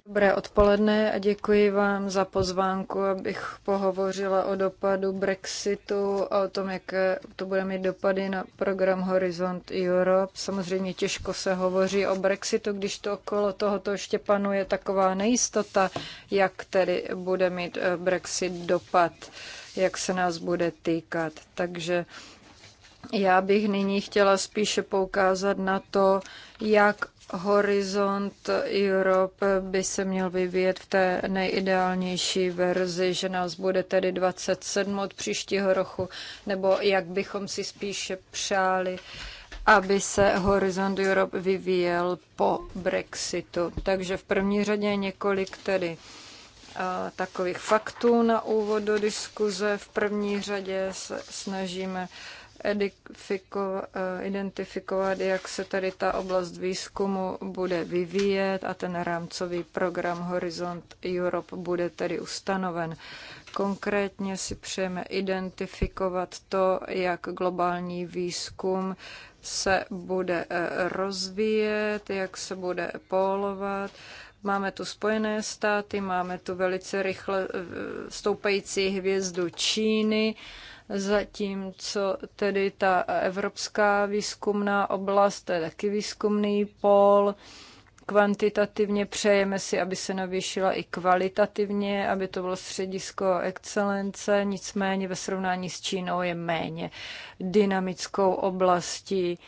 Speaker 3: Dobré odpoledne a děkuji vám za pozvánku, abych pohovořila o dopadu Brexitu a o tom, jaké to bude mít dopady na program Horizont Europe. Samozřejmě těžko se hovoří o Brexitu, když to okolo tohoto ještě panuje taková nejistota, jak tedy bude mít eh, Brexit dopad, jak se nás bude týkat. Takže já bych nyní chtěla spíše poukázat na to, jak Horizont Europe by se měl vyvíjet v té nejideálnější verzi, že nás bude tedy 27 od příštího roku, nebo jak bychom si spíše přáli, aby se Horizont Europe vyvíjel po Brexitu. Takže v první řadě několik tedy takových faktů na úvod do diskuze. V první řadě se snažíme Eh, identifikovat, jak se tady ta oblast výzkumu bude vyvíjet a ten rámcový program Horizont Europe bude tedy ustanoven. Konkrétně si přejeme identifikovat to, jak globální výzkum se bude eh, rozvíjet, jak se bude polovat. Máme tu Spojené státy, máme tu velice rychle eh, stoupající hvězdu Číny zatímco tedy ta evropská výzkumná oblast, to je taky výzkumný pól, kvantitativně přejeme si, aby se navýšila i kvalitativně, aby to bylo středisko excelence, nicméně ve srovnání s Čínou je méně dynamickou oblastí.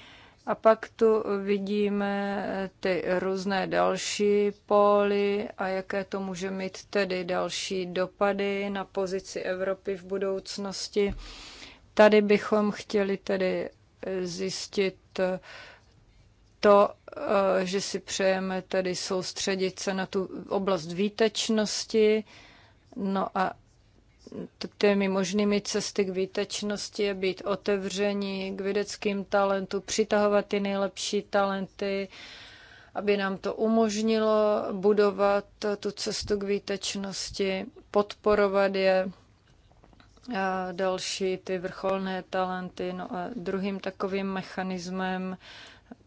Speaker 3: A pak tu vidíme ty různé další póly a jaké to může mít tedy další dopady na pozici Evropy v budoucnosti. Tady bychom chtěli tedy zjistit to, že si přejeme tedy soustředit se na tu oblast výtečnosti, no a těmi možnými cesty k výtečnosti je být otevření k vědeckým talentům, přitahovat ty nejlepší talenty, aby nám to umožnilo budovat tu cestu k výtečnosti, podporovat je a další ty vrcholné talenty. No a druhým takovým mechanismem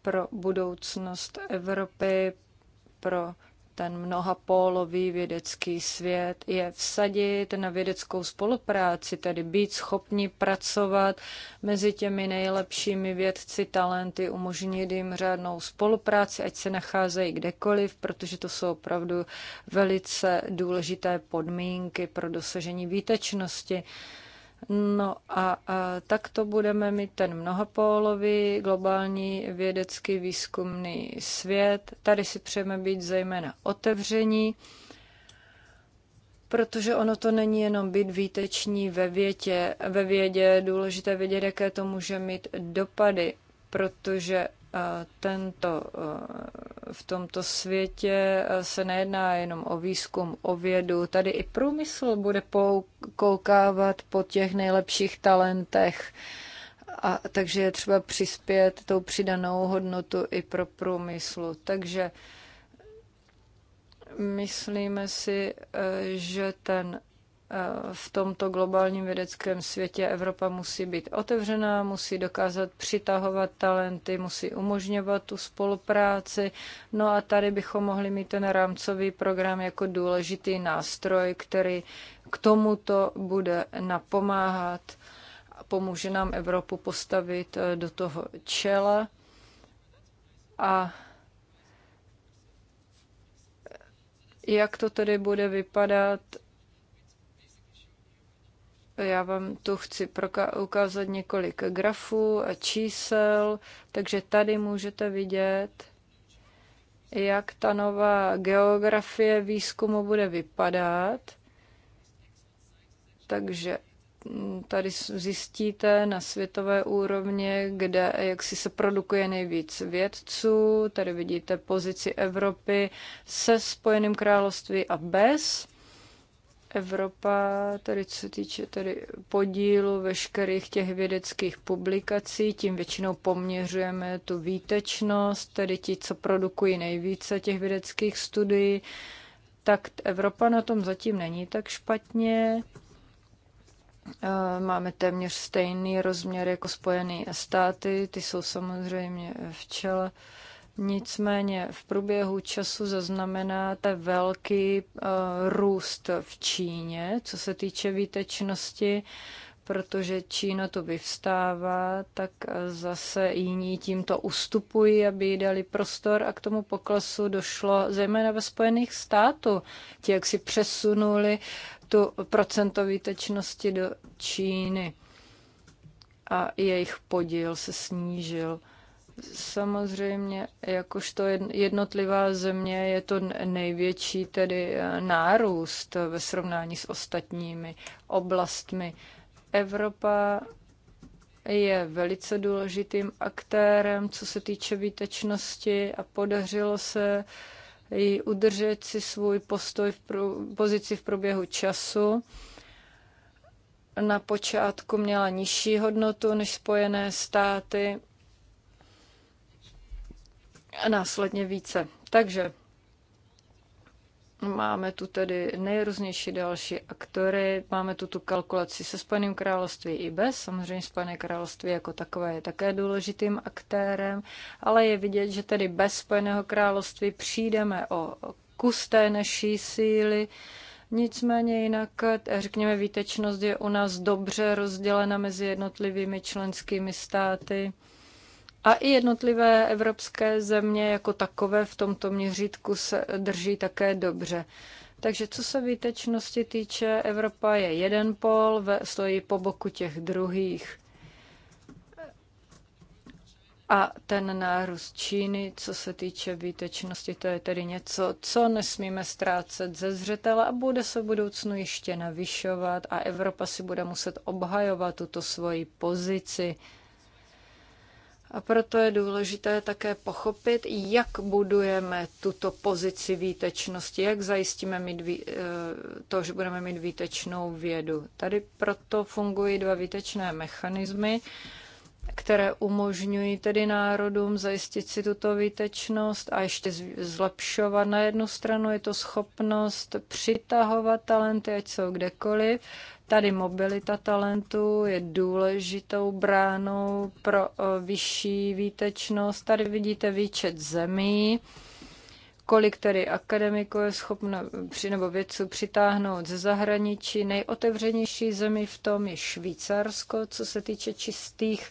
Speaker 3: pro budoucnost Evropy, pro ten mnohapólový vědecký svět, je vsadit na vědeckou spolupráci, tedy být schopni pracovat mezi těmi nejlepšími vědci, talenty, umožnit jim řádnou spolupráci, ať se nacházejí kdekoliv, protože to jsou opravdu velice důležité podmínky pro dosažení výtečnosti. No a, a to budeme mít ten mnohopólový globální vědecký výzkumný svět. Tady si přejeme být zejména otevření, protože ono to není jenom být výteční ve, větě, ve vědě, důležité vědět, jaké to může mít dopady, protože tento, v tomto světě se nejedná jenom o výzkum, o vědu. Tady i průmysl bude koukávat po těch nejlepších talentech. A, takže je třeba přispět tou přidanou hodnotu i pro průmysl. Takže myslíme si, že ten Eh, v tomto globálním vědeckém světě Evropa musí být otevřená, musí dokázat přitahovat talenty, musí umožňovat tu spolupráci. No a tady bychom mohli mít ten rámcový program jako důležitý nástroj, který k tomuto bude napomáhat a pomůže nám Evropu postavit eh, do toho čela. A jak to tedy bude vypadat já vám tu chci ukázat několik grafů a čísel, takže tady můžete vidět, jak ta nová geografie výzkumu bude vypadat. Takže mm, tady zjistíte na světové úrovni, kde jak si se produkuje nejvíc vědců. Tady vidíte pozici Evropy se Spojeným království a bez. Evropa, tady co se týče tady podílu veškerých těch vědeckých publikací, tím většinou poměřujeme tu výtečnost, tedy ti, co produkují nejvíce těch vědeckých studií, tak Evropa na tom zatím není tak špatně. Eh, máme téměř stejný rozměr jako Spojené státy, ty jsou samozřejmě v čele. Nicméně v průběhu času zaznamenáte velký eh, růst v Číně, co se týče výtečnosti, protože Čína to vyvstává, tak eh, zase jiní tímto ustupují, aby jí dali prostor a k tomu poklesu došlo zejména ve Spojených států. Ti, jak si přesunuli tu procento výtečnosti do Číny a jejich podíl se snížil. Samozřejmě, jakožto jednotlivá země je to největší tedy eh, nárůst ve srovnání s ostatními oblastmi. Evropa je velice důležitým aktérem, co se týče výtečnosti a podařilo se i udržet si svůj postoj v pro, pozici v průběhu času. Na počátku měla nižší hodnotu než Spojené státy, a následně více. Takže Máme tu tedy nejrůznější další aktory, máme tu tu kalkulaci se Spojeným království i bez. Samozřejmě Spojené království jako takové je také důležitým aktérem, ale je vidět, že tedy bez Spojeného království přijdeme o kus té naší síly. Nicméně jinak, řekněme, výtečnost je u nás dobře rozdělena mezi jednotlivými členskými státy. A i jednotlivé evropské země jako takové v tomto měřítku se drží také dobře. Takže co se výtečnosti týče, Evropa je jeden pol, stojí po boku těch druhých. A ten nárůst Číny, co se týče výtečnosti, to je tedy něco, co nesmíme ztrácet ze zřetela a bude se v budoucnu ještě navyšovat a Evropa si bude muset obhajovat tuto svoji pozici a proto je důležité také pochopit, jak budujeme tuto pozici výtečnosti, jak zajistíme mít vý, eh, to, že budeme mít výtečnou vědu. Tady proto fungují dva výtečné mechanismy, které umožňují tedy národům zajistit si tuto výtečnost a ještě zlepšovat. Na jednu stranu je to schopnost přitahovat talenty, ať jsou kdekoliv, Tady mobilita talentů je důležitou bránou pro vyšší výtečnost. Tady vidíte výčet zemí, kolik tedy akademiků je schopno při, nebo vědců přitáhnout ze zahraničí. Nejotevřenější zemí v tom je Švýcarsko, co se týče čistých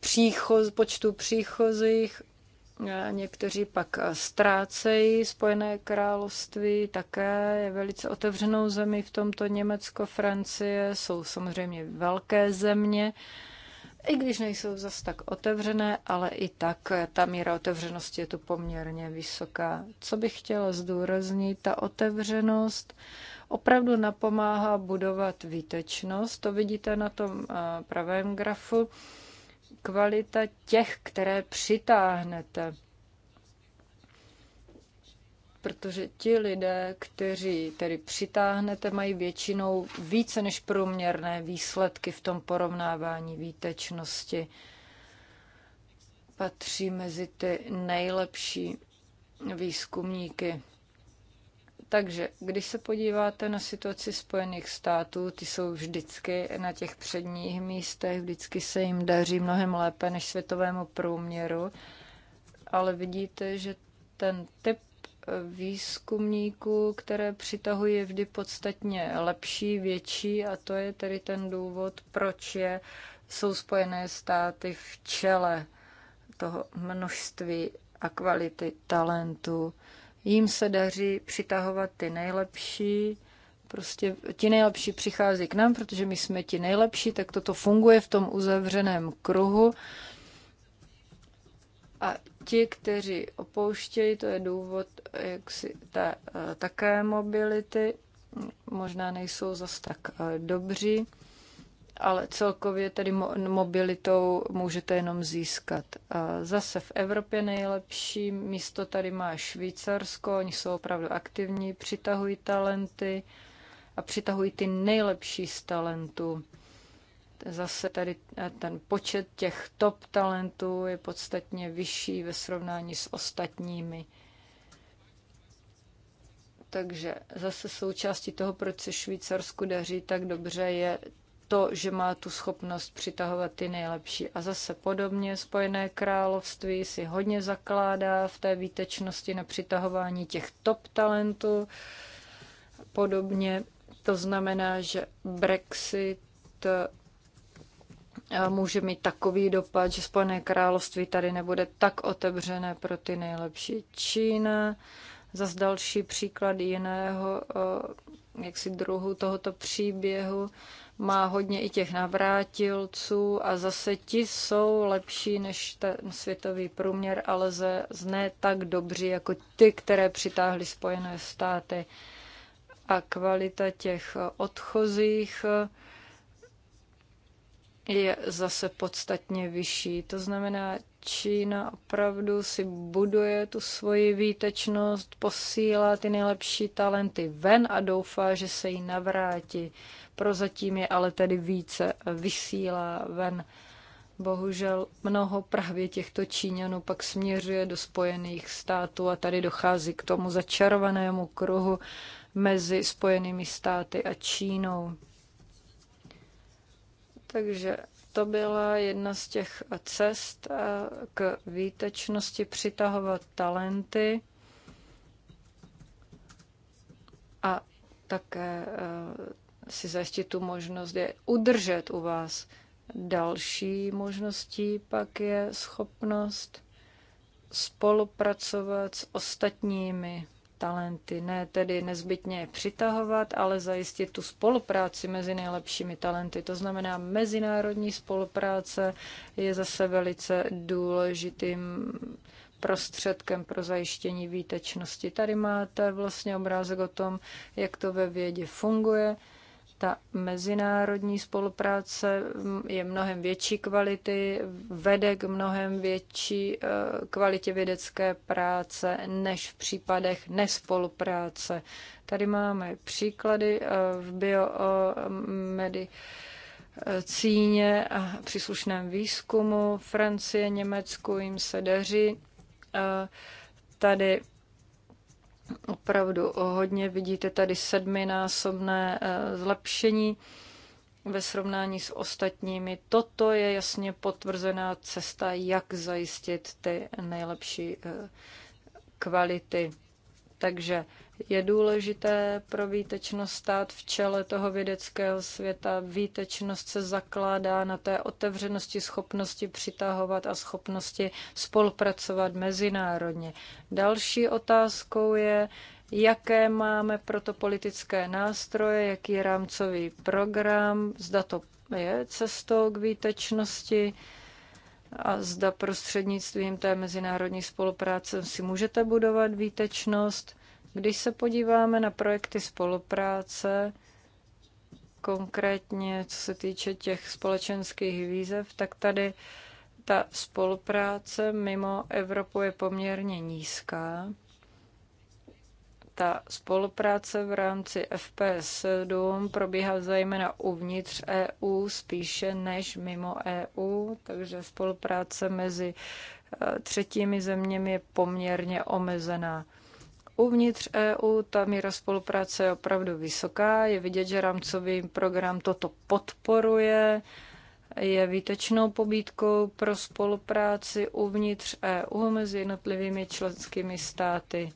Speaker 3: příchoz, počtu příchozích Někteří pak eh, ztrácejí Spojené království, také je velice otevřenou zemi v tomto Německo, Francie, jsou samozřejmě velké země, i když nejsou zas tak otevřené, ale i tak eh, ta míra otevřenosti je tu poměrně vysoká. Co bych chtěla zdůraznit, ta otevřenost opravdu napomáhá budovat výtečnost. To vidíte na tom eh, pravém grafu kvalita těch, které přitáhnete. Protože ti lidé, kteří tedy přitáhnete, mají většinou více než průměrné výsledky v tom porovnávání výtečnosti. Patří mezi ty nejlepší výzkumníky. Takže když se podíváte na situaci Spojených států, ty jsou vždycky na těch předních místech, vždycky se jim daří mnohem lépe než světovému průměru, ale vidíte, že ten typ eh, výzkumníků, které přitahují, je vždy podstatně lepší, větší a to je tedy ten důvod, proč je, jsou Spojené státy v čele toho množství a kvality talentu jim se daří přitahovat ty nejlepší, prostě ti nejlepší přichází k nám, protože my jsme ti nejlepší, tak toto funguje v tom uzavřeném kruhu. A ti, kteří opouštějí, to je důvod jak si ta, eh, také mobility, možná nejsou zas tak eh, dobří ale celkově tedy mobilitou můžete jenom získat. Zase v Evropě nejlepší místo tady má Švýcarsko, oni jsou opravdu aktivní, přitahují talenty a přitahují ty nejlepší z talentů. Zase tady ten počet těch top talentů je podstatně vyšší ve srovnání s ostatními. Takže zase součástí toho, proč se Švýcarsku daří tak dobře, je to, že má tu schopnost přitahovat ty nejlepší. A zase podobně Spojené království si hodně zakládá v té výtečnosti na přitahování těch top talentů. Podobně to znamená, že Brexit eh, může mít takový dopad, že Spojené království tady nebude tak otevřené pro ty nejlepší. Čína, zas další příklad jiného eh, jaksi druhu tohoto příběhu, má hodně i těch navrátilců a zase ti jsou lepší než ten světový průměr, ale ze, ne tak dobří jako ty, které přitáhly Spojené státy. A kvalita těch odchozích je zase podstatně vyšší. To znamená, Čína opravdu si buduje tu svoji výtečnost, posílá ty nejlepší talenty ven a doufá, že se jí navrátí. Prozatím je ale tedy více eh, vysílá ven. Bohužel mnoho právě těchto Číňanů pak směřuje do Spojených států a tady dochází k tomu začarovanému kruhu mezi Spojenými státy a Čínou. Takže to byla jedna z těch cest eh, k výtečnosti přitahovat talenty a také eh, si zajistit tu možnost je udržet u vás. Další možností pak je schopnost spolupracovat s ostatními talenty. Ne tedy nezbytně je přitahovat, ale zajistit tu spolupráci mezi nejlepšími talenty. To znamená, mezinárodní spolupráce je zase velice důležitým prostředkem pro zajištění výtečnosti. Tady máte vlastně obrázek o tom, jak to ve vědě funguje. Ta mezinárodní spolupráce mm, je mnohem větší kvality, vede k mnohem větší eh, kvalitě vědecké práce než v případech nespolupráce. Tady máme příklady eh, v biomedi. Eh, Cíně a příslušném výzkumu, Francie, Německu jim se daří. Tady opravdu hodně. Vidíte tady sedminásobné eh, zlepšení ve srovnání s ostatními. Toto je jasně potvrzená cesta, jak zajistit ty nejlepší eh, kvality. Takže je důležité pro výtečnost stát v čele toho vědeckého světa. Výtečnost se zakládá na té otevřenosti, schopnosti přitahovat a schopnosti spolupracovat mezinárodně. Další otázkou je, jaké máme proto politické nástroje, jaký je rámcový program, zda to je cestou k výtečnosti a zda prostřednictvím té mezinárodní spolupráce si můžete budovat výtečnost. Když se podíváme na projekty spolupráce, konkrétně co se týče těch společenských výzev, tak tady ta spolupráce mimo Evropu je poměrně nízká. Ta spolupráce v rámci FP7 probíhá zejména uvnitř EU spíše než mimo EU, takže spolupráce mezi eh, třetími zeměmi je poměrně omezená. Uvnitř EU ta míra spolupráce je opravdu vysoká. Je vidět, že rámcový program toto podporuje je výtečnou pobídkou pro spolupráci uvnitř EU mezi jednotlivými členskými státy.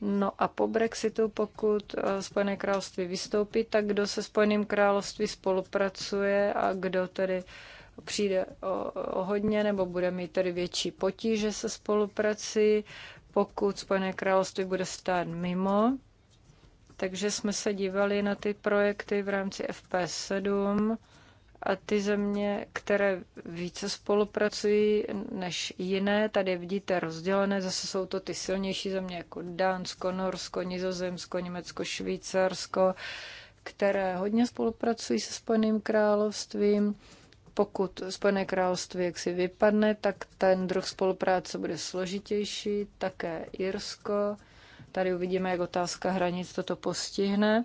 Speaker 3: No a po Brexitu, pokud e, Spojené království vystoupí, tak kdo se Spojeným království spolupracuje a kdo tedy přijde o, o hodně nebo bude mít tedy větší potíže se spoluprací, pokud Spojené království bude stát mimo. Takže jsme se dívali na ty projekty v rámci FP7 a ty země, které více spolupracují než jiné, tady vidíte rozdělené, zase jsou to ty silnější země jako Dánsko, Norsko, Nizozemsko, Německo, Švýcarsko, které hodně spolupracují se Spojeným královstvím pokud Spojené království jaksi vypadne, tak ten druh spolupráce bude složitější, také Irsko. Tady uvidíme, jak otázka hranic toto postihne.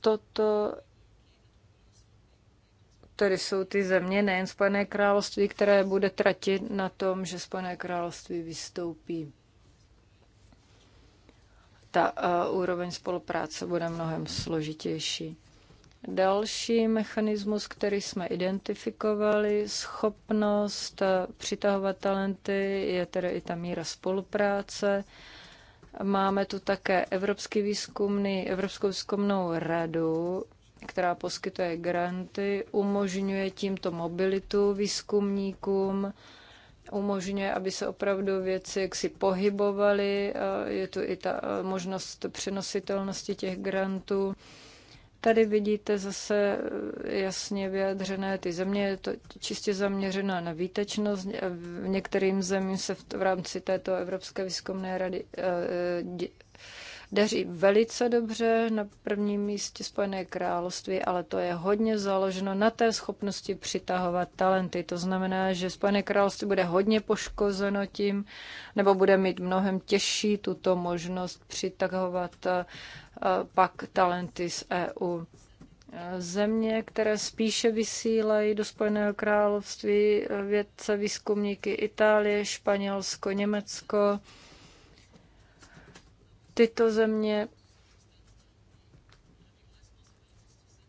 Speaker 3: Toto tedy jsou ty země, nejen Spojené království, které bude tratit na tom, že Spojené království vystoupí. Ta uh, úroveň spolupráce bude mnohem složitější. Další mechanismus, který jsme identifikovali, schopnost eh, přitahovat talenty, je tedy i ta míra spolupráce. Máme tu také Evropský výzkumný, Evropskou výzkumnou radu, která poskytuje granty, umožňuje tímto mobilitu výzkumníkům, umožňuje, aby se opravdu věci jaksi pohybovaly, eh, je tu i ta eh, možnost přenositelnosti těch grantů. Tady vidíte zase eh, jasně vyjadřené ty země, je to čistě zaměřená na výtečnost. Eh, v některým zemím se v, v rámci této Evropské výzkumné rady eh, daří velice dobře, na prvním místě Spojené království, ale to je hodně založeno na té schopnosti přitahovat talenty. To znamená, že Spojené království bude hodně poškozeno tím, nebo bude mít mnohem těžší tuto možnost přitahovat eh, pak talenty z EU země, které spíše vysílají do Spojeného království eh, vědce, výzkumníky Itálie, Španělsko, Německo, tyto země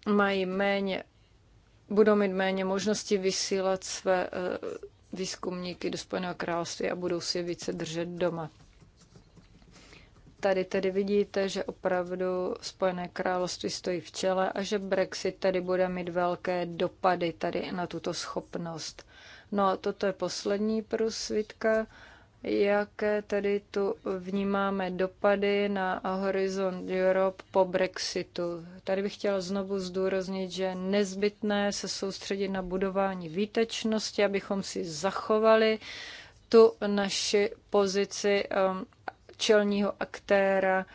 Speaker 3: mají méně, budou mít méně možnosti vysílat své eh, výzkumníky do Spojeného království a budou si je více držet doma. Tady tedy vidíte, že opravdu Spojené království stojí v čele a že Brexit tady bude mít velké dopady tady na tuto schopnost. No a toto je poslední průsvitka jaké tedy tu vnímáme dopady na horizont Europe po Brexitu. Tady bych chtěla znovu zdůraznit, že je nezbytné se soustředit na budování výtečnosti, abychom si zachovali tu naši pozici um, čelního aktéra,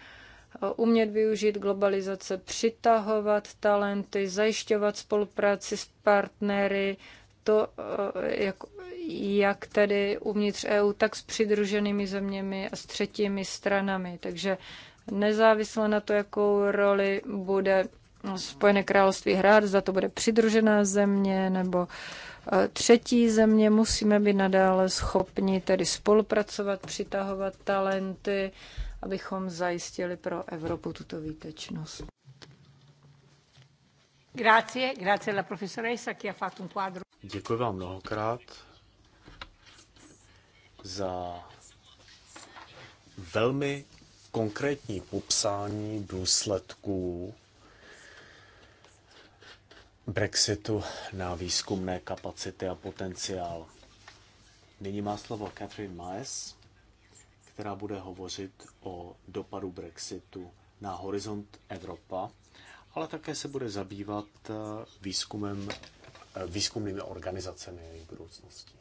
Speaker 3: uh, umět využít globalizace, přitahovat talenty, zajišťovat spolupráci s partnery, to, eh, jak, jak tedy uvnitř EU, tak s přidruženými zeměmi a s třetími stranami. Takže nezávisle na to, jakou roli bude Spojené království hrát, za to bude přidružená země nebo eh, třetí země, musíme být nadále schopni tedy spolupracovat, přitahovat talenty, abychom zajistili pro Evropu tuto výtečnost.
Speaker 1: Grazie, grazie alla professoressa che ha fatto un quadro.
Speaker 4: Děkuji vám mnohokrát za velmi konkrétní popsání důsledků Brexitu na výzkumné kapacity a potenciál. Nyní má slovo Catherine Maes, která bude hovořit o dopadu Brexitu na horizont Evropa ale také se bude zabývat eh, výzkumem, eh, výzkumnými organizacemi a jejich budoucností.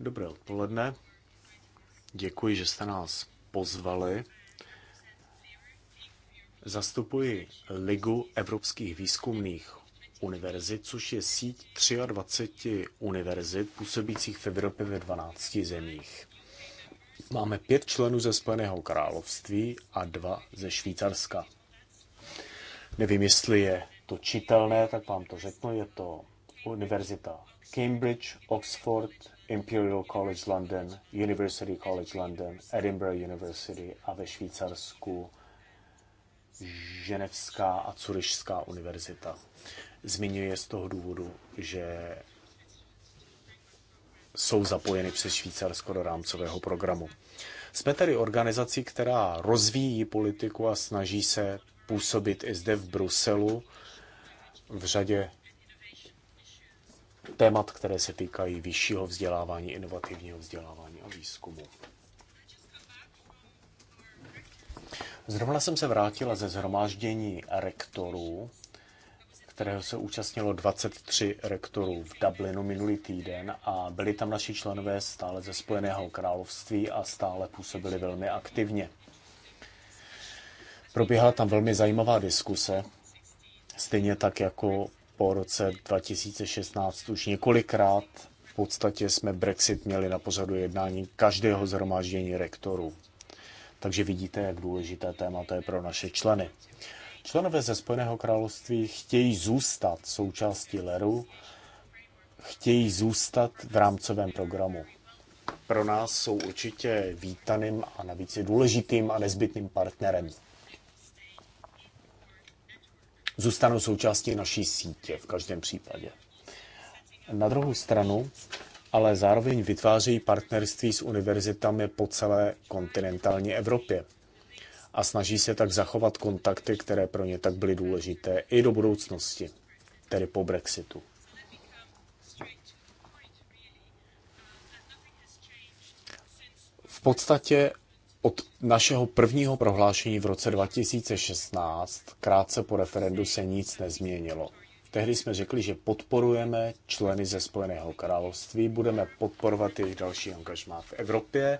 Speaker 4: Dobré odpoledne. Děkuji, že jste nás pozvali Zastupuji Ligu evropských výzkumných univerzit, což je síť 23 univerzit působících v Evropě ve 12 zemích. Máme pět členů ze Spojeného království a dva ze Švýcarska. Nevím, jestli je to čitelné, tak vám to řeknu. Je to Univerzita Cambridge, Oxford, Imperial College London, University College London, Edinburgh University a ve Švýcarsku Ženevská a Curišská univerzita. Zmiňuje je z toho důvodu, že jsou zapojeny přes Švýcarsko do rámcového programu. Jsme tedy organizací, která rozvíjí politiku a snaží se působit i zde v Bruselu v řadě témat, které se týkají vyššího vzdělávání, inovativního vzdělávání a výzkumu. Zrovna jsem se vrátila ze zhromáždění rektorů, kterého se účastnilo 23 rektorů v Dublinu minulý týden a byli tam naši členové stále ze Spojeného království a stále působili velmi aktivně. Probíhala tam velmi zajímavá diskuse, stejně tak jako po roce 2016 už několikrát v podstatě jsme Brexit měli na pořadu jednání každého zhromáždění rektorů. Takže vidíte, jak důležité téma to je pro naše členy. Členové ze Spojeného království chtějí zůstat součástí LERu, chtějí zůstat v rámcovém programu. Pro nás jsou určitě vítaným a navíc je důležitým a nezbytným partnerem. Zůstanou součástí naší sítě v každém případě. Na druhou stranu ale zároveň vytvářejí partnerství s univerzitami po celé kontinentální Evropě a snaží se tak zachovat kontakty, které pro ně tak byly důležité i do budoucnosti, tedy po Brexitu. V podstatě od našeho prvního prohlášení v roce 2016, krátce po referendu, se nic nezměnilo. Tehdy jsme řekli, že podporujeme členy ze Spojeného království, budeme podporovat jejich další angažmá v Evropě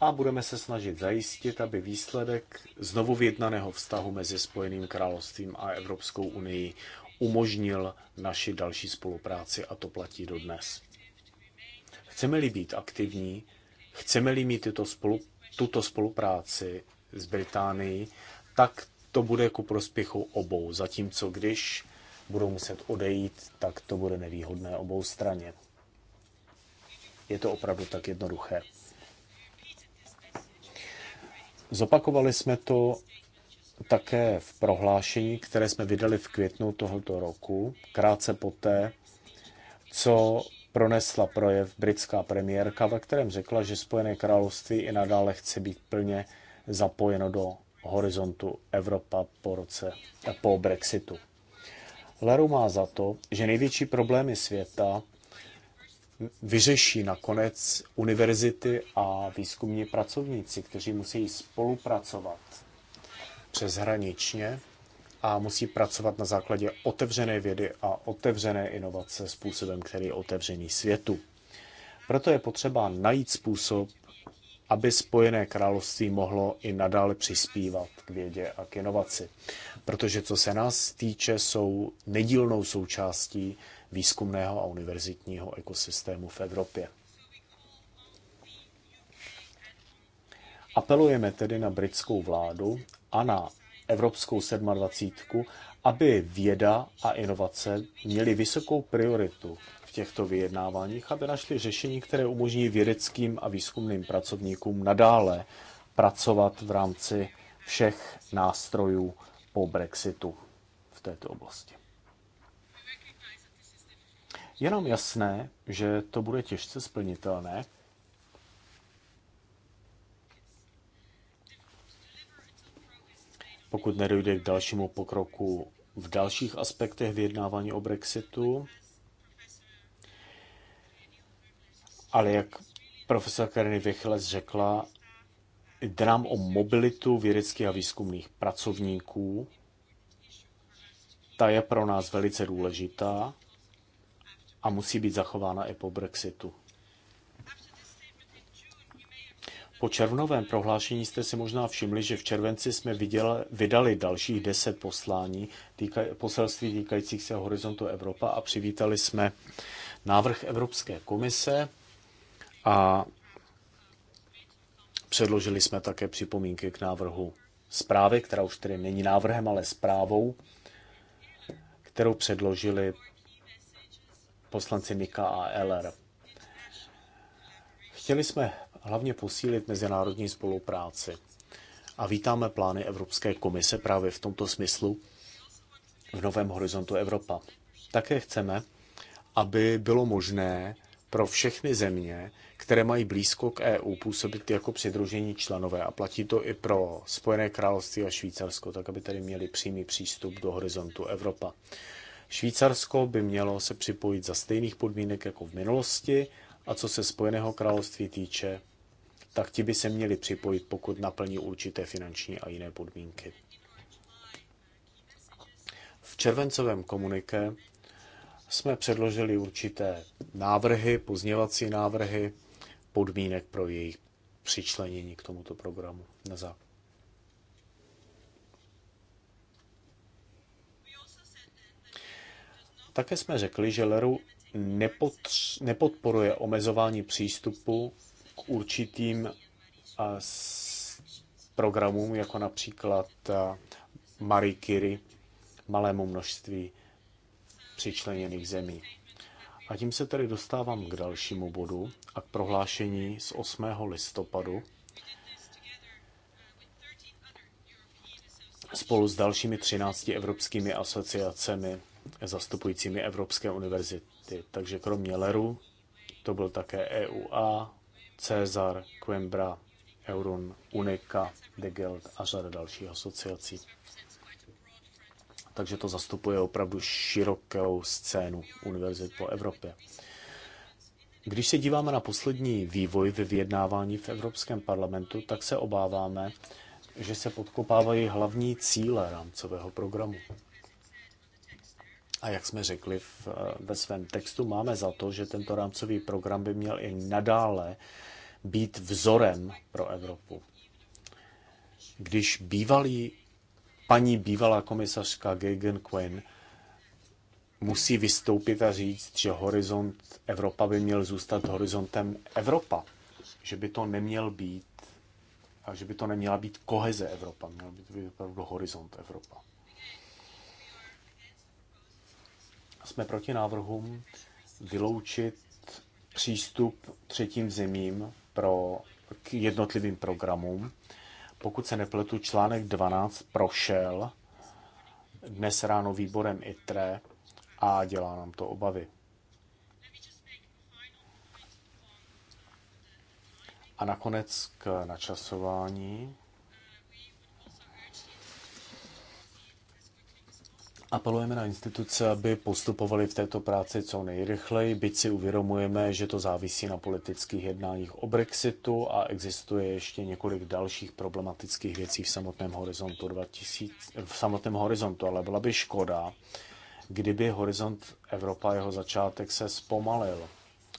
Speaker 4: a budeme se snažit zajistit, aby výsledek znovu vyjednaného vztahu mezi Spojeným královstvím a Evropskou unii umožnil naši další spolupráci a to platí dodnes. Chceme-li být aktivní, chceme-li mít tyto spolu, tuto spolupráci s Británií, tak to bude ku prospěchu obou. Zatímco když budou muset odejít, tak to bude nevýhodné obou straně. Je to opravdu tak jednoduché. Zopakovali jsme to také v prohlášení, které jsme vydali v květnu tohoto roku, krátce poté, co pronesla projev britská premiérka, ve kterém řekla, že Spojené království i nadále chce být plně zapojeno do horizontu Evropa po, roce, po Brexitu. Leru má za to, že největší problémy světa vyřeší nakonec univerzity a výzkumní pracovníci, kteří musí spolupracovat přeshraničně a musí pracovat na základě otevřené vědy a otevřené inovace způsobem, který je otevřený světu. Proto je potřeba najít způsob, aby Spojené království mohlo i nadále přispívat k vědě a k inovaci. Protože co se nás týče, jsou nedílnou součástí výzkumného a univerzitního ekosystému v Evropě. Apelujeme tedy na britskou vládu a na Evropskou 27, aby věda a inovace měly vysokou prioritu těchto vyjednáváních, aby našli řešení, které umožní vědeckým a výzkumným pracovníkům nadále pracovat v rámci všech nástrojů po Brexitu v této oblasti. Je nám jasné, že to bude těžce splnitelné. Pokud nedojde k dalšímu pokroku v dalších aspektech vyjednávání o Brexitu, ale jak profesor Kareny Vychles řekla, jde nám o mobilitu vědeckých a výzkumných pracovníků. Ta je pro nás velice důležitá a musí být zachována i po Brexitu. Po červnovém prohlášení jste si možná všimli, že v červenci jsme viděli, vydali dalších deset poslání, týka, poselství týkajících se horizontu Evropa a přivítali jsme návrh Evropské komise a předložili jsme také připomínky k návrhu zprávy, která už tedy není návrhem, ale zprávou, kterou předložili poslanci Nika a Eller. Chtěli jsme hlavně posílit mezinárodní spolupráci a vítáme plány Evropské komise právě v tomto smyslu v Novém horizontu Evropa. Také chceme, aby bylo možné pro všechny země, které mají blízko k EU, působit jako přidružení členové. A platí to i pro Spojené království a Švýcarsko, tak aby tady měli přímý přístup do horizontu Evropa. Švýcarsko by mělo se připojit za stejných podmínek jako v minulosti a co se Spojeného království týče, tak ti by se měli připojit, pokud naplní určité finanční a jiné podmínky. V červencovém komuniké jsme předložili určité návrhy, pozněvací návrhy, podmínek pro jejich přičlenění k tomuto programu na základě. Také jsme řekli, že Leru nepodporuje omezování přístupu k určitým programům, jako například Marie Curie, malému množství přičleněných zemí. A tím se tedy dostávám k dalšímu bodu a k prohlášení z 8. listopadu spolu s dalšími 13 evropskými asociacemi zastupujícími Evropské univerzity. Takže kromě Leru to byl také EUA, Cezar, Coimbra, Eurun, Unica, De Geld a řada dalších asociací takže to zastupuje opravdu širokou scénu univerzit po Evropě. Když se díváme na poslední vývoj ve vyjednávání v Evropském parlamentu, tak se obáváme, že se podkopávají hlavní cíle rámcového programu. A jak jsme řekli v, eh, ve svém textu, máme za to, že tento rámcový program by měl i nadále být vzorem pro Evropu. Když bývalý paní bývalá komisařka Gagan Quinn musí vystoupit a říct, že horizont Evropa by měl zůstat horizontem Evropa. Že by to neměl být a že by to neměla být koheze Evropa, měl by to být opravdu horizont Evropa. Jsme proti návrhům vyloučit přístup třetím zemím pro, k jednotlivým programům pokud se nepletu, článek 12 prošel dnes ráno výborem ITRE a dělá nám to obavy. A nakonec k načasování. Apelujeme na instituce, aby postupovali v této práci co nejrychleji, byť si uvědomujeme, že to závisí na politických jednáních o Brexitu a existuje ještě několik dalších problematických věcí v samotném horizontu 2000, v samotném horizontu, ale byla by škoda, kdyby horizont Evropa jeho začátek se zpomalil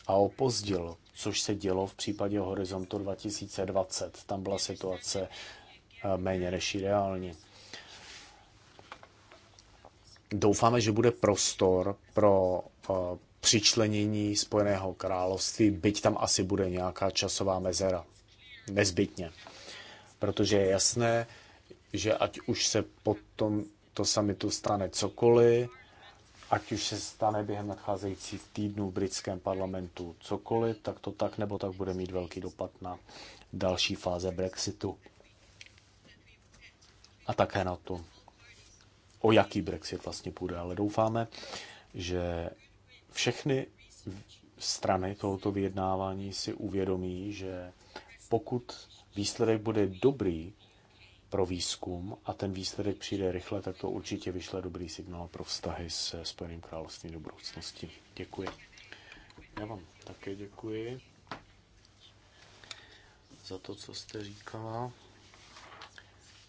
Speaker 4: a opozdil, což se dělo v případě horizontu 2020. Tam byla situace eh, méně než ideální doufáme, že bude prostor pro eh, přičlenění Spojeného království, byť tam asi bude nějaká časová mezera. Nezbytně. Protože je jasné, že ať už se potom to samitu stane cokoliv, ať už se stane během nadcházejících týdnů v britském parlamentu cokoliv, tak to tak nebo tak bude mít velký dopad na další fáze Brexitu a také na to, o jaký Brexit vlastně půjde, ale doufáme, že všechny strany tohoto vyjednávání si uvědomí, že pokud výsledek bude dobrý pro výzkum a ten výsledek přijde rychle, tak to určitě vyšle dobrý signál pro vztahy se Spojeným královstvím do budoucnosti. Děkuji. Já vám také děkuji za to, co jste říkala.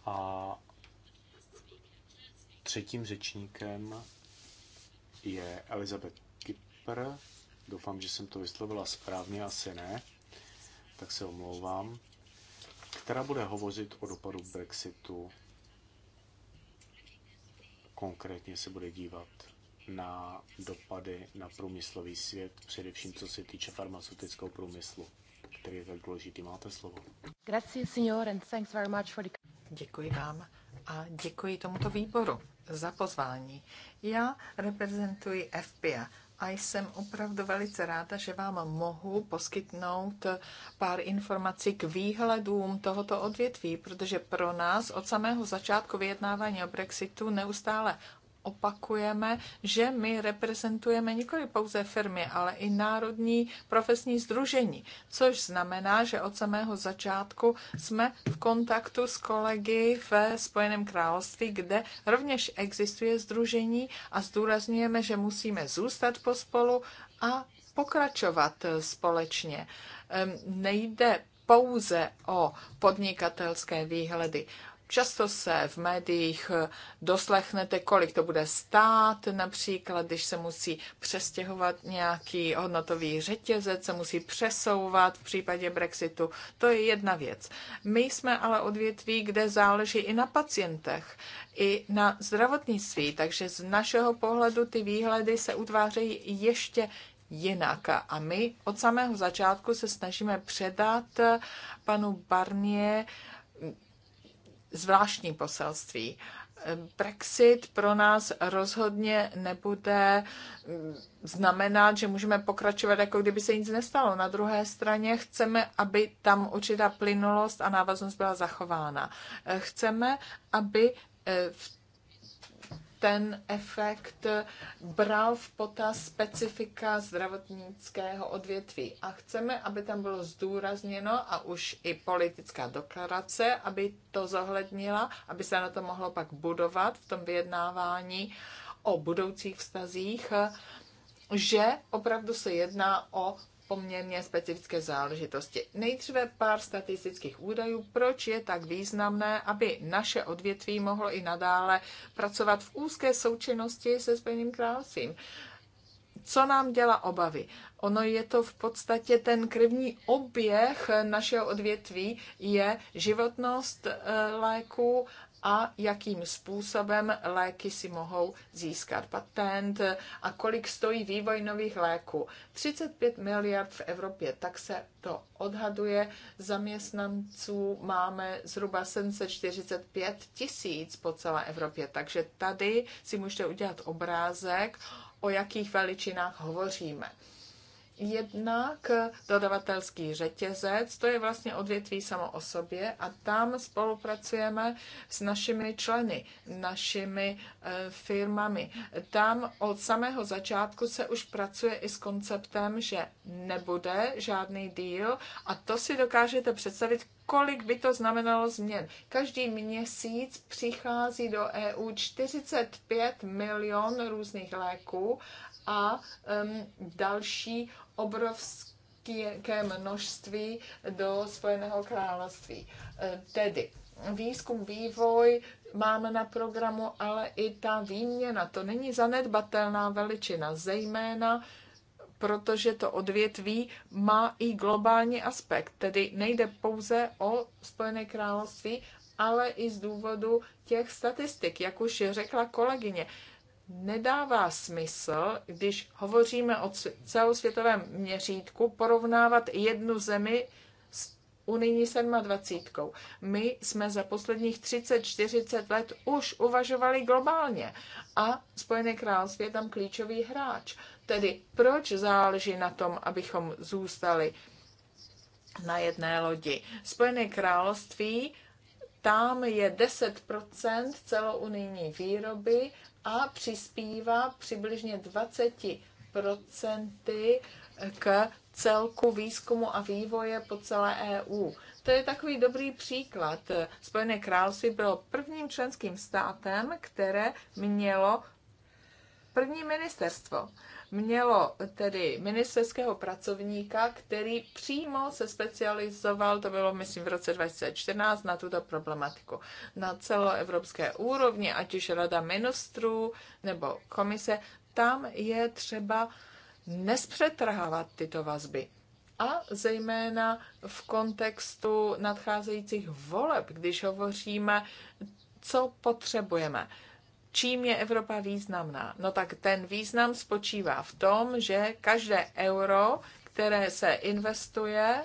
Speaker 4: A Třetím řečníkem je Elizabeth Kipper. Doufám, že jsem to vyslovila správně, asi ne, tak se omlouvám. Která bude hovořit o dopadu Brexitu. Konkrétně se bude dívat na dopady na průmyslový svět, především co se týče farmaceutického průmyslu, který je tak důležitý. Máte slovo.
Speaker 5: Grazie, signor, and thanks very much for the... Děkuji vám a děkuji tomuto výboru za pozvání. Já reprezentuji FPA a jsem opravdu velice ráda, že vám mohu poskytnout pár informací k výhledům tohoto odvětví, protože pro nás od samého začátku vyjednávání o Brexitu neustále opakujeme, že my reprezentujeme nikoli pouze firmy, ale i národní profesní združení, což znamená, že od samého začátku jsme v kontaktu s kolegy ve Spojeném království, kde rovněž existuje združení a zdůrazňujeme, že musíme zůstat pospolu a pokračovat společně. Nejde pouze o podnikatelské výhledy. Často se v médiích eh, doslechnete, kolik to bude stát, například když se musí přestěhovat nějaký hodnotový řetězec, se musí přesouvat v případě Brexitu. To je jedna věc. My jsme ale odvětví, kde záleží i na pacientech, i na zdravotnictví, takže z našeho pohledu ty výhledy se utvářejí ještě jinak. A my od samého začátku se snažíme předat eh, panu Barnier zvláštní poselství. Brexit pro nás rozhodně nebude mm, znamenat, že můžeme pokračovat, jako kdyby se nic nestalo. Na druhé straně chceme, aby tam určitá plynulost a návaznost byla zachována. Chceme, aby eh, v ten efekt bral v potaz specifika zdravotnického odvětví. A chceme, aby tam bylo zdůrazněno a už i politická deklarace, aby to zohlednila, aby se na to mohlo pak budovat v tom vyjednávání o budoucích vztazích, že opravdu se jedná o poměrně specifické záležitosti. Nejdříve pár statistických údajů, proč je tak významné, aby naše odvětví mohlo i nadále pracovat v úzké součinnosti se Spojeným královstvím. Co nám dělá obavy? Ono je to v podstatě ten krevní oběh našeho odvětví, je životnost eh, léku a jakým způsobem léky si mohou získat patent a kolik stojí vývoj nových léků. 35 miliard v Evropě, tak se to odhaduje. Zaměstnanců máme zhruba 745 tisíc po celé Evropě, takže tady si můžete udělat obrázek, o jakých veličinách hovoříme. Jednak dodavatelský řetězec, to je vlastně odvětví samo o sobě a tam spolupracujeme s našimi členy, našimi e, firmami. Tam od samého začátku se už pracuje i s konceptem, že nebude žádný díl a to si dokážete představit, kolik by to znamenalo změn. Každý měsíc přichází do EU 45 milion různých léků a um, další obrovské množství do Spojeného království. E, tedy výzkum, vývoj máme na programu, ale i ta výměna, to není zanedbatelná veličina, zejména protože to odvětví má i globální aspekt, tedy nejde pouze o Spojené království, ale i z důvodu těch statistik, jak už řekla kolegyně nedává smysl, když hovoříme o celosvětovém měřítku, porovnávat jednu zemi s unijní 27. My jsme za posledních 30-40 let už uvažovali globálně a Spojené království je tam klíčový hráč. Tedy proč záleží na tom, abychom zůstali na jedné lodi? Spojené království tam je 10 celounijní výroby, a přispívá přibližně 20% k celku výzkumu a vývoje po celé EU. To je takový dobrý příklad. Spojené království bylo prvním členským státem, které mělo první ministerstvo mělo tedy ministerského pracovníka, který přímo se specializoval, to bylo myslím v roce 2014, na tuto problematiku. Na celoevropské úrovni, ať už Rada ministrů nebo komise, tam je třeba nespřetrhávat tyto vazby. A zejména v kontextu nadcházejících voleb, když hovoříme, co potřebujeme Čím je Evropa významná? No tak ten význam spočívá v tom, že každé euro, které se investuje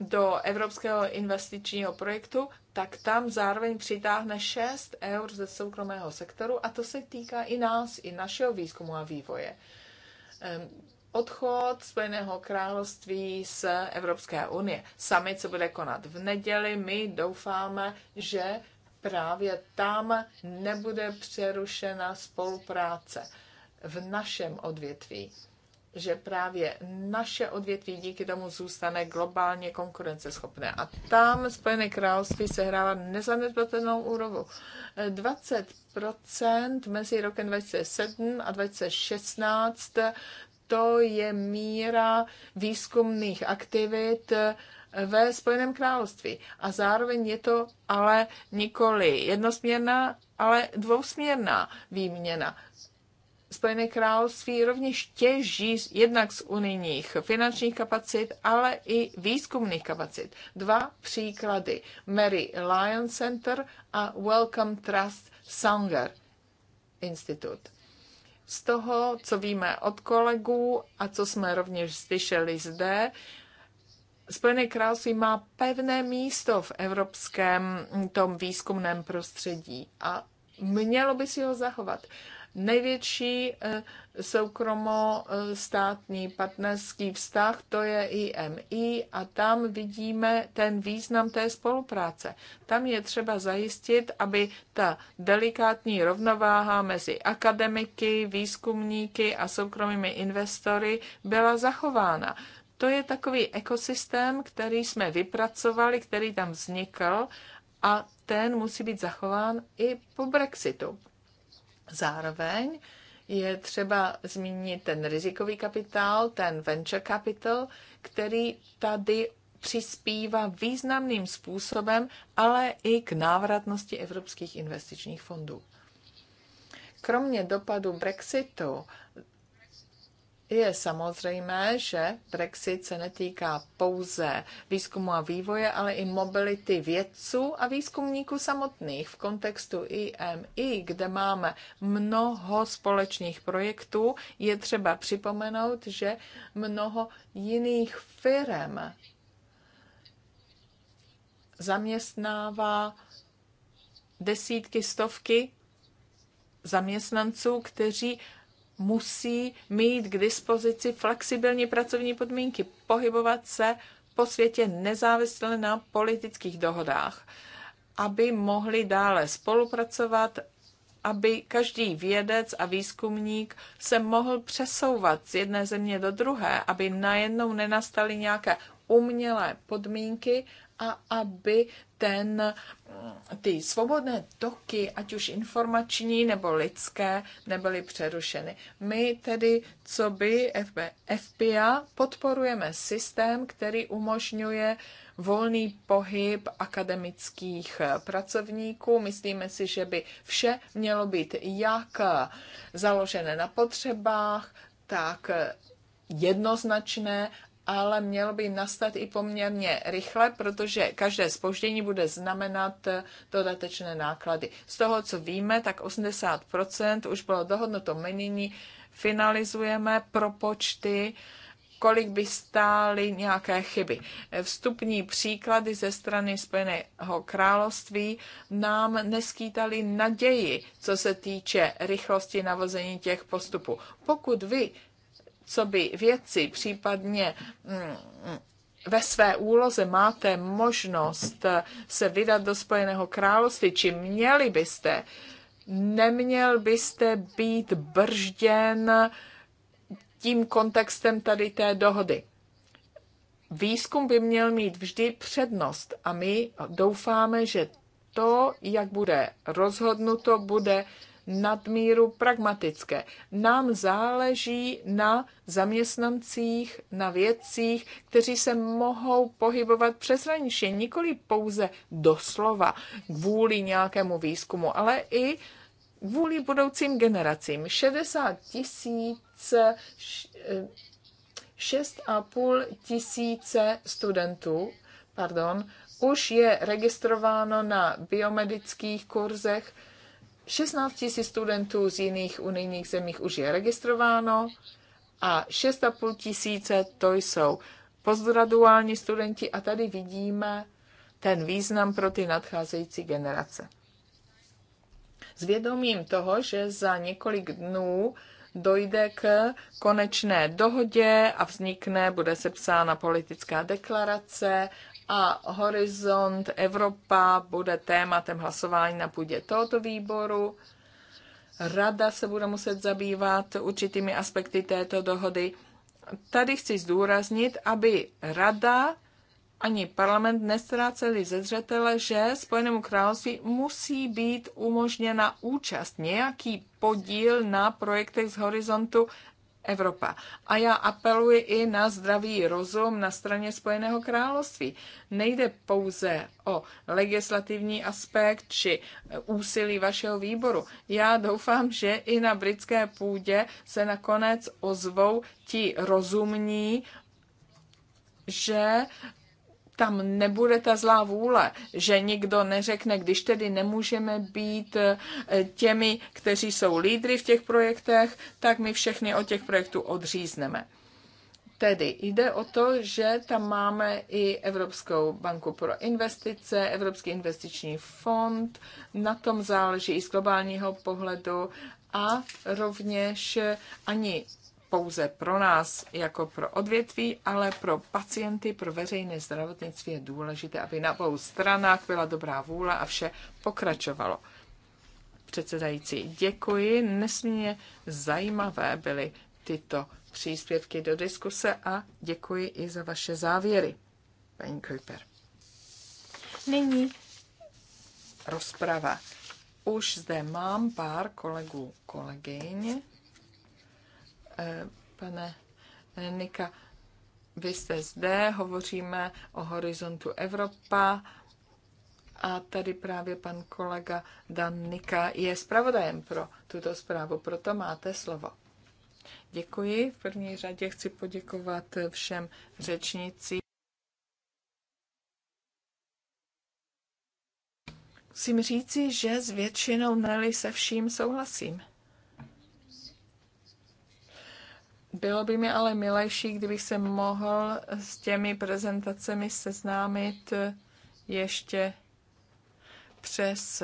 Speaker 5: do evropského investičního projektu, tak tam zároveň přitáhne 6 eur ze soukromého sektoru a to se týká i nás, i našeho výzkumu a vývoje. Ehm, odchod Spojeného království z Evropské unie. Sami, co bude konat v neděli, my doufáme, že právě tam nebude přerušena spolupráce v našem odvětví že právě naše odvětví díky tomu zůstane globálně konkurenceschopné. A tam Spojené království sehrává nezanedbatelnou úrovu. 20% mezi rokem 2007 a 2016 to je míra výzkumných aktivit ve Spojeném království. A zároveň je to ale nikoli jednosměrná, ale dvousměrná výměna. Spojené království rovněž těží jednak z unijních finančních kapacit, ale i výzkumných kapacit. Dva příklady. Mary Lyon Center a Welcome Trust Sanger Institute. Z toho, co víme od kolegů a co jsme rovněž slyšeli zde, Spojené království má pevné místo v evropském mm, tom výzkumném prostředí a mělo by si ho zachovat. Největší eh, soukromostátní eh, státní partnerský vztah, to je IMI a tam vidíme ten význam té spolupráce. Tam je třeba zajistit, aby ta delikátní rovnováha mezi akademiky, výzkumníky a soukromými investory byla zachována. To je takový ekosystém, který jsme vypracovali, který tam vznikl a ten musí být zachován i po Brexitu. Zároveň je třeba zmínit ten rizikový kapitál, ten venture capital, který tady přispívá významným způsobem, ale i k návratnosti evropských investičních fondů. Kromě dopadu Brexitu je samozřejmé, že Brexit se netýká pouze výzkumu a vývoje, ale i mobility vědců a výzkumníků samotných v kontextu IMI, kde máme mnoho společných projektů. Je třeba připomenout, že mnoho jiných firm zaměstnává desítky, stovky zaměstnanců, kteří musí mít k dispozici flexibilní pracovní podmínky, pohybovat se po světě nezávisle na politických dohodách, aby mohli dále spolupracovat, aby každý vědec a výzkumník se mohl přesouvat z jedné země do druhé, aby najednou nenastaly nějaké umělé podmínky a aby ten, mm, ty svobodné toky, ať už informační nebo lidské, nebyly přerušeny. My tedy, co by FB, FPA, podporujeme systém, který umožňuje volný pohyb akademických eh, pracovníků. Myslíme si, že by vše mělo být jak eh, založené na potřebách, tak eh, jednoznačné ale mělo by nastat i poměrně rychle, protože každé spoždění bude znamenat eh, dodatečné náklady. Z toho, co víme, tak 80% už bylo dohodnuto. menění, finalizujeme propočty, kolik by stály nějaké chyby. Vstupní příklady ze strany Spojeného království nám neskýtaly naději, co se týče rychlosti navození těch postupů. Pokud vy co by věci, případně mm, ve své úloze máte možnost eh, se vydat do Spojeného království, či měli byste, neměl byste být bržděn tím kontextem tady té dohody. Výzkum by měl mít vždy přednost a my doufáme, že to, jak bude rozhodnuto, bude uh, nadmíru pragmatické. Nám záleží na zaměstnancích, na vědcích, kteří se mohou pohybovat přeshraničně, nikoli pouze doslova kvůli nějakému výzkumu, ale i kvůli budoucím generacím. 60 tisíc 6,5 tisíce studentů pardon, už je registrováno na biomedických kurzech 16 000 studentů z jiných unijních zemích už je registrováno a 6,5 tisíce to jsou postgraduální studenti a tady vidíme ten význam pro ty nadcházející generace. S vědomím toho, že za několik dnů dojde k konečné dohodě a vznikne, bude sepsána politická deklarace a Horizont Evropa bude tématem hlasování na půdě tohoto výboru. Rada se bude muset zabývat určitými aspekty této dohody. Tady chci zdůraznit, aby rada ani parlament nestráceli ze zřetele, že Spojenému království musí být umožněna účast, nějaký podíl na projektech z horizontu Evropa. A já apeluji i na zdravý rozum na straně Spojeného království. Nejde pouze o legislativní aspekt či e, úsilí vašeho výboru. Já doufám, že i na britské půdě se nakonec ozvou ti rozumní, že tam nebude ta zlá vůle, že nikdo neřekne, když tedy nemůžeme být eh, těmi, kteří jsou lídry v těch projektech, tak my všechny od těch projektů odřízneme. Tedy jde o to, že tam máme i Evropskou banku pro investice, Evropský investiční fond, na tom záleží i z globálního pohledu a rovněž ani pouze pro nás jako pro odvětví, ale pro pacienty, pro veřejné zdravotnictví je důležité, aby na obou stranách byla dobrá vůle a vše pokračovalo. Předsedající, děkuji. Nesmírně zajímavé byly tyto příspěvky do diskuse a děkuji i za vaše závěry, paní Kuiper. Nyní rozprava. Už zde mám pár kolegů, kolegyně. Eh, pane eh, Nika, vy jste zde, hovoříme o horizontu Evropa a tady právě pan kolega Dan Nika je zpravodajem pro tuto zprávu, proto máte slovo. Děkuji. V první řadě chci poděkovat všem řečnicím. Musím říci, že s většinou Nelly se vším souhlasím. Bylo by mi ale milejší, kdybych se mohl s těmi prezentacemi seznámit ještě přes,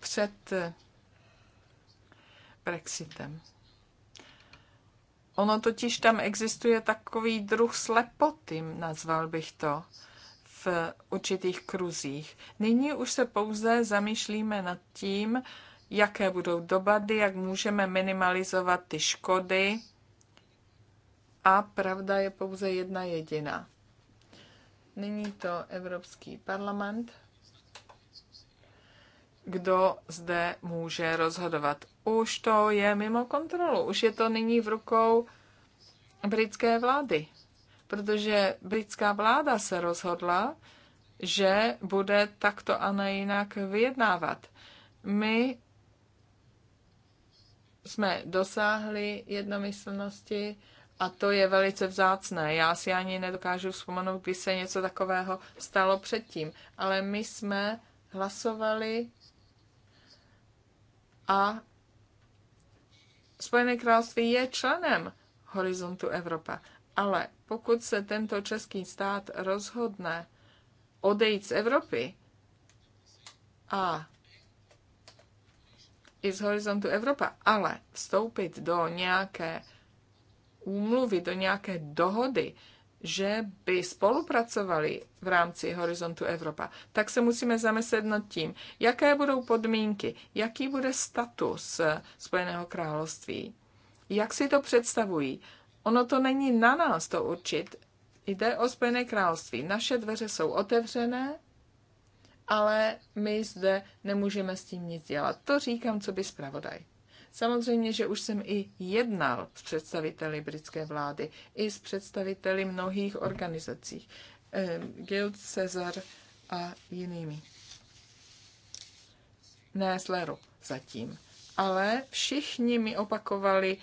Speaker 5: před Brexitem. Ono totiž tam existuje takový druh slepoty, nazval bych to, v určitých kruzích. Nyní už se pouze zamýšlíme nad tím, jaké budou dopady, jak můžeme minimalizovat ty škody, a pravda je pouze jedna jediná. Není to Evropský parlament, kdo zde může rozhodovat. Už to je mimo kontrolu, už je to nyní v rukou britské vlády, protože britská vláda se rozhodla, že bude takto a nejinak vyjednávat. My jsme dosáhli jednomyslnosti a to je velice vzácné. Já si ani nedokážu vzpomenout, kdy se něco takového stalo předtím. Ale my jsme hlasovali a Spojené království je členem Horizontu Evropa. Ale pokud se tento český stát rozhodne odejít z Evropy a i z Horizontu Evropa, ale vstoupit do nějaké úmluvy, do nějaké dohody, že by spolupracovali v rámci Horizontu Evropa, tak se musíme zamyslet nad tím, jaké budou podmínky, jaký bude status eh, Spojeného království, jak si to představují. Ono to není na nás to určit, jde o Spojené království. Naše dveře jsou otevřené, ale my zde nemůžeme s tím nic dělat. To říkám, co by zpravodaj. Samozřejmě, že už jsem i jednal s představiteli britské vlády, i s představiteli mnohých organizací, Guild, Cezar a jinými. Ne s Leru zatím. Ale všichni mi opakovali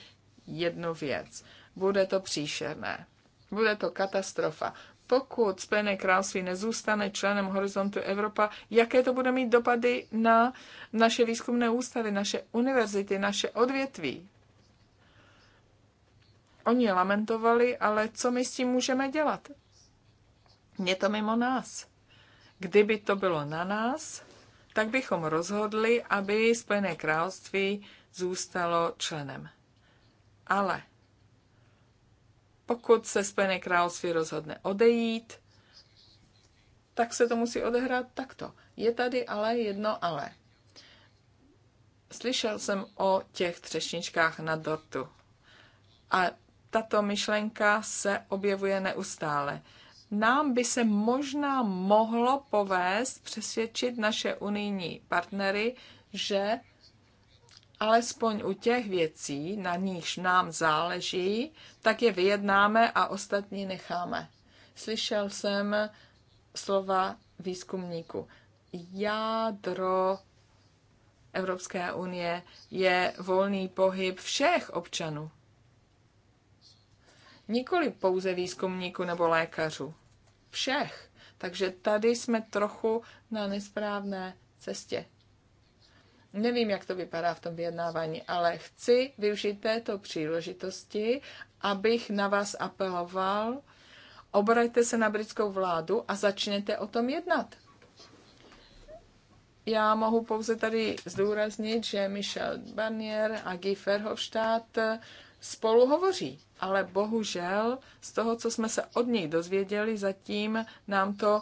Speaker 5: jednu věc. Bude to příšerné. Bude to katastrofa pokud Spojené království nezůstane členem Horizontu Evropa, jaké to bude mít dopady na naše výzkumné ústavy, naše univerzity, naše odvětví. Oni lamentovali, ale co my s tím můžeme dělat? Je to mimo nás. Kdyby to bylo na nás, tak bychom rozhodli, aby Spojené království zůstalo členem. Ale pokud se Spojené království rozhodne odejít, tak se to musí odehrát takto. Je tady ale jedno ale. Slyšel jsem o těch třešničkách na dortu. A tato myšlenka se objevuje neustále. Nám by se možná mohlo povést přesvědčit naše unijní partnery, že alespoň u těch věcí, na nichž nám záleží, tak je vyjednáme a ostatní necháme. Slyšel jsem slova výzkumníku. Jádro Evropské unie je volný pohyb všech občanů. Nikoli pouze výzkumníků nebo lékařů. Všech. Takže tady jsme trochu na nesprávné cestě. Nevím, jak to vypadá v tom vyjednávání, ale chci využít této příležitosti, abych na vás apeloval, obraťte se na britskou vládu a začněte o tom jednat. Já mohu pouze tady zdůraznit, že Michel Barnier a Guy Verhofstadt spolu hovoří, ale bohužel z toho, co jsme se od nich dozvěděli, zatím nám to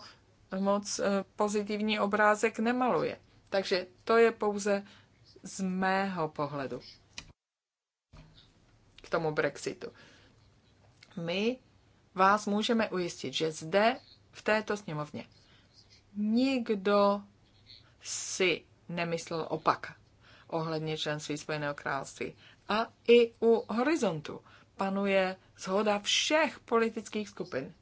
Speaker 5: moc eh, pozitivní obrázek nemaluje. Takže to je pouze z mého pohledu k tomu Brexitu. My vás můžeme ujistit, že zde v této sněmovně nikdo si nemyslel opak ohledně členství Spojeného království. A i u horizontu panuje zhoda všech politických skupin.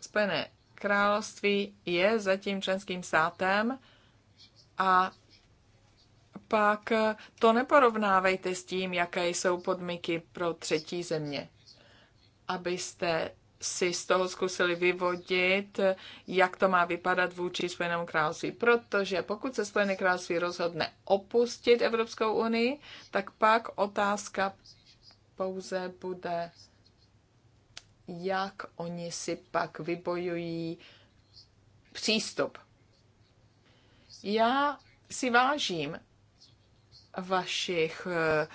Speaker 5: Spojené království je zatím členským státem, a pak to neporovnávejte s tím, jaké jsou podmínky pro třetí země, abyste si z toho zkusili vyvodit, jak to má vypadat vůči Spojenému království. Protože pokud se Spojené království rozhodne opustit Evropskou unii, tak pak otázka pouze bude, jak oni si pak vybojují přístup já si vážím vašich eh,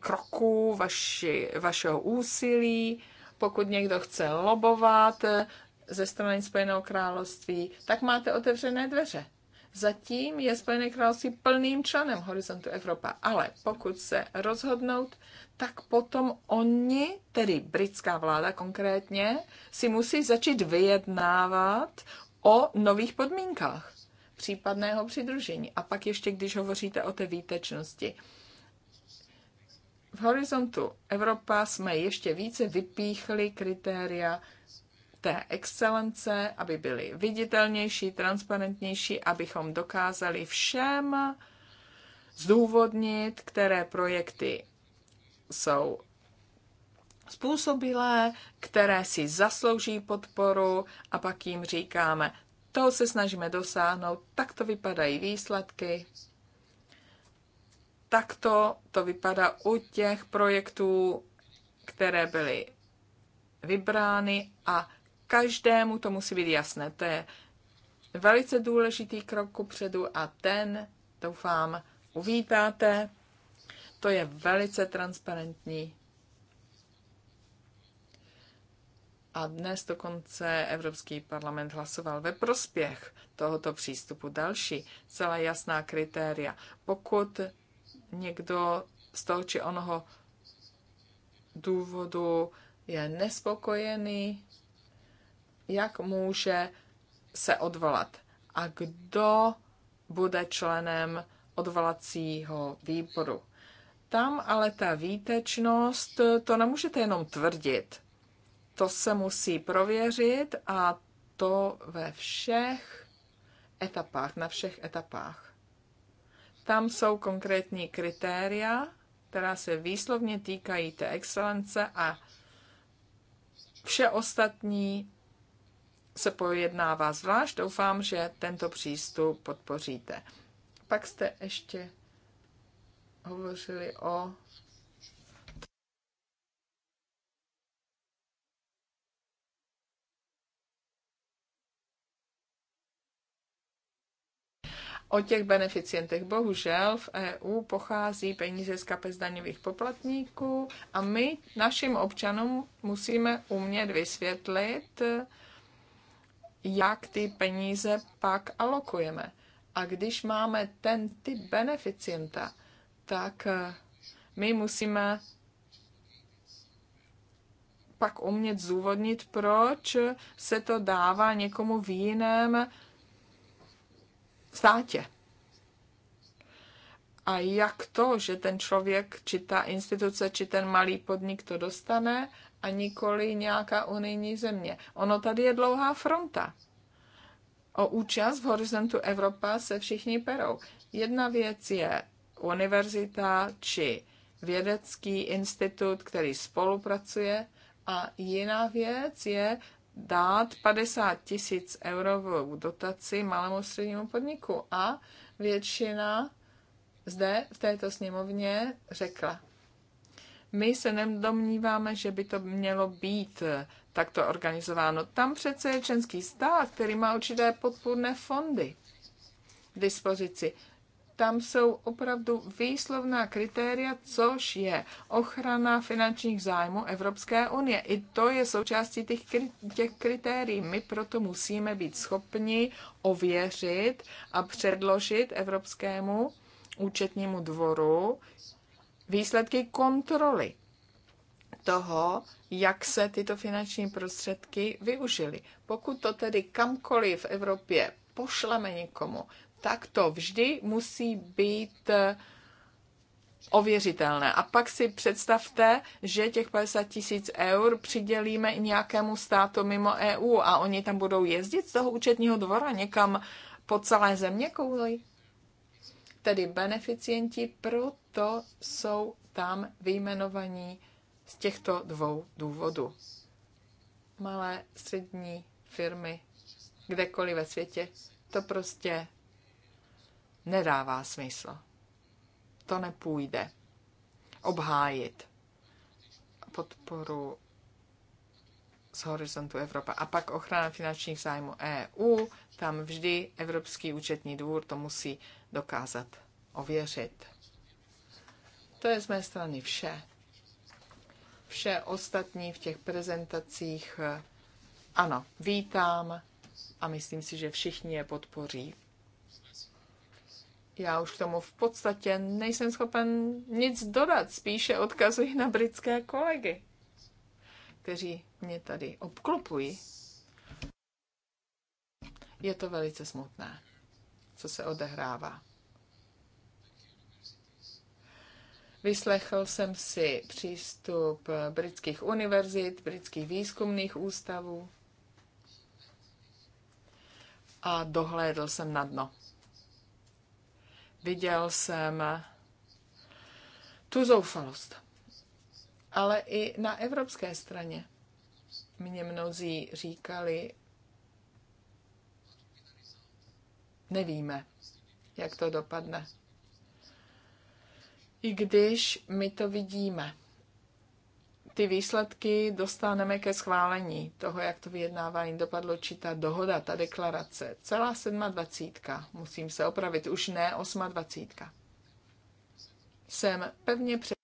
Speaker 5: kroků, vaši, vašeho úsilí. Pokud někdo chce lobovat eh, ze strany Spojeného království, tak máte otevřené dveře. Zatím je Spojené království plným členem Horizontu Evropa, ale pokud se rozhodnout, tak potom oni, tedy britská vláda konkrétně, si musí začít vyjednávat o nových podmínkách případného přidružení. A pak ještě, když hovoříte o té výtečnosti. V horizontu Evropa jsme ještě více vypíchli kritéria té excelence, aby byly viditelnější, transparentnější, abychom dokázali všem zdůvodnit, které projekty jsou způsobilé, které si zaslouží podporu a pak jim říkáme, toho se snažíme dosáhnout, tak to vypadají výsledky, takto to vypadá u těch projektů, které byly vybrány a každému to musí být jasné. To je velice důležitý krok předu a ten, doufám, uvítáte. To je velice transparentní A dnes dokonce Evropský parlament hlasoval ve prospěch tohoto přístupu. Další celá jasná kritéria. Pokud někdo z toho či onoho důvodu je nespokojený, jak může se odvolat a kdo bude členem odvolacího výboru. Tam ale ta výtečnost, to nemůžete jenom tvrdit. To se musí prověřit a to ve všech etapách, na všech etapách. Tam jsou konkrétní kritéria, která se výslovně týkají té excelence a vše ostatní se pojednává zvlášť. Doufám, že tento přístup podpoříte. Pak jste ještě hovořili o o těch beneficientech. Bohužel v EU pochází peníze z kapes daňových poplatníků a my našim občanům musíme umět vysvětlit, jak ty peníze pak alokujeme. A když máme ten typ beneficienta, tak eh, my musíme pak umět zúvodnit, proč se to dává někomu v jiném státě. A jak to, že ten člověk, či ta instituce, či ten malý podnik to dostane a nikoli nějaká unijní země. Ono tady je dlouhá fronta. O účast v Horizontu Evropa se všichni perou. Jedna věc je univerzita či vědecký institut, který spolupracuje, a jiná věc je dát 50 tisíc eurovou dotaci malému střednímu podniku. A většina zde v této sněmovně řekla, my se nedomníváme, že by to mělo být takto organizováno. Tam přece je členský stát, který má určité podpůrné fondy k dispozici tam jsou opravdu výslovná kritéria, což je ochrana finančních zájmů Evropské unie. I to je součástí těch, těch kritérií. My proto musíme být schopni ověřit a předložit Evropskému účetnímu dvoru výsledky kontroly toho, jak se tyto finanční prostředky využily. Pokud to tedy kamkoliv v Evropě pošleme někomu, tak to vždy musí být eh, ověřitelné. A pak si představte, že těch 50 tisíc eur přidělíme i nějakému státu mimo EU a oni tam budou jezdit z toho účetního dvora někam po celé země kouli. Tedy beneficienti proto jsou tam vyjmenovaní z těchto dvou důvodů. Malé, střední firmy, kdekoliv ve světě, to prostě nedává smysl. To nepůjde. Obhájit podporu z horizontu Evropa. A pak ochrana finančních zájmů EU, tam vždy Evropský účetní dvůr to musí dokázat ověřit. To je z mé strany vše. Vše ostatní v těch prezentacích eh, ano, vítám a myslím si, že všichni je podpoří. Já už k tomu v podstatě nejsem schopen nic dodat, spíše odkazuji na britské kolegy, kteří mě tady obklopují. Je to velice smutné, co se odehrává. Vyslechl jsem si přístup britských univerzit, britských výzkumných ústavů a dohlédl jsem na dno. Viděl jsem tu zoufalost. Ale i na evropské straně mě mnozí říkali, nevíme, jak to dopadne. I když my to vidíme ty výsledky dostaneme ke schválení toho, jak to vyjednávání dopadlo, či ta dohoda, ta deklarace. Celá 27. Musím se opravit, už ne 28. Jsem pevně před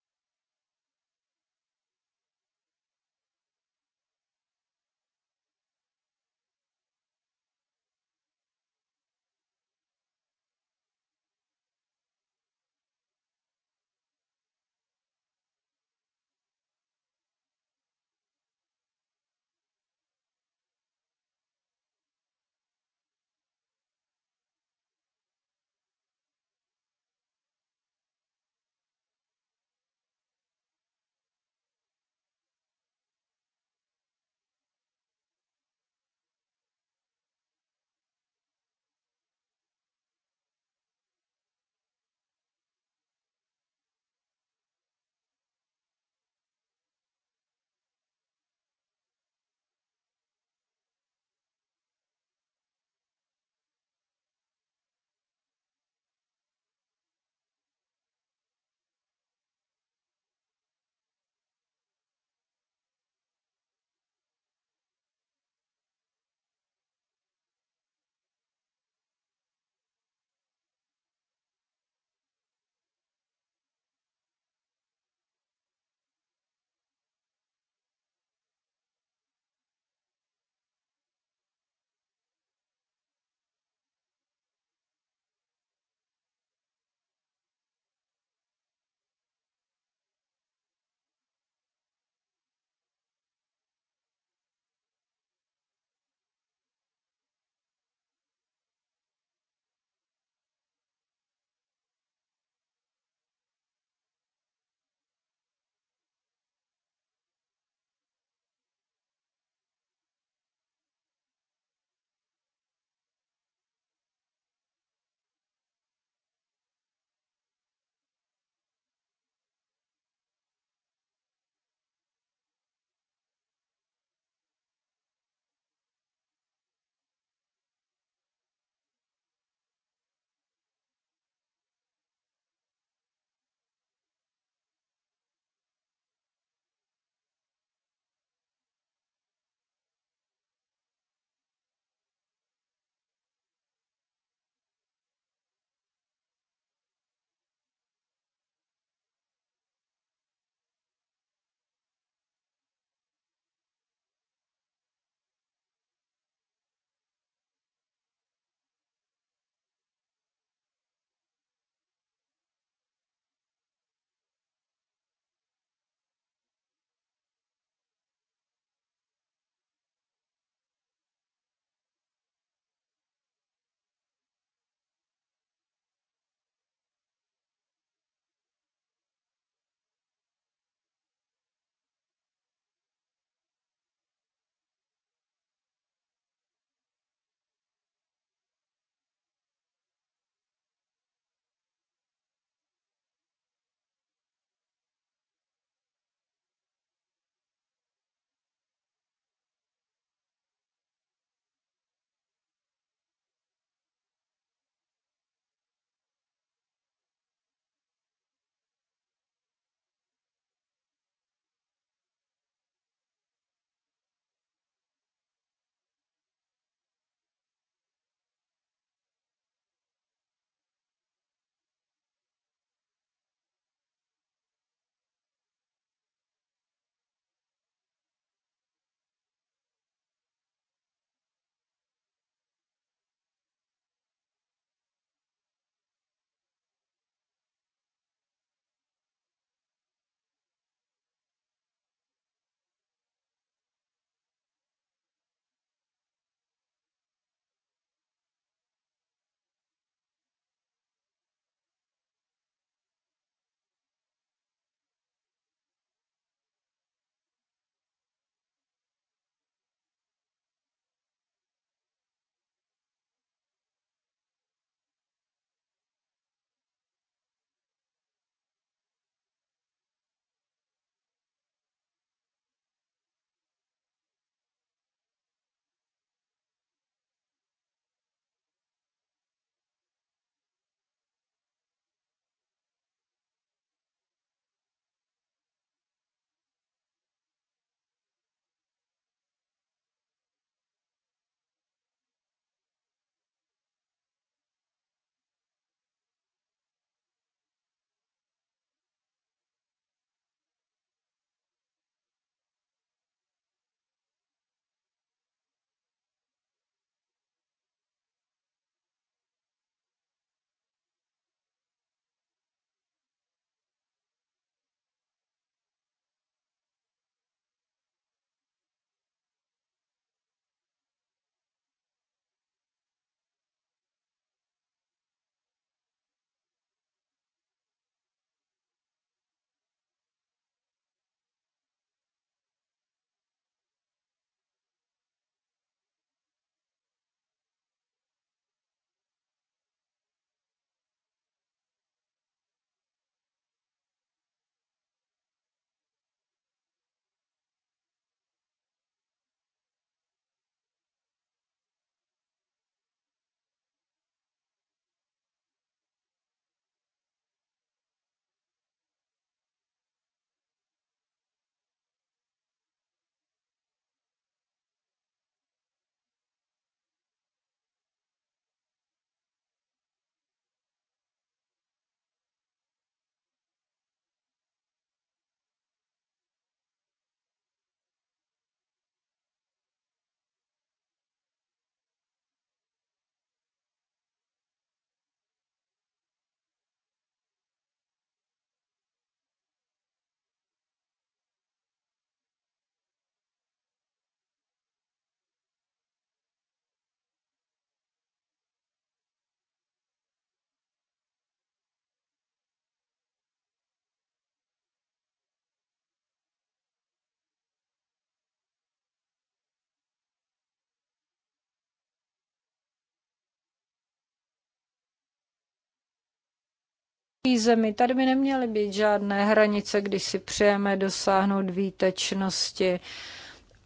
Speaker 3: zemi. Tady by neměly být žádné hranice, když si přejeme dosáhnout výtečnosti.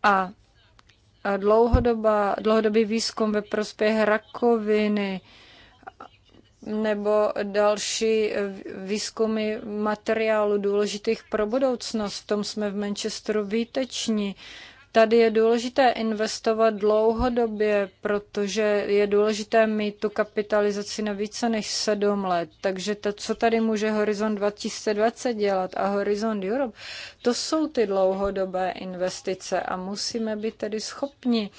Speaker 3: A dlouhodobá, dlouhodobý výzkum ve prospěch rakoviny nebo další výzkumy materiálu důležitých pro budoucnost. V tom jsme v Manchesteru výteční. Tady je důležité investovat dlouhodobě, protože je důležité mít tu kapitalizaci na více než sedm let. Takže to, co tady může Horizon 2020 dělat a Horizon Europe, to jsou ty dlouhodobé investice a musíme být tedy schopni uh,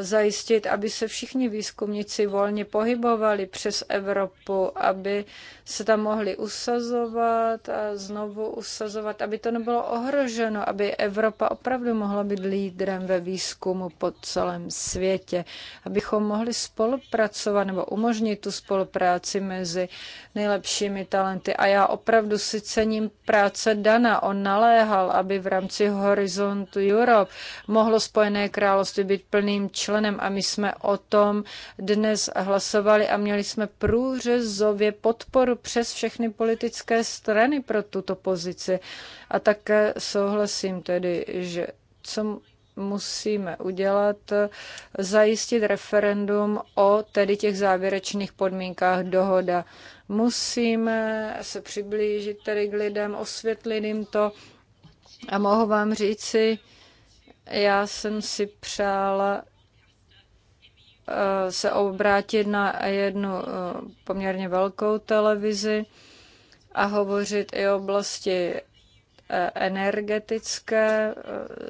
Speaker 3: zajistit, aby se všichni výzkumníci volně pohybovali přes Evropu, aby se tam mohli usazovat a znovu usazovat, aby to nebylo ohroženo, aby Evropa opravdu mohla být lídrem ve výzkumu po celém světě, abychom mohli spolupracovat nebo umožnit tu spolupráci mezi nejlepšími talenty. A já opravdu si cením práce Dana. On naléhal, aby v rámci Horizontu Europe mohlo Spojené království být plný plným členem a my jsme o tom dnes hlasovali a měli jsme průřezově podporu přes všechny politické strany pro tuto pozici. A také souhlasím tedy, že co musíme udělat, zajistit referendum o tedy těch závěrečných podmínkách dohoda. Musíme se přiblížit tedy k lidem, osvětlit jim to a mohu vám říci, já jsem si přála eh, se obrátit na jednu eh, poměrně velkou televizi a hovořit i o oblasti eh, energetické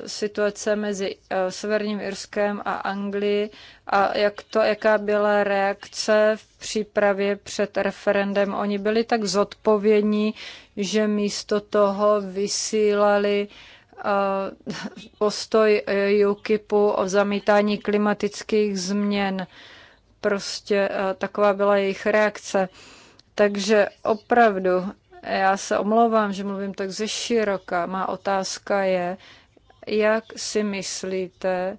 Speaker 3: situace mezi Severním Irskem a Anglií a jak to, jaká byla reakce v přípravě před referendem. Oni byli tak zodpovědní, že místo toho vysílali uh, Eh, postoj eh, UKIPu o zamítání klimatických změn. Prostě eh, taková byla jejich reakce. Takže opravdu, já se omlouvám, že mluvím tak ze široka. Má otázka je, jak si myslíte,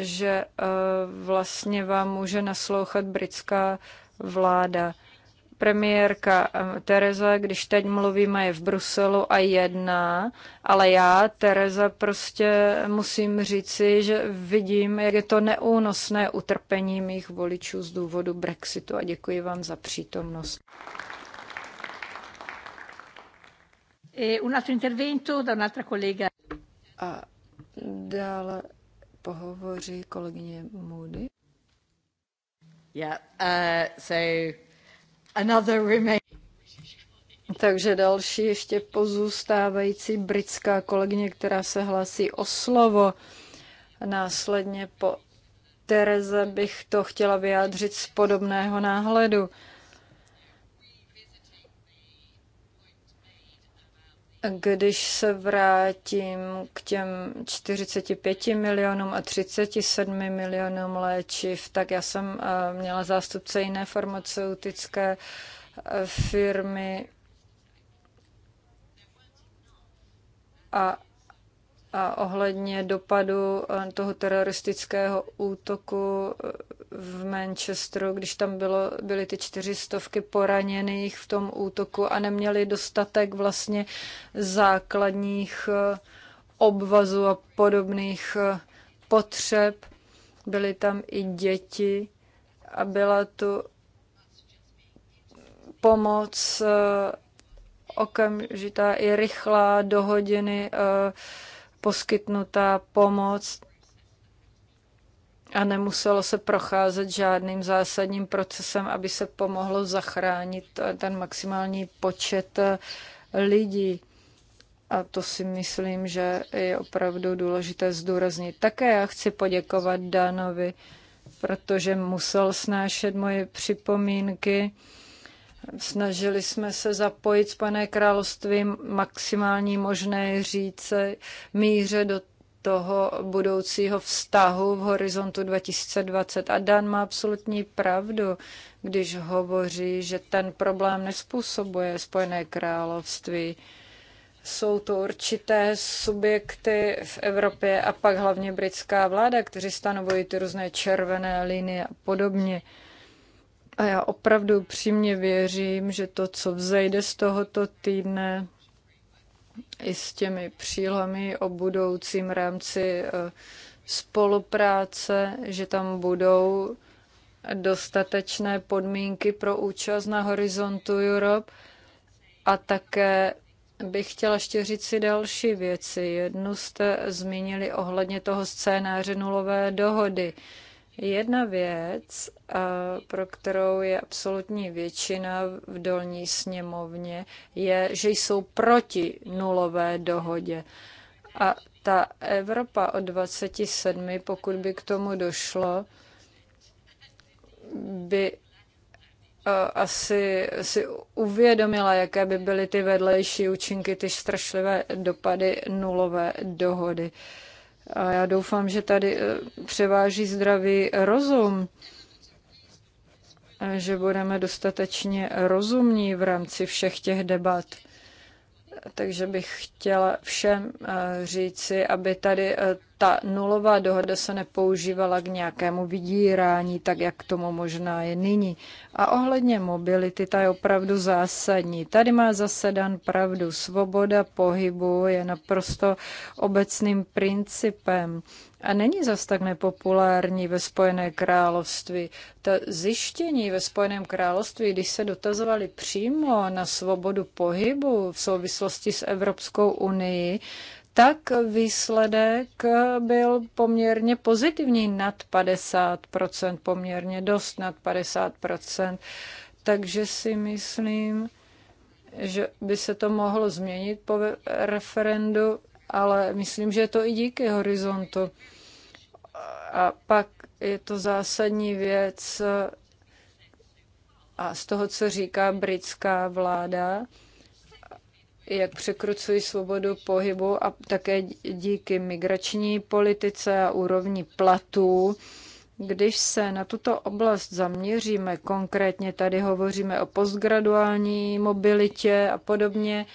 Speaker 3: že vlastně vám může naslouchat britská vláda? Premiérka eh, Tereza, když teď mluvíme, je v Bruselu a jedná, ale já, Tereza, prostě musím říci, že vidím, jak je to neúnosné utrpení mých voličů z důvodu Brexitu a děkuji vám za přítomnost.
Speaker 1: E, un altro intervento da
Speaker 3: un'altra collega. A dále pohovoří kolegyně Moody. Yeah, uh, so takže další ještě pozůstávající britská kolegyně, která se hlásí o slovo. Následně po Tereze bych to chtěla vyjádřit z podobného náhledu. Když se vrátím k těm 45 milionům a 37 milionům léčiv, tak já jsem eh, měla zástupce jiné farmaceutické eh, firmy a a ohledně dopadu eh, toho teroristického útoku eh, v Manchesteru, když tam bylo, byly ty stovky poraněných v tom útoku a neměli dostatek vlastně základních eh, obvazů a podobných potřeb. Byly tam i děti a byla tu pomoc okamžitá i rychlá do hodiny poskytnutá pomoc a nemuselo se procházet žádným zásadním procesem, aby se pomohlo zachránit ten maximální počet eh, lidí. A to si myslím, že je opravdu důležité zdůraznit. Také já chci poděkovat Danovi, protože musel snášet moje připomínky Snažili jsme se zapojit Spojené království maximální možné říce míře do toho budoucího vztahu v horizontu 2020. A Dan má absolutní pravdu, když hovoří, že ten problém nespůsobuje Spojené království. Jsou to určité subjekty v Evropě a pak hlavně britská vláda, kteří stanovují ty různé červené linie a podobně. A já opravdu přímě věřím, že to, co vzejde z tohoto týdne, i s těmi přílami o budoucím rámci eh, spolupráce, že tam budou dostatečné podmínky pro účast na Horizontu Europe. A také bych chtěla ještě říct si další věci. Jednu jste zmínili ohledně toho scénáře nulové dohody. Jedna věc, pro kterou je absolutní většina v dolní sněmovně, je, že jsou proti nulové dohodě. A ta Evropa od 27, pokud by k tomu došlo, by e, asi si uvědomila, jaké by byly ty vedlejší účinky, ty strašlivé dopady nulové dohody. Uh, a já doufám, že tady eh, převáží zdravý rozum, a eh, že budeme dostatečně rozumní v rámci všech těch debat. Takže bych chtěla všem eh, říci, aby tady ta nulová dohoda se nepoužívala k nějakému vydírání, tak jak tomu možná je nyní. A ohledně mobility, ta je opravdu zásadní. Tady má zasedan pravdu. Svoboda pohybu je naprosto obecným principem a není zas tak nepopulární ve Spojené království. Ta zjištění ve Spojeném království, když se dotazovali přímo na svobodu pohybu v souvislosti s Evropskou unii, tak výsledek byl poměrně pozitivní, nad 50%, poměrně dost nad 50%. Takže si myslím, že by se to mohlo změnit po referendu, ale myslím, že je to i díky horizontu. A pak je to zásadní věc a z toho, co říká britská vláda, jak překrucují svobodu pohybu a také díky migrační politice a úrovni platů. Když se na tuto oblast zaměříme, konkrétně tady hovoříme o postgraduální mobilitě a podobně,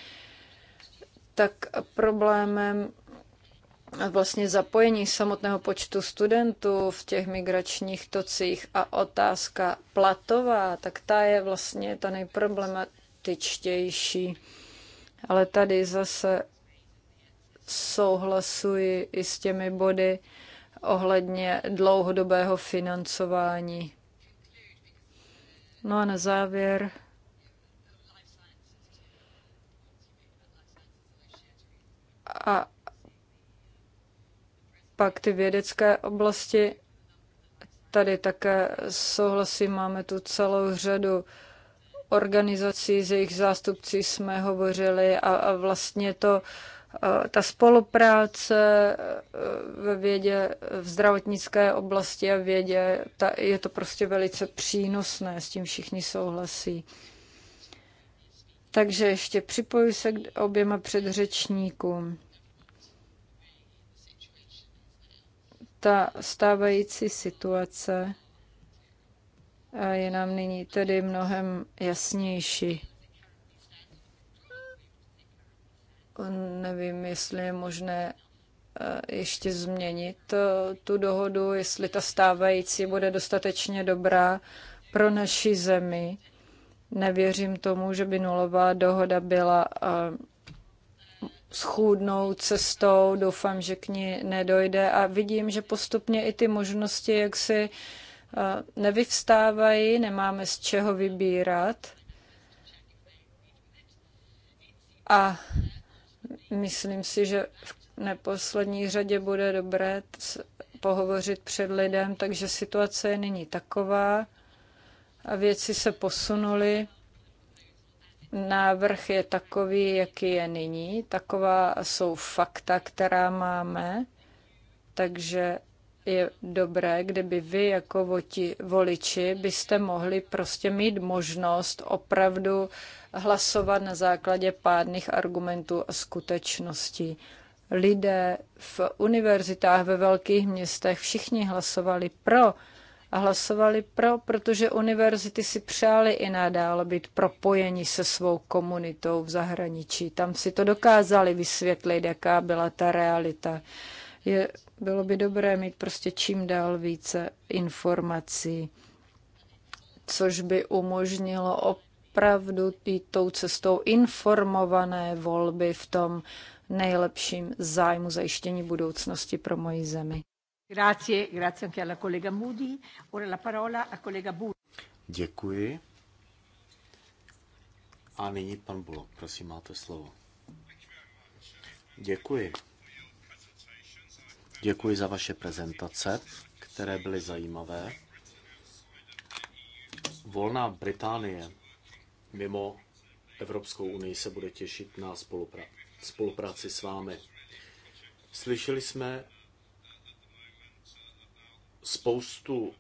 Speaker 3: tak problémem vlastně zapojení samotného počtu studentů v těch migračních tocích a otázka platová, tak ta je vlastně ta nejproblematičtější ale tady zase souhlasuji i s těmi body ohledně dlouhodobého financování. No a na závěr a pak ty vědecké oblasti, tady také souhlasím, máme tu celou řadu organizací, s jejich zástupci jsme hovořili a, a vlastně to, ta spolupráce e, ve vědě, v zdravotnické oblasti a vědě, ta, je to prostě velice přínosné, s tím všichni souhlasí. Takže ještě připoju se k oběma předřečníkům. Ta stávající situace je nám nyní tedy mnohem jasnější. Nevím, jestli je možné e, ještě změnit e, tu dohodu, jestli ta stávající bude dostatečně dobrá pro naši zemi. Nevěřím tomu, že by nulová dohoda byla e, schůdnou cestou. Doufám, že k ní nedojde a vidím, že postupně i ty možnosti, jak si nevyvstávají, nemáme z čeho vybírat. A myslím si, že v neposlední řadě bude dobré pohovořit před lidem, takže situace je nyní taková a věci se posunuly. Návrh je takový, jaký je nyní. Taková jsou fakta, která máme. Takže je dobré, kdyby vy jako voti, voliči byste mohli prostě mít možnost opravdu hlasovat na základě pádných argumentů a skutečností. Lidé v univerzitách ve velkých městech všichni hlasovali pro a hlasovali pro, protože univerzity si přáli i nadále být propojeni se svou komunitou v zahraničí. Tam si to dokázali vysvětlit, jaká byla ta realita. Je bylo by dobré mít prostě čím dál více informací, což by umožnilo opravdu i tou cestou informované volby v tom nejlepším zájmu zajištění budoucnosti pro moji zemi.
Speaker 1: Grazie, grazie anche alla collega Moody. Ora la parola a collega Budi.
Speaker 4: Děkuji. A nyní pan Bulok, prosím, máte slovo. Děkuji. Děkuji za vaše prezentace, které byly zajímavé. Volná Británie mimo Evropskou unii se bude těšit na spolupra- spolupráci s vámi. Slyšeli jsme spoustu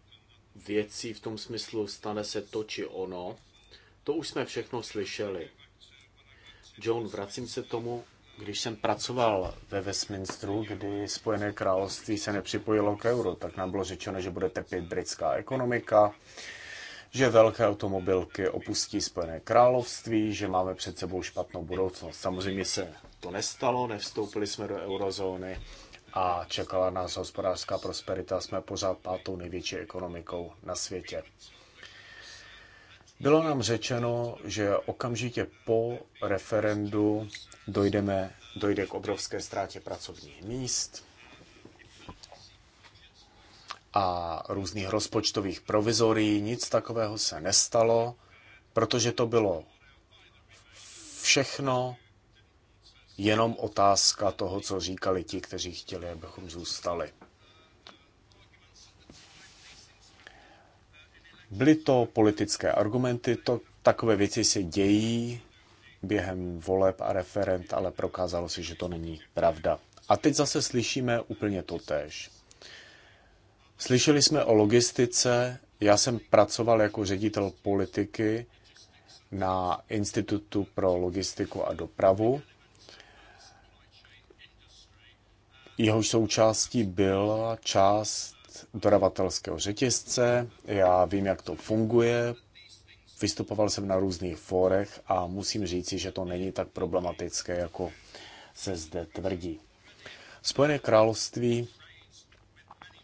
Speaker 4: věcí v tom smyslu stane se to či ono. To už jsme všechno slyšeli. John, vracím se tomu, když jsem pracoval ve Westminsteru, kdy Spojené království se nepřipojilo k euro, tak nám bylo řečeno, že bude trpět britská ekonomika, že velké automobilky opustí Spojené království, že máme před sebou špatnou budoucnost. Samozřejmě se to nestalo, nevstoupili jsme do eurozóny a čekala nás hospodářská prosperita. Jsme pořád pátou největší ekonomikou na světě. Bylo nám řečeno, že okamžitě po referendu dojdeme, dojde k obrovské ztrátě pracovních míst a různých rozpočtových provizorií. Nic takového se nestalo, protože to bylo všechno jenom otázka toho, co říkali ti, kteří chtěli, abychom zůstali. Byly to politické argumenty, to, takové věci se dějí během voleb a referent, ale prokázalo se, že to není pravda. A teď zase slyšíme úplně to tež. Slyšeli jsme o logistice, já jsem pracoval jako ředitel politiky na Institutu pro logistiku a dopravu. Jehož součástí byla část dodavatelského řetězce, já vím, jak to funguje, vystupoval jsem na různých fórech a musím říci, že to není tak problematické, jako se zde tvrdí. Spojené království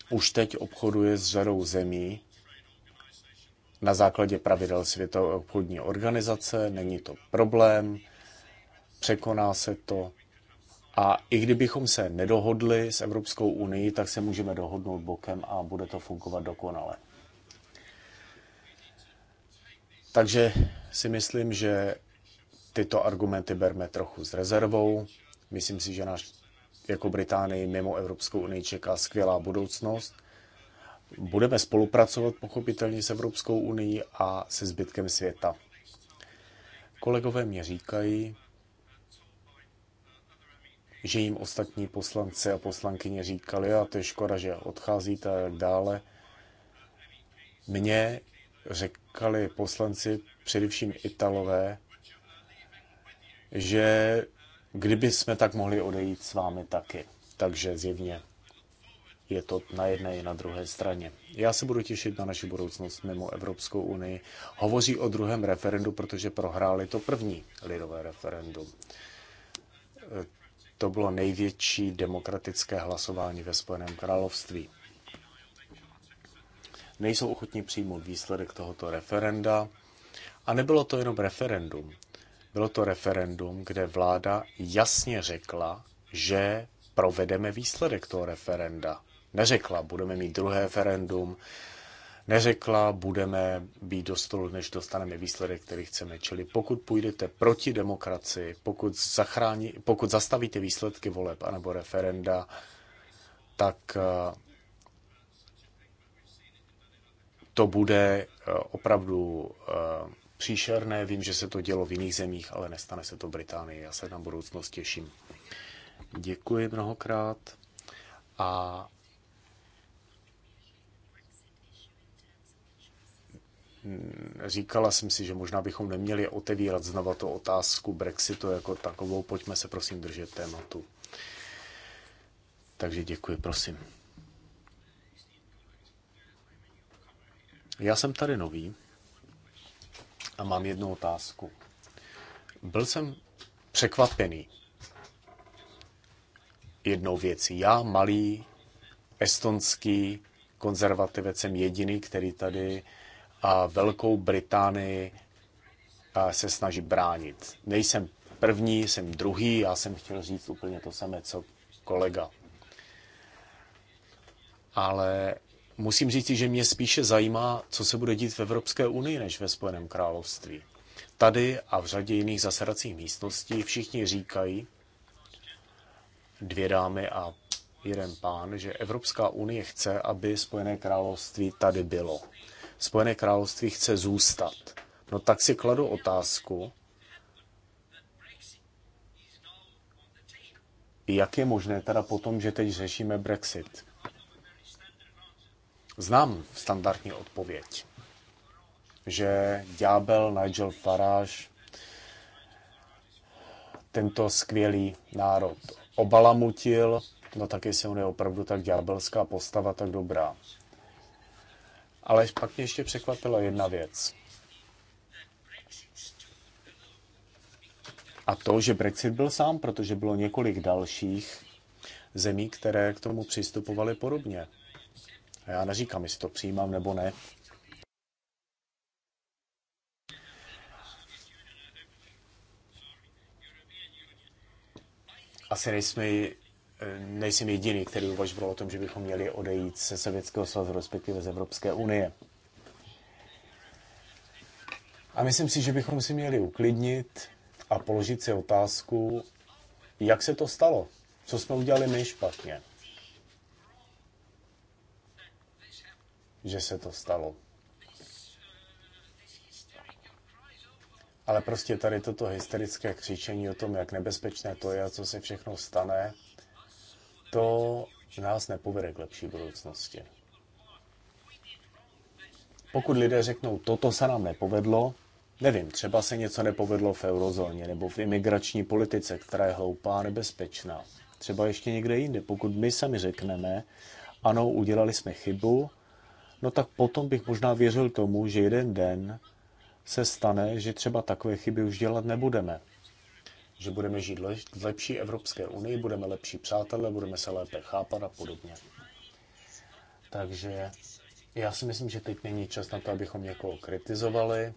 Speaker 4: už teď obchoduje s řadou zemí na základě pravidel Světové obchodní organizace, není to problém, překoná se to a i kdybychom se nedohodli s Evropskou unii, tak se můžeme dohodnout bokem a bude to fungovat dokonale. Takže si myslím, že tyto argumenty berme trochu s rezervou. Myslím si, že náš jako Británii mimo Evropskou unii čeká skvělá budoucnost. Budeme spolupracovat pochopitelně s Evropskou unii a se zbytkem světa. Kolegové mě říkají, že jim ostatní poslanci a poslankyně říkali, a to je škoda, že odcházíte a tak dále. Mně řekali poslanci, především Italové, že kdyby jsme tak mohli odejít s vámi taky. Takže zjevně je to na jedné i na druhé straně. Já se budu těšit na naši budoucnost mimo Evropskou unii. Hovoří o druhém referendu, protože prohráli to první lidové referendum to bylo největší demokratické hlasování ve Spojeném království. Nejsou ochotní přijmout výsledek tohoto referenda. A nebylo to jenom referendum. Bylo to referendum, kde vláda jasně řekla, že provedeme výsledek toho referenda. Neřekla, budeme mít druhé referendum, neřekla, budeme být do stolu, než dostaneme výsledek, který chceme. Čili pokud půjdete proti demokracii, pokud, zachrání, pokud zastavíte výsledky voleb anebo referenda, tak eh, to bude eh, opravdu eh, příšerné. Vím, že se to dělo v jiných zemích, ale nestane se to Británii. Já se na budoucnost těším. Děkuji mnohokrát a říkala jsem si, že možná bychom neměli otevírat znova tu otázku Brexitu jako takovou. Pojďme se prosím držet tématu. Takže děkuji, prosím. Já jsem tady nový a mám jednu otázku. Byl jsem překvapený jednou věcí. Já, malý estonský konzervativec, jsem jediný, který tady Velkou Británii se snaží bránit. Nejsem první, jsem druhý, já jsem chtěl říct úplně to samé, co kolega. Ale musím říct, že mě spíše zajímá, co se bude dít v Evropské unii, než ve Spojeném království. Tady a v řadě jiných zasedacích místností všichni říkají, dvě dámy a jeden pán, že Evropská unie chce, aby Spojené království tady bylo. Spojené království chce zůstat. No tak si kladu otázku, jak je možné teda potom, že teď řešíme Brexit? Znám standardní odpověď, že ďábel Nigel Farage, tento skvělý národ obalamutil, no tak jestli on je opravdu tak ďábelská postava, tak dobrá. Ale pak mě ještě překvapila jedna věc. A to, že Brexit byl sám, protože bylo několik dalších zemí, které k tomu přistupovaly podobně. A já neříkám, jestli to přijímám nebo ne. Asi nejsme nejsem jediný, který uvažoval o tom, že bychom měli odejít ze Sovětského svazu, respektive z Evropské unie. A myslím si, že bychom si měli uklidnit a položit si otázku, jak se to stalo, co jsme udělali my špatně, že se to stalo. Ale prostě tady toto hysterické křičení o tom, jak nebezpečné to je a co se všechno stane, to nás nepovede k lepší budoucnosti. Pokud lidé řeknou, toto se nám nepovedlo, nevím, třeba se něco nepovedlo v eurozóně nebo v imigrační politice, která je hloupá a nebezpečná. Třeba ještě někde jinde. Pokud my sami řekneme, ano, udělali jsme chybu, no tak potom bych možná věřil tomu, že jeden den se stane, že třeba takové chyby už dělat nebudeme že budeme žít v lepší Evropské unii, budeme lepší přátelé, budeme se lépe chápat a podobně. Takže já si myslím, že teď není čas na to, abychom někoho kritizovali.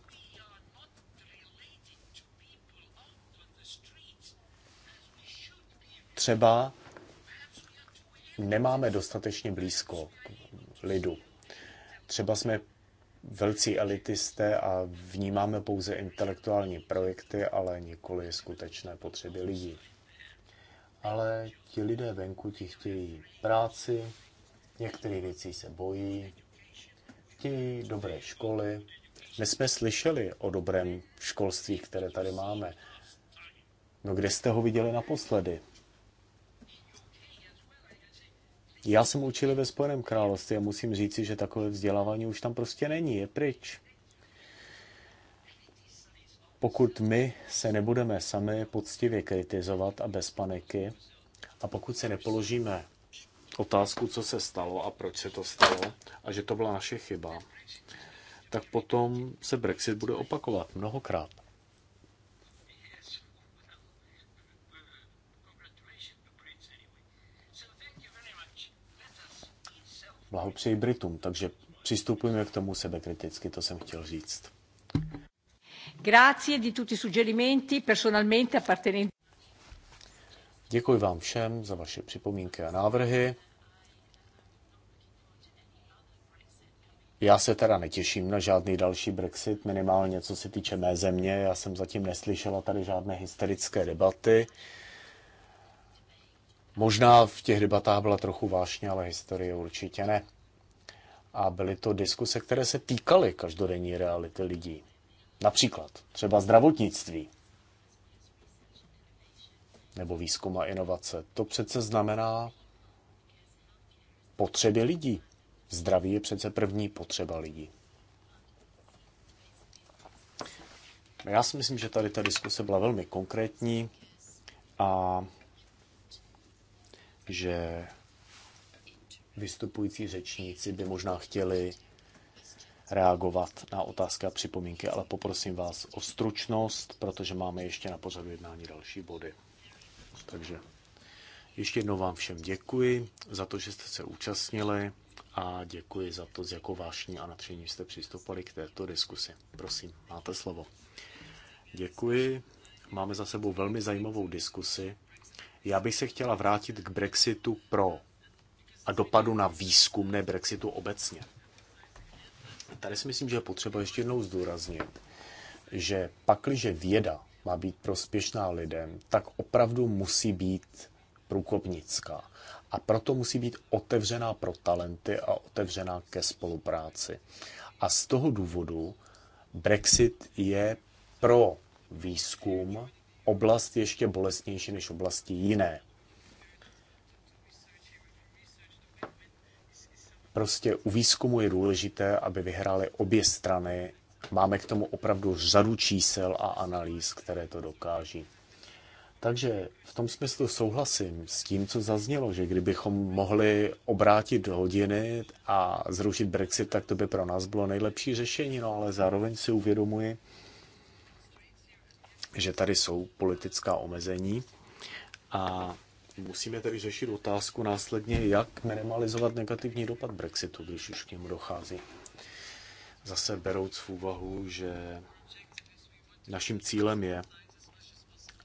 Speaker 4: Třeba nemáme dostatečně blízko lidu. Třeba jsme velcí elitisté a vnímáme pouze intelektuální projekty, ale nikoli skutečné potřeby lidí. Ale ti lidé venku ti chtějí práci, některé věci se bojí, chtějí dobré školy. My jsme slyšeli o dobrém školství, které tady máme. No kde jste ho viděli naposledy? Já jsem učil ve Spojeném království a musím říci, že takové vzdělávání už tam prostě není, je pryč. Pokud my se nebudeme sami poctivě kritizovat a bez paniky, a pokud se nepoložíme otázku, co se stalo a proč se to stalo, a že to byla naše chyba, tak potom se Brexit bude opakovat mnohokrát. blahopřeji Britům, takže přistupujeme k tomu sebekriticky, to jsem chtěl říct.
Speaker 1: Grazie di tutti suggerimenti personalmente appartenenti.
Speaker 4: Děkuji vám všem za vaše připomínky a návrhy. Já se teda netěším na žádný další Brexit, minimálně co se týče mé země. Já jsem zatím neslyšela tady žádné hysterické debaty. Možná v těch debatách byla trochu vášně, ale historie určitě ne. A byly to diskuse, které se týkaly každodenní reality lidí. Například třeba zdravotnictví nebo výzkum a inovace. To přece znamená potřeby lidí. Zdraví je přece první potřeba lidí. Já si myslím, že tady ta diskuse byla velmi konkrétní a že vystupující řečníci by možná chtěli reagovat na otázky a připomínky, ale poprosím vás o stručnost, protože máme ještě na pořadu jednání další body. Takže ještě jednou vám všem děkuji za to, že jste se účastnili a děkuji za to, z jakou vášní a natření jste přistupovali k této diskusi. Prosím, máte slovo. Děkuji. Máme za sebou velmi zajímavou diskusi já bych se chtěla vrátit k Brexitu pro a dopadu na výzkum, ne Brexitu obecně. Tady si myslím, že je potřeba ještě jednou zdůraznit, že pakliže věda má být prospěšná lidem, tak opravdu musí být průkopnická. A proto musí být otevřená pro talenty a otevřená ke spolupráci. A z toho důvodu Brexit je pro výzkum oblast ještě bolestnější než oblasti jiné. Prostě u výzkumu je důležité, aby vyhrály obě strany. Máme k tomu opravdu řadu čísel a analýz, které to dokáží. Takže v tom smyslu souhlasím s tím, co zaznělo, že kdybychom mohli obrátit hodiny a zrušit Brexit, tak to by pro nás bylo nejlepší řešení, no ale zároveň si uvědomuji, že tady jsou politická omezení a musíme tedy řešit otázku následně, jak minimalizovat negativní dopad Brexitu, když už k němu dochází. Zase berouc v úvahu, že naším cílem je,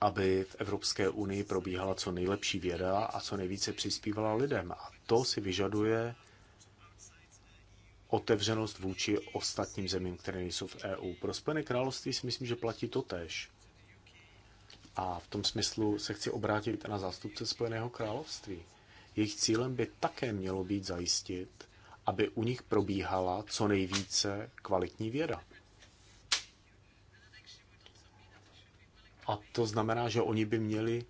Speaker 4: aby v Evropské unii probíhala co nejlepší věda a co nejvíce přispívala lidem. A to si vyžaduje otevřenost vůči ostatním zemím, které nejsou v EU. Pro Spojené království si myslím, že platí to tež. A v tom smyslu se chci obrátit na zástupce Spojeného království. Jejich cílem by také mělo být zajistit, aby u nich probíhala co nejvíce kvalitní věda. A to znamená, že oni by měli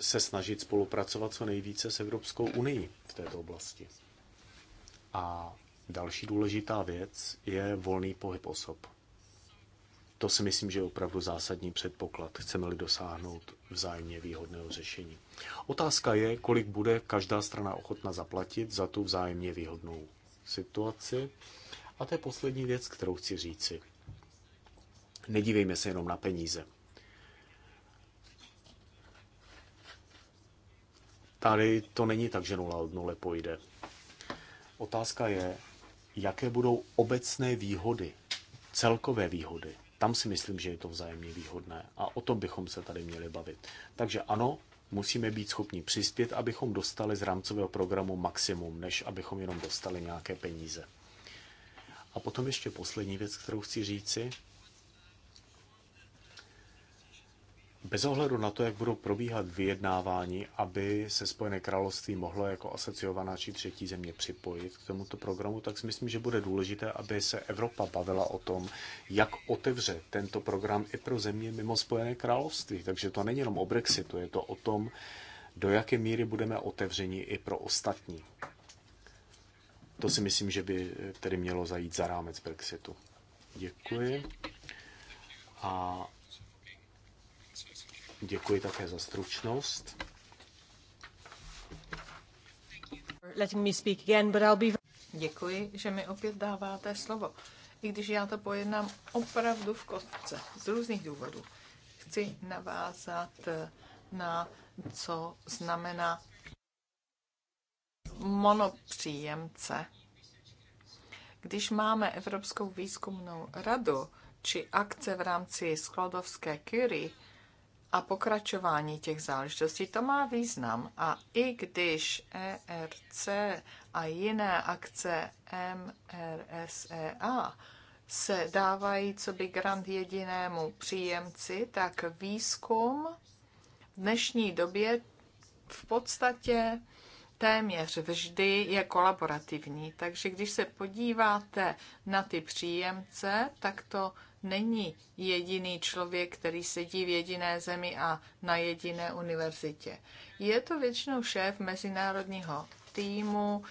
Speaker 4: se snažit spolupracovat co nejvíce s Evropskou unii v této oblasti. A další důležitá věc je volný pohyb osob to si myslím, že je opravdu zásadní předpoklad, chceme-li dosáhnout vzájemně výhodného řešení. Otázka je, kolik bude každá strana ochotna zaplatit za tu vzájemně výhodnou situaci. A to je poslední věc, kterou chci říci. Nedívejme se jenom na peníze. Tady to není tak, že nula od nule pojde. Otázka je, jaké budou obecné výhody, celkové výhody tam si myslím, že je to vzájemně výhodné a o tom bychom se tady měli bavit. Takže ano, musíme být schopni přispět, abychom dostali z rámcového programu maximum, než abychom jenom dostali nějaké peníze. A potom ještě poslední věc, kterou chci říci, bez ohledu na to, jak budou probíhat vyjednávání, aby se Spojené království mohlo jako asociovaná či třetí země připojit k tomuto programu, tak si myslím, že bude důležité, aby se Evropa bavila o tom, jak otevře tento program i pro země mimo Spojené království. Takže to není jenom o Brexitu, je to o tom, do jaké míry budeme otevření i pro ostatní. To si myslím, že by tedy mělo zajít za rámec Brexitu. Děkuji. A Děkuji také za stručnost.
Speaker 5: Děkuji, že mi opět dáváte slovo. I když já to pojednám opravdu v kostce, z různých důvodů. Chci navázat eh, na co znamená monopříjemce. Když máme Evropskou výzkumnou radu či akce v rámci skladovské Curie, a pokračování těch záležitostí, to má význam. A i když ERC a jiné akce MRSEA se dávají co by grant jedinému příjemci, tak výzkum v dnešní době v podstatě téměř vždy je kolaborativní. Takže když se podíváte na ty příjemce, tak to není jediný člověk, který sedí v jediné zemi a na jediné univerzitě. Je to většinou šéf mezinárodního týmu,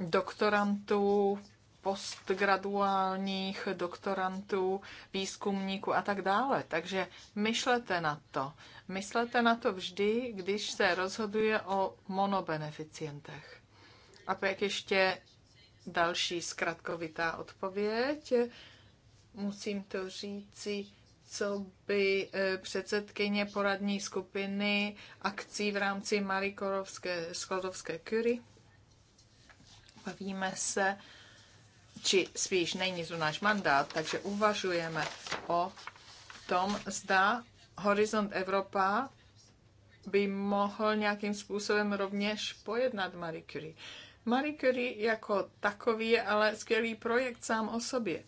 Speaker 5: doktorantů, postgraduálních doktorantů, výzkumníků a tak dále. Takže myšlete na to. Myslete na to vždy, když se rozhoduje o monobeneficientech. A pak ještě další zkratkovitá odpověď musím to říci, co by eh, předsedkyně poradní skupiny akcí v rámci Marikorovské skladovské kury. Bavíme se, či spíš není to náš mandát, takže uvažujeme o tom, zda Horizont Evropa by mohl nějakým způsobem rovněž pojednat Marie Curie. Marie Curie jako takový je ale skvělý projekt sám o sobě.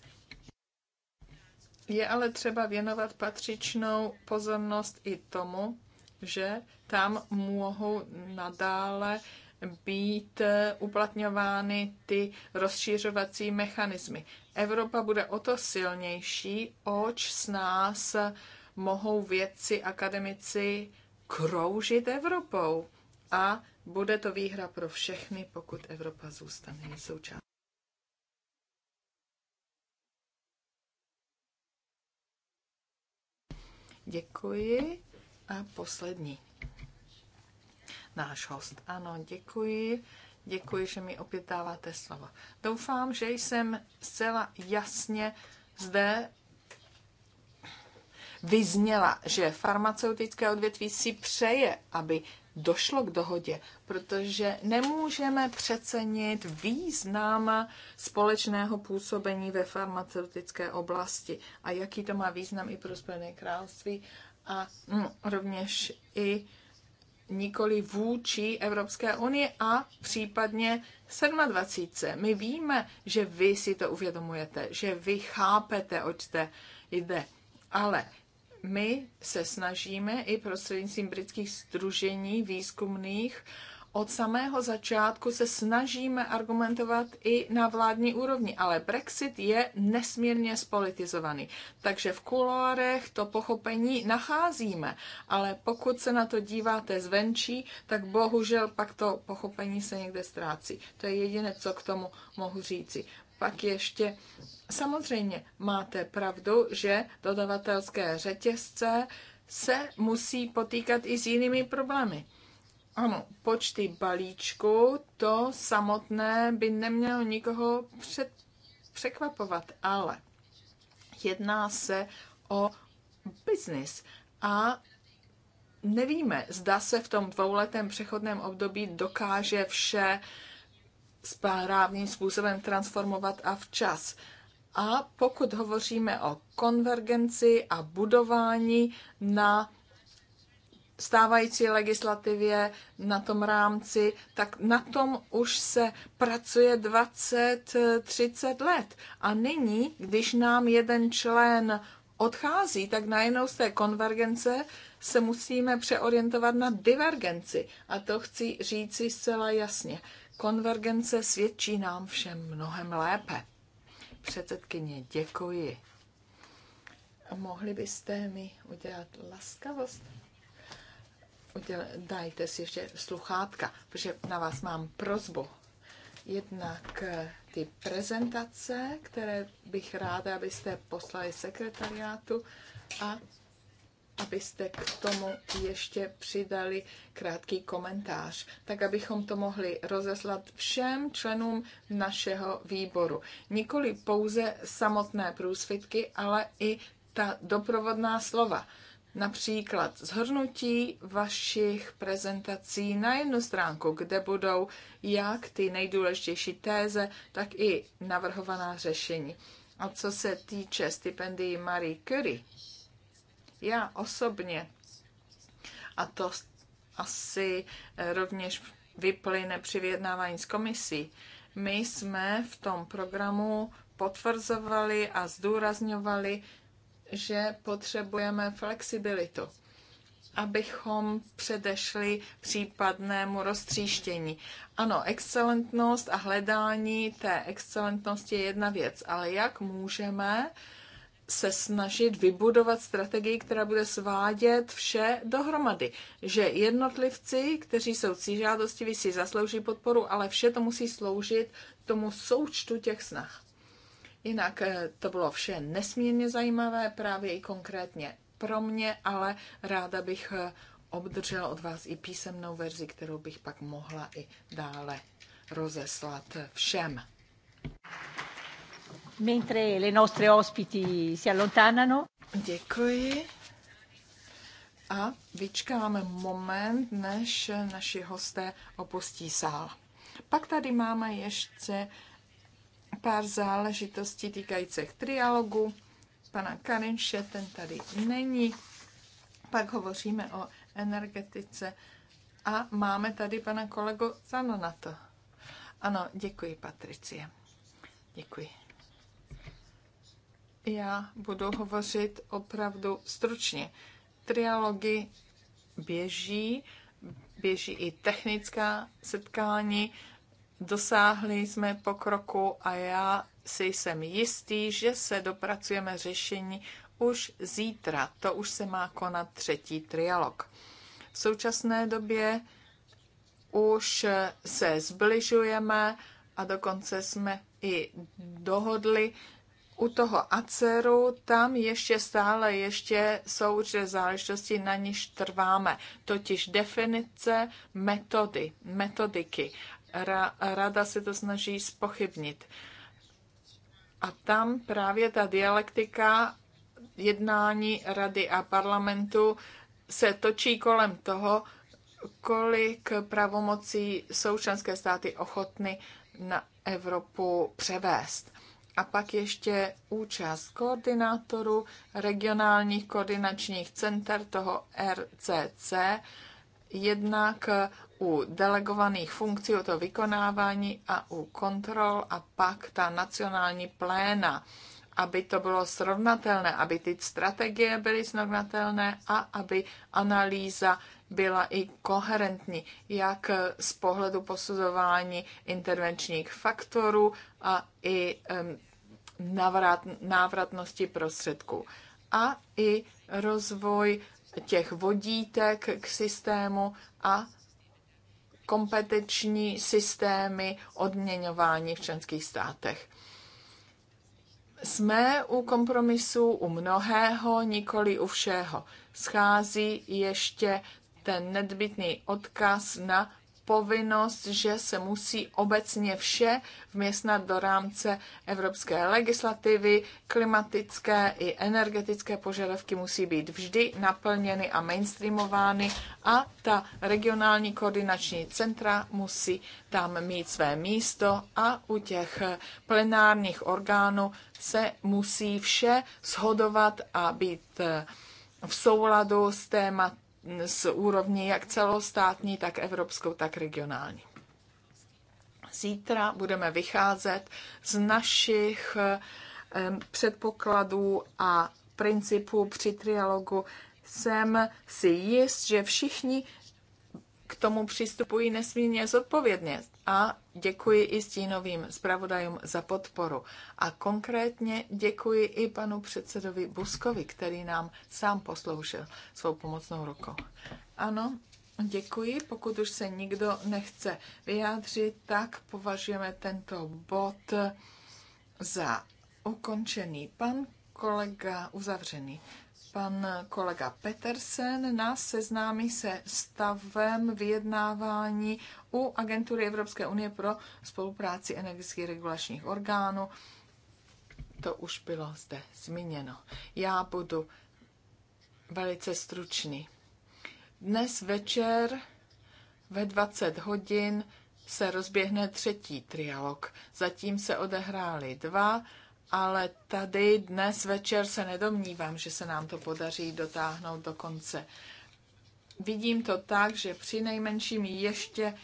Speaker 5: Je ale třeba věnovat patřičnou pozornost i tomu, že tam mohou nadále být uplatňovány ty rozšířovací mechanismy. Evropa bude o to silnější, oč s nás mohou vědci, akademici kroužit Evropou. A bude to výhra pro všechny, pokud Evropa zůstane součástí. Děkuji. A poslední. Náš host. Ano, děkuji. Děkuji, že mi opět dáváte slovo. Doufám, že jsem zcela jasně zde vyzněla, že farmaceutické odvětví si přeje, aby došlo k dohodě, protože nemůžeme přecenit význam společného působení ve farmaceutické oblasti a jaký to má význam i pro Spojené království a mm, rovněž i nikoli vůči Evropské unii a případně 27. My víme, že vy si to uvědomujete, že vy chápete, oč jde, ale my se snažíme i prostřednictvím britských združení výzkumných od samého začátku se snažíme argumentovat i na vládní úrovni, ale Brexit je nesmírně spolitizovaný. Takže v kuloárech to pochopení nacházíme, ale pokud se na to díváte zvenčí, tak bohužel pak to pochopení se někde ztrácí. To je jediné, co k tomu mohu říci pak ještě Samozřejmě máte pravdu, že dodavatelské řetězce se musí potýkat i s jinými problémy. Ano, počty balíčku, to samotné by nemělo nikoho před, překvapovat, ale jedná se o biznis a nevíme, zda se v tom dvouletém přechodném období dokáže vše uh, správným způsobem transformovat a včas. A pokud hovoříme o konvergenci a budování na stávající legislativě, na tom rámci, tak na tom už se pracuje 20-30 let. A nyní, když nám jeden člen odchází, tak najednou z té konvergence se musíme přeorientovat na divergenci. A to chci říci zcela jasně. Konvergence svědčí nám všem mnohem lépe. Předsedkyně, děkuji. Mohli byste mi udělat laskavost? Uděl, dajte si ještě sluchátka, protože na vás mám prozbu. Jednak eh, ty prezentace, které bych ráda, abyste poslali sekretariátu a abyste k tomu ještě přidali krátký komentář, tak abychom to mohli rozeslat všem členům našeho výboru. Nikoli pouze samotné průsvitky, ale i ta doprovodná slova. Například zhrnutí vašich prezentací na jednu stránku, kde budou jak ty nejdůležitější téze, tak i navrhovaná řešení. A co se týče stipendii Marie Curie, já osobně, a to asi eh, rovněž vyplyne při vyjednávání s komisí, my jsme v tom programu potvrzovali a zdůrazňovali, že potřebujeme flexibilitu, abychom předešli případnému roztříštění. Ano, excelentnost a hledání té excelentnosti je jedna věc, ale jak můžeme uh, se snažit vybudovat strategii, která bude svádět vše dohromady. Že jednotlivci, kteří jsou cížádostiví, si zaslouží podporu, ale vše to musí sloužit tomu součtu těch snah. Jinak eh, to bylo vše nesmírně zajímavé, právě i konkrétně pro mě, ale ráda bych eh, obdržela od vás i písemnou verzi, kterou bych pak mohla i dále rozeslat eh, všem.
Speaker 1: Mentre le nostre ospiti si allontanano.
Speaker 5: Děkuji. A vyčkáme moment, než naši hosté opustí sál. Pak tady máme ještě pár záležitostí týkajících trialogu. Pana Karinše, ten tady není. Pak hovoříme o energetice a máme tady pana kolegu Zanonato. Ano, děkuji, Patricie. Děkuji. Já budu hovořit opravdu stručně. Trialogy běží, běží i technická setkání. Dosáhli jsme pokroku a já si jsem jistý, že se dopracujeme řešení už zítra. To už se má konat třetí trialog. V současné době už se zbližujeme a dokonce jsme i dohodli, u toho ACERu tam ještě stále ještě jsou určité záležitosti, na níž trváme, totiž definice metody, metodiky. Ra, rada se to snaží spochybnit. A tam právě ta dialektika jednání rady a parlamentu se točí kolem toho, kolik pravomocí jsou členské státy ochotny na Evropu převést a pak ještě účast koordinátorů regionálních koordinačních center toho RCC, jednak u delegovaných funkcí, u toho vykonávání a u kontrol a pak ta nacionální pléna, aby to bylo srovnatelné, aby ty strategie byly srovnatelné a aby analýza byla i koherentní, jak z pohledu posuzování intervenčních faktorů a i um, navrat, návratnosti prostředků a i rozvoj těch vodítek k systému a kompetenční systémy odměňování v členských státech. Jsme u kompromisu u mnohého, nikoli u všeho. Schází ještě ten nedbytný odkaz na povinnost, že se musí obecně vše vměstnat do rámce evropské legislativy. Klimatické i energetické požadavky musí být vždy naplněny a mainstreamovány a ta regionální koordinační centra musí tam mít své místo a u těch plenárních orgánů se musí vše shodovat a být v souladu s tématy s úrovní jak celostátní, tak evropskou, tak regionální. Zítra budeme vycházet z našich předpokladů a principů při trialogu. Jsem si jist, že všichni k tomu přistupují nesmírně zodpovědně a děkuji i stínovým zpravodajům za podporu. A konkrétně děkuji i panu předsedovi Buskovi, který nám sám posloužil svou pomocnou rukou. Ano, děkuji. Pokud už se nikdo nechce vyjádřit, tak považujeme tento bod za ukončený. Pan kolega uzavřený. Pan kolega Petersen nás seznámí se stavem vyjednávání u Agentury Evropské unie pro spolupráci energetických regulačních orgánů. To už bylo zde zmíněno. Já budu velice stručný. Dnes večer ve 20 hodin se rozběhne třetí trialog. Zatím se odehrály dva ale tady dnes večer se nedomnívám, že se nám to podaří dotáhnout do konce. Vidím to tak, že při nejmenším ještě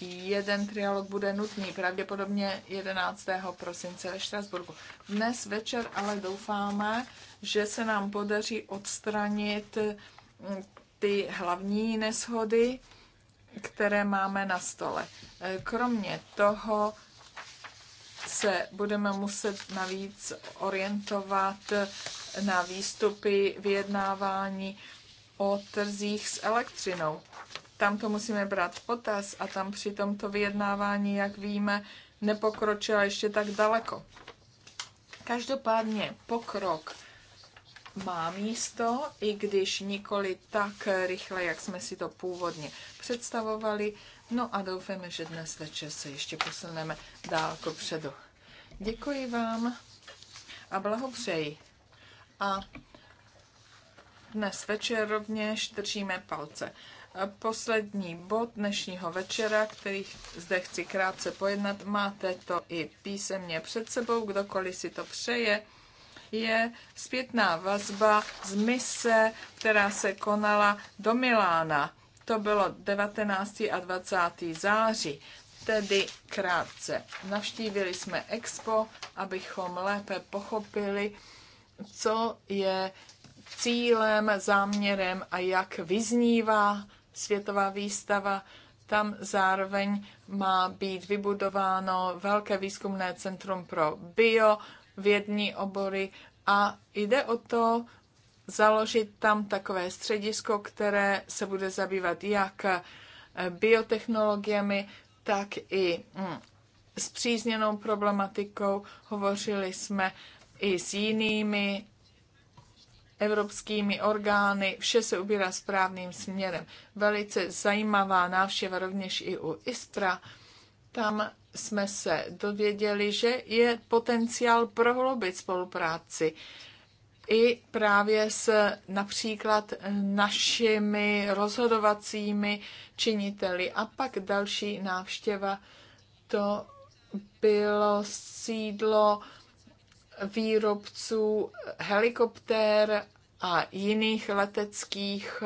Speaker 5: jeden trialog bude nutný, pravděpodobně 11. prosince ve Štrasburgu. Dnes večer ale doufáme, že se nám podaří odstranit mm, ty hlavní neshody, které máme na stole. E, kromě toho se budeme muset navíc orientovat na výstupy vyjednávání o trzích s elektřinou. Tam to musíme brát v potaz a tam při tomto vyjednávání, jak víme, nepokročila ještě tak daleko. Každopádně pokrok má místo, i když nikoli tak rychle, jak jsme si to původně představovali. No a doufáme, že dnes večer se ještě posuneme dál ku předu. Děkuji vám a blahopřeji. A dnes večer rovněž držíme palce. Poslední bod dnešního večera, který zde chci krátce pojednat, máte to i písemně před sebou, kdokoliv si to přeje, je zpětná vazba z mise, která se konala do Milána to bylo 19. a 20. září. Tedy krátce navštívili jsme Expo, abychom lépe pochopili, co je cílem, záměrem a jak vyznívá světová výstava. Tam zároveň má být vybudováno velké výzkumné centrum pro bio, vědní obory a jde o to založit tam takové středisko, které se bude zabývat jak eh, biotechnologiemi, tak i zpřízněnou mm, problematikou. Hovořili jsme i s jinými evropskými orgány, vše se ubírá správným směrem. Velice zajímavá návštěva rovněž i u ISTRA. Tam jsme se dověděli, že je potenciál prohloubit spolupráci i právě s například našimi rozhodovacími činiteli. A pak další návštěva, to bylo sídlo výrobců helikoptér a jiných leteckých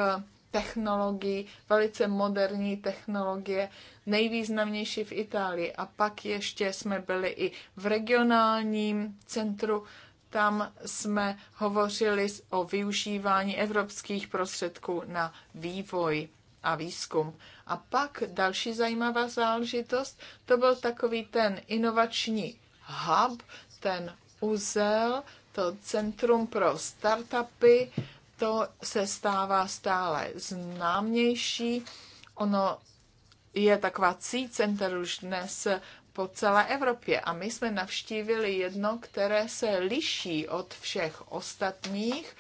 Speaker 5: technologií, velice moderní technologie, nejvýznamnější v Itálii. A pak ještě jsme byli i v regionálním centru tam jsme hovořili o využívání evropských prostředků na vývoj a výzkum. A pak další zajímavá záležitost, to byl takový ten inovační hub, ten uzel, to centrum pro startupy, to se stává stále známější. Ono je taková cíť center už dnes po celé Evropě. A my jsme navštívili jedno, které se liší od všech ostatních,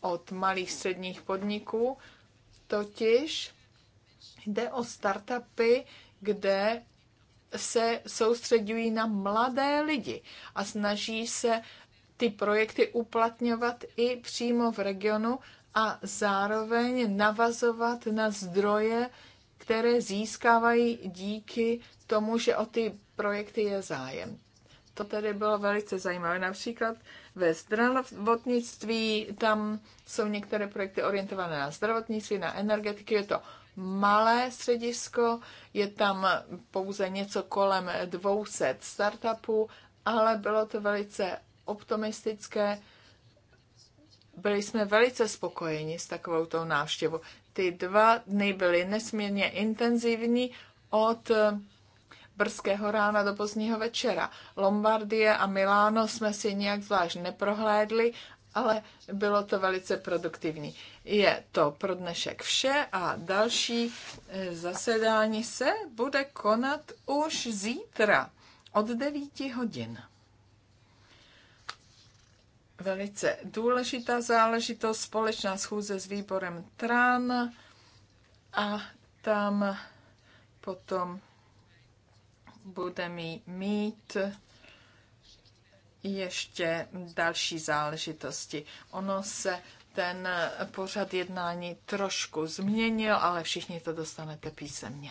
Speaker 5: od malých středních podniků, totiž jde o startupy, kde se soustředují na mladé lidi a snaží se ty projekty uplatňovat i přímo v regionu a zároveň navazovat na zdroje, které získávají díky tomu, že o ty projekty je zájem. To tedy bylo velice zajímavé. Například ve zdravotnictví, tam jsou některé projekty orientované na zdravotnictví, na energetiku, je to malé středisko, je tam pouze něco kolem 200 startupů, ale bylo to velice optimistické. Byli jsme velice spokojeni s takovou tou návštěvou. Ty dva dny byly nesmírně intenzivní od brzkého rána do pozdního večera. Lombardie a Miláno jsme si nějak zvlášť neprohlédli, ale bylo to velice produktivní. Je to pro dnešek vše a další eh, zasedání se bude konat už zítra od 9 hodin. Velice důležitá záležitost, společná schůze s výborem TRAN a tam potom budeme mít ještě další záležitosti. Ono se ten pořad jednání trošku změnil, ale všichni to dostanete písemně.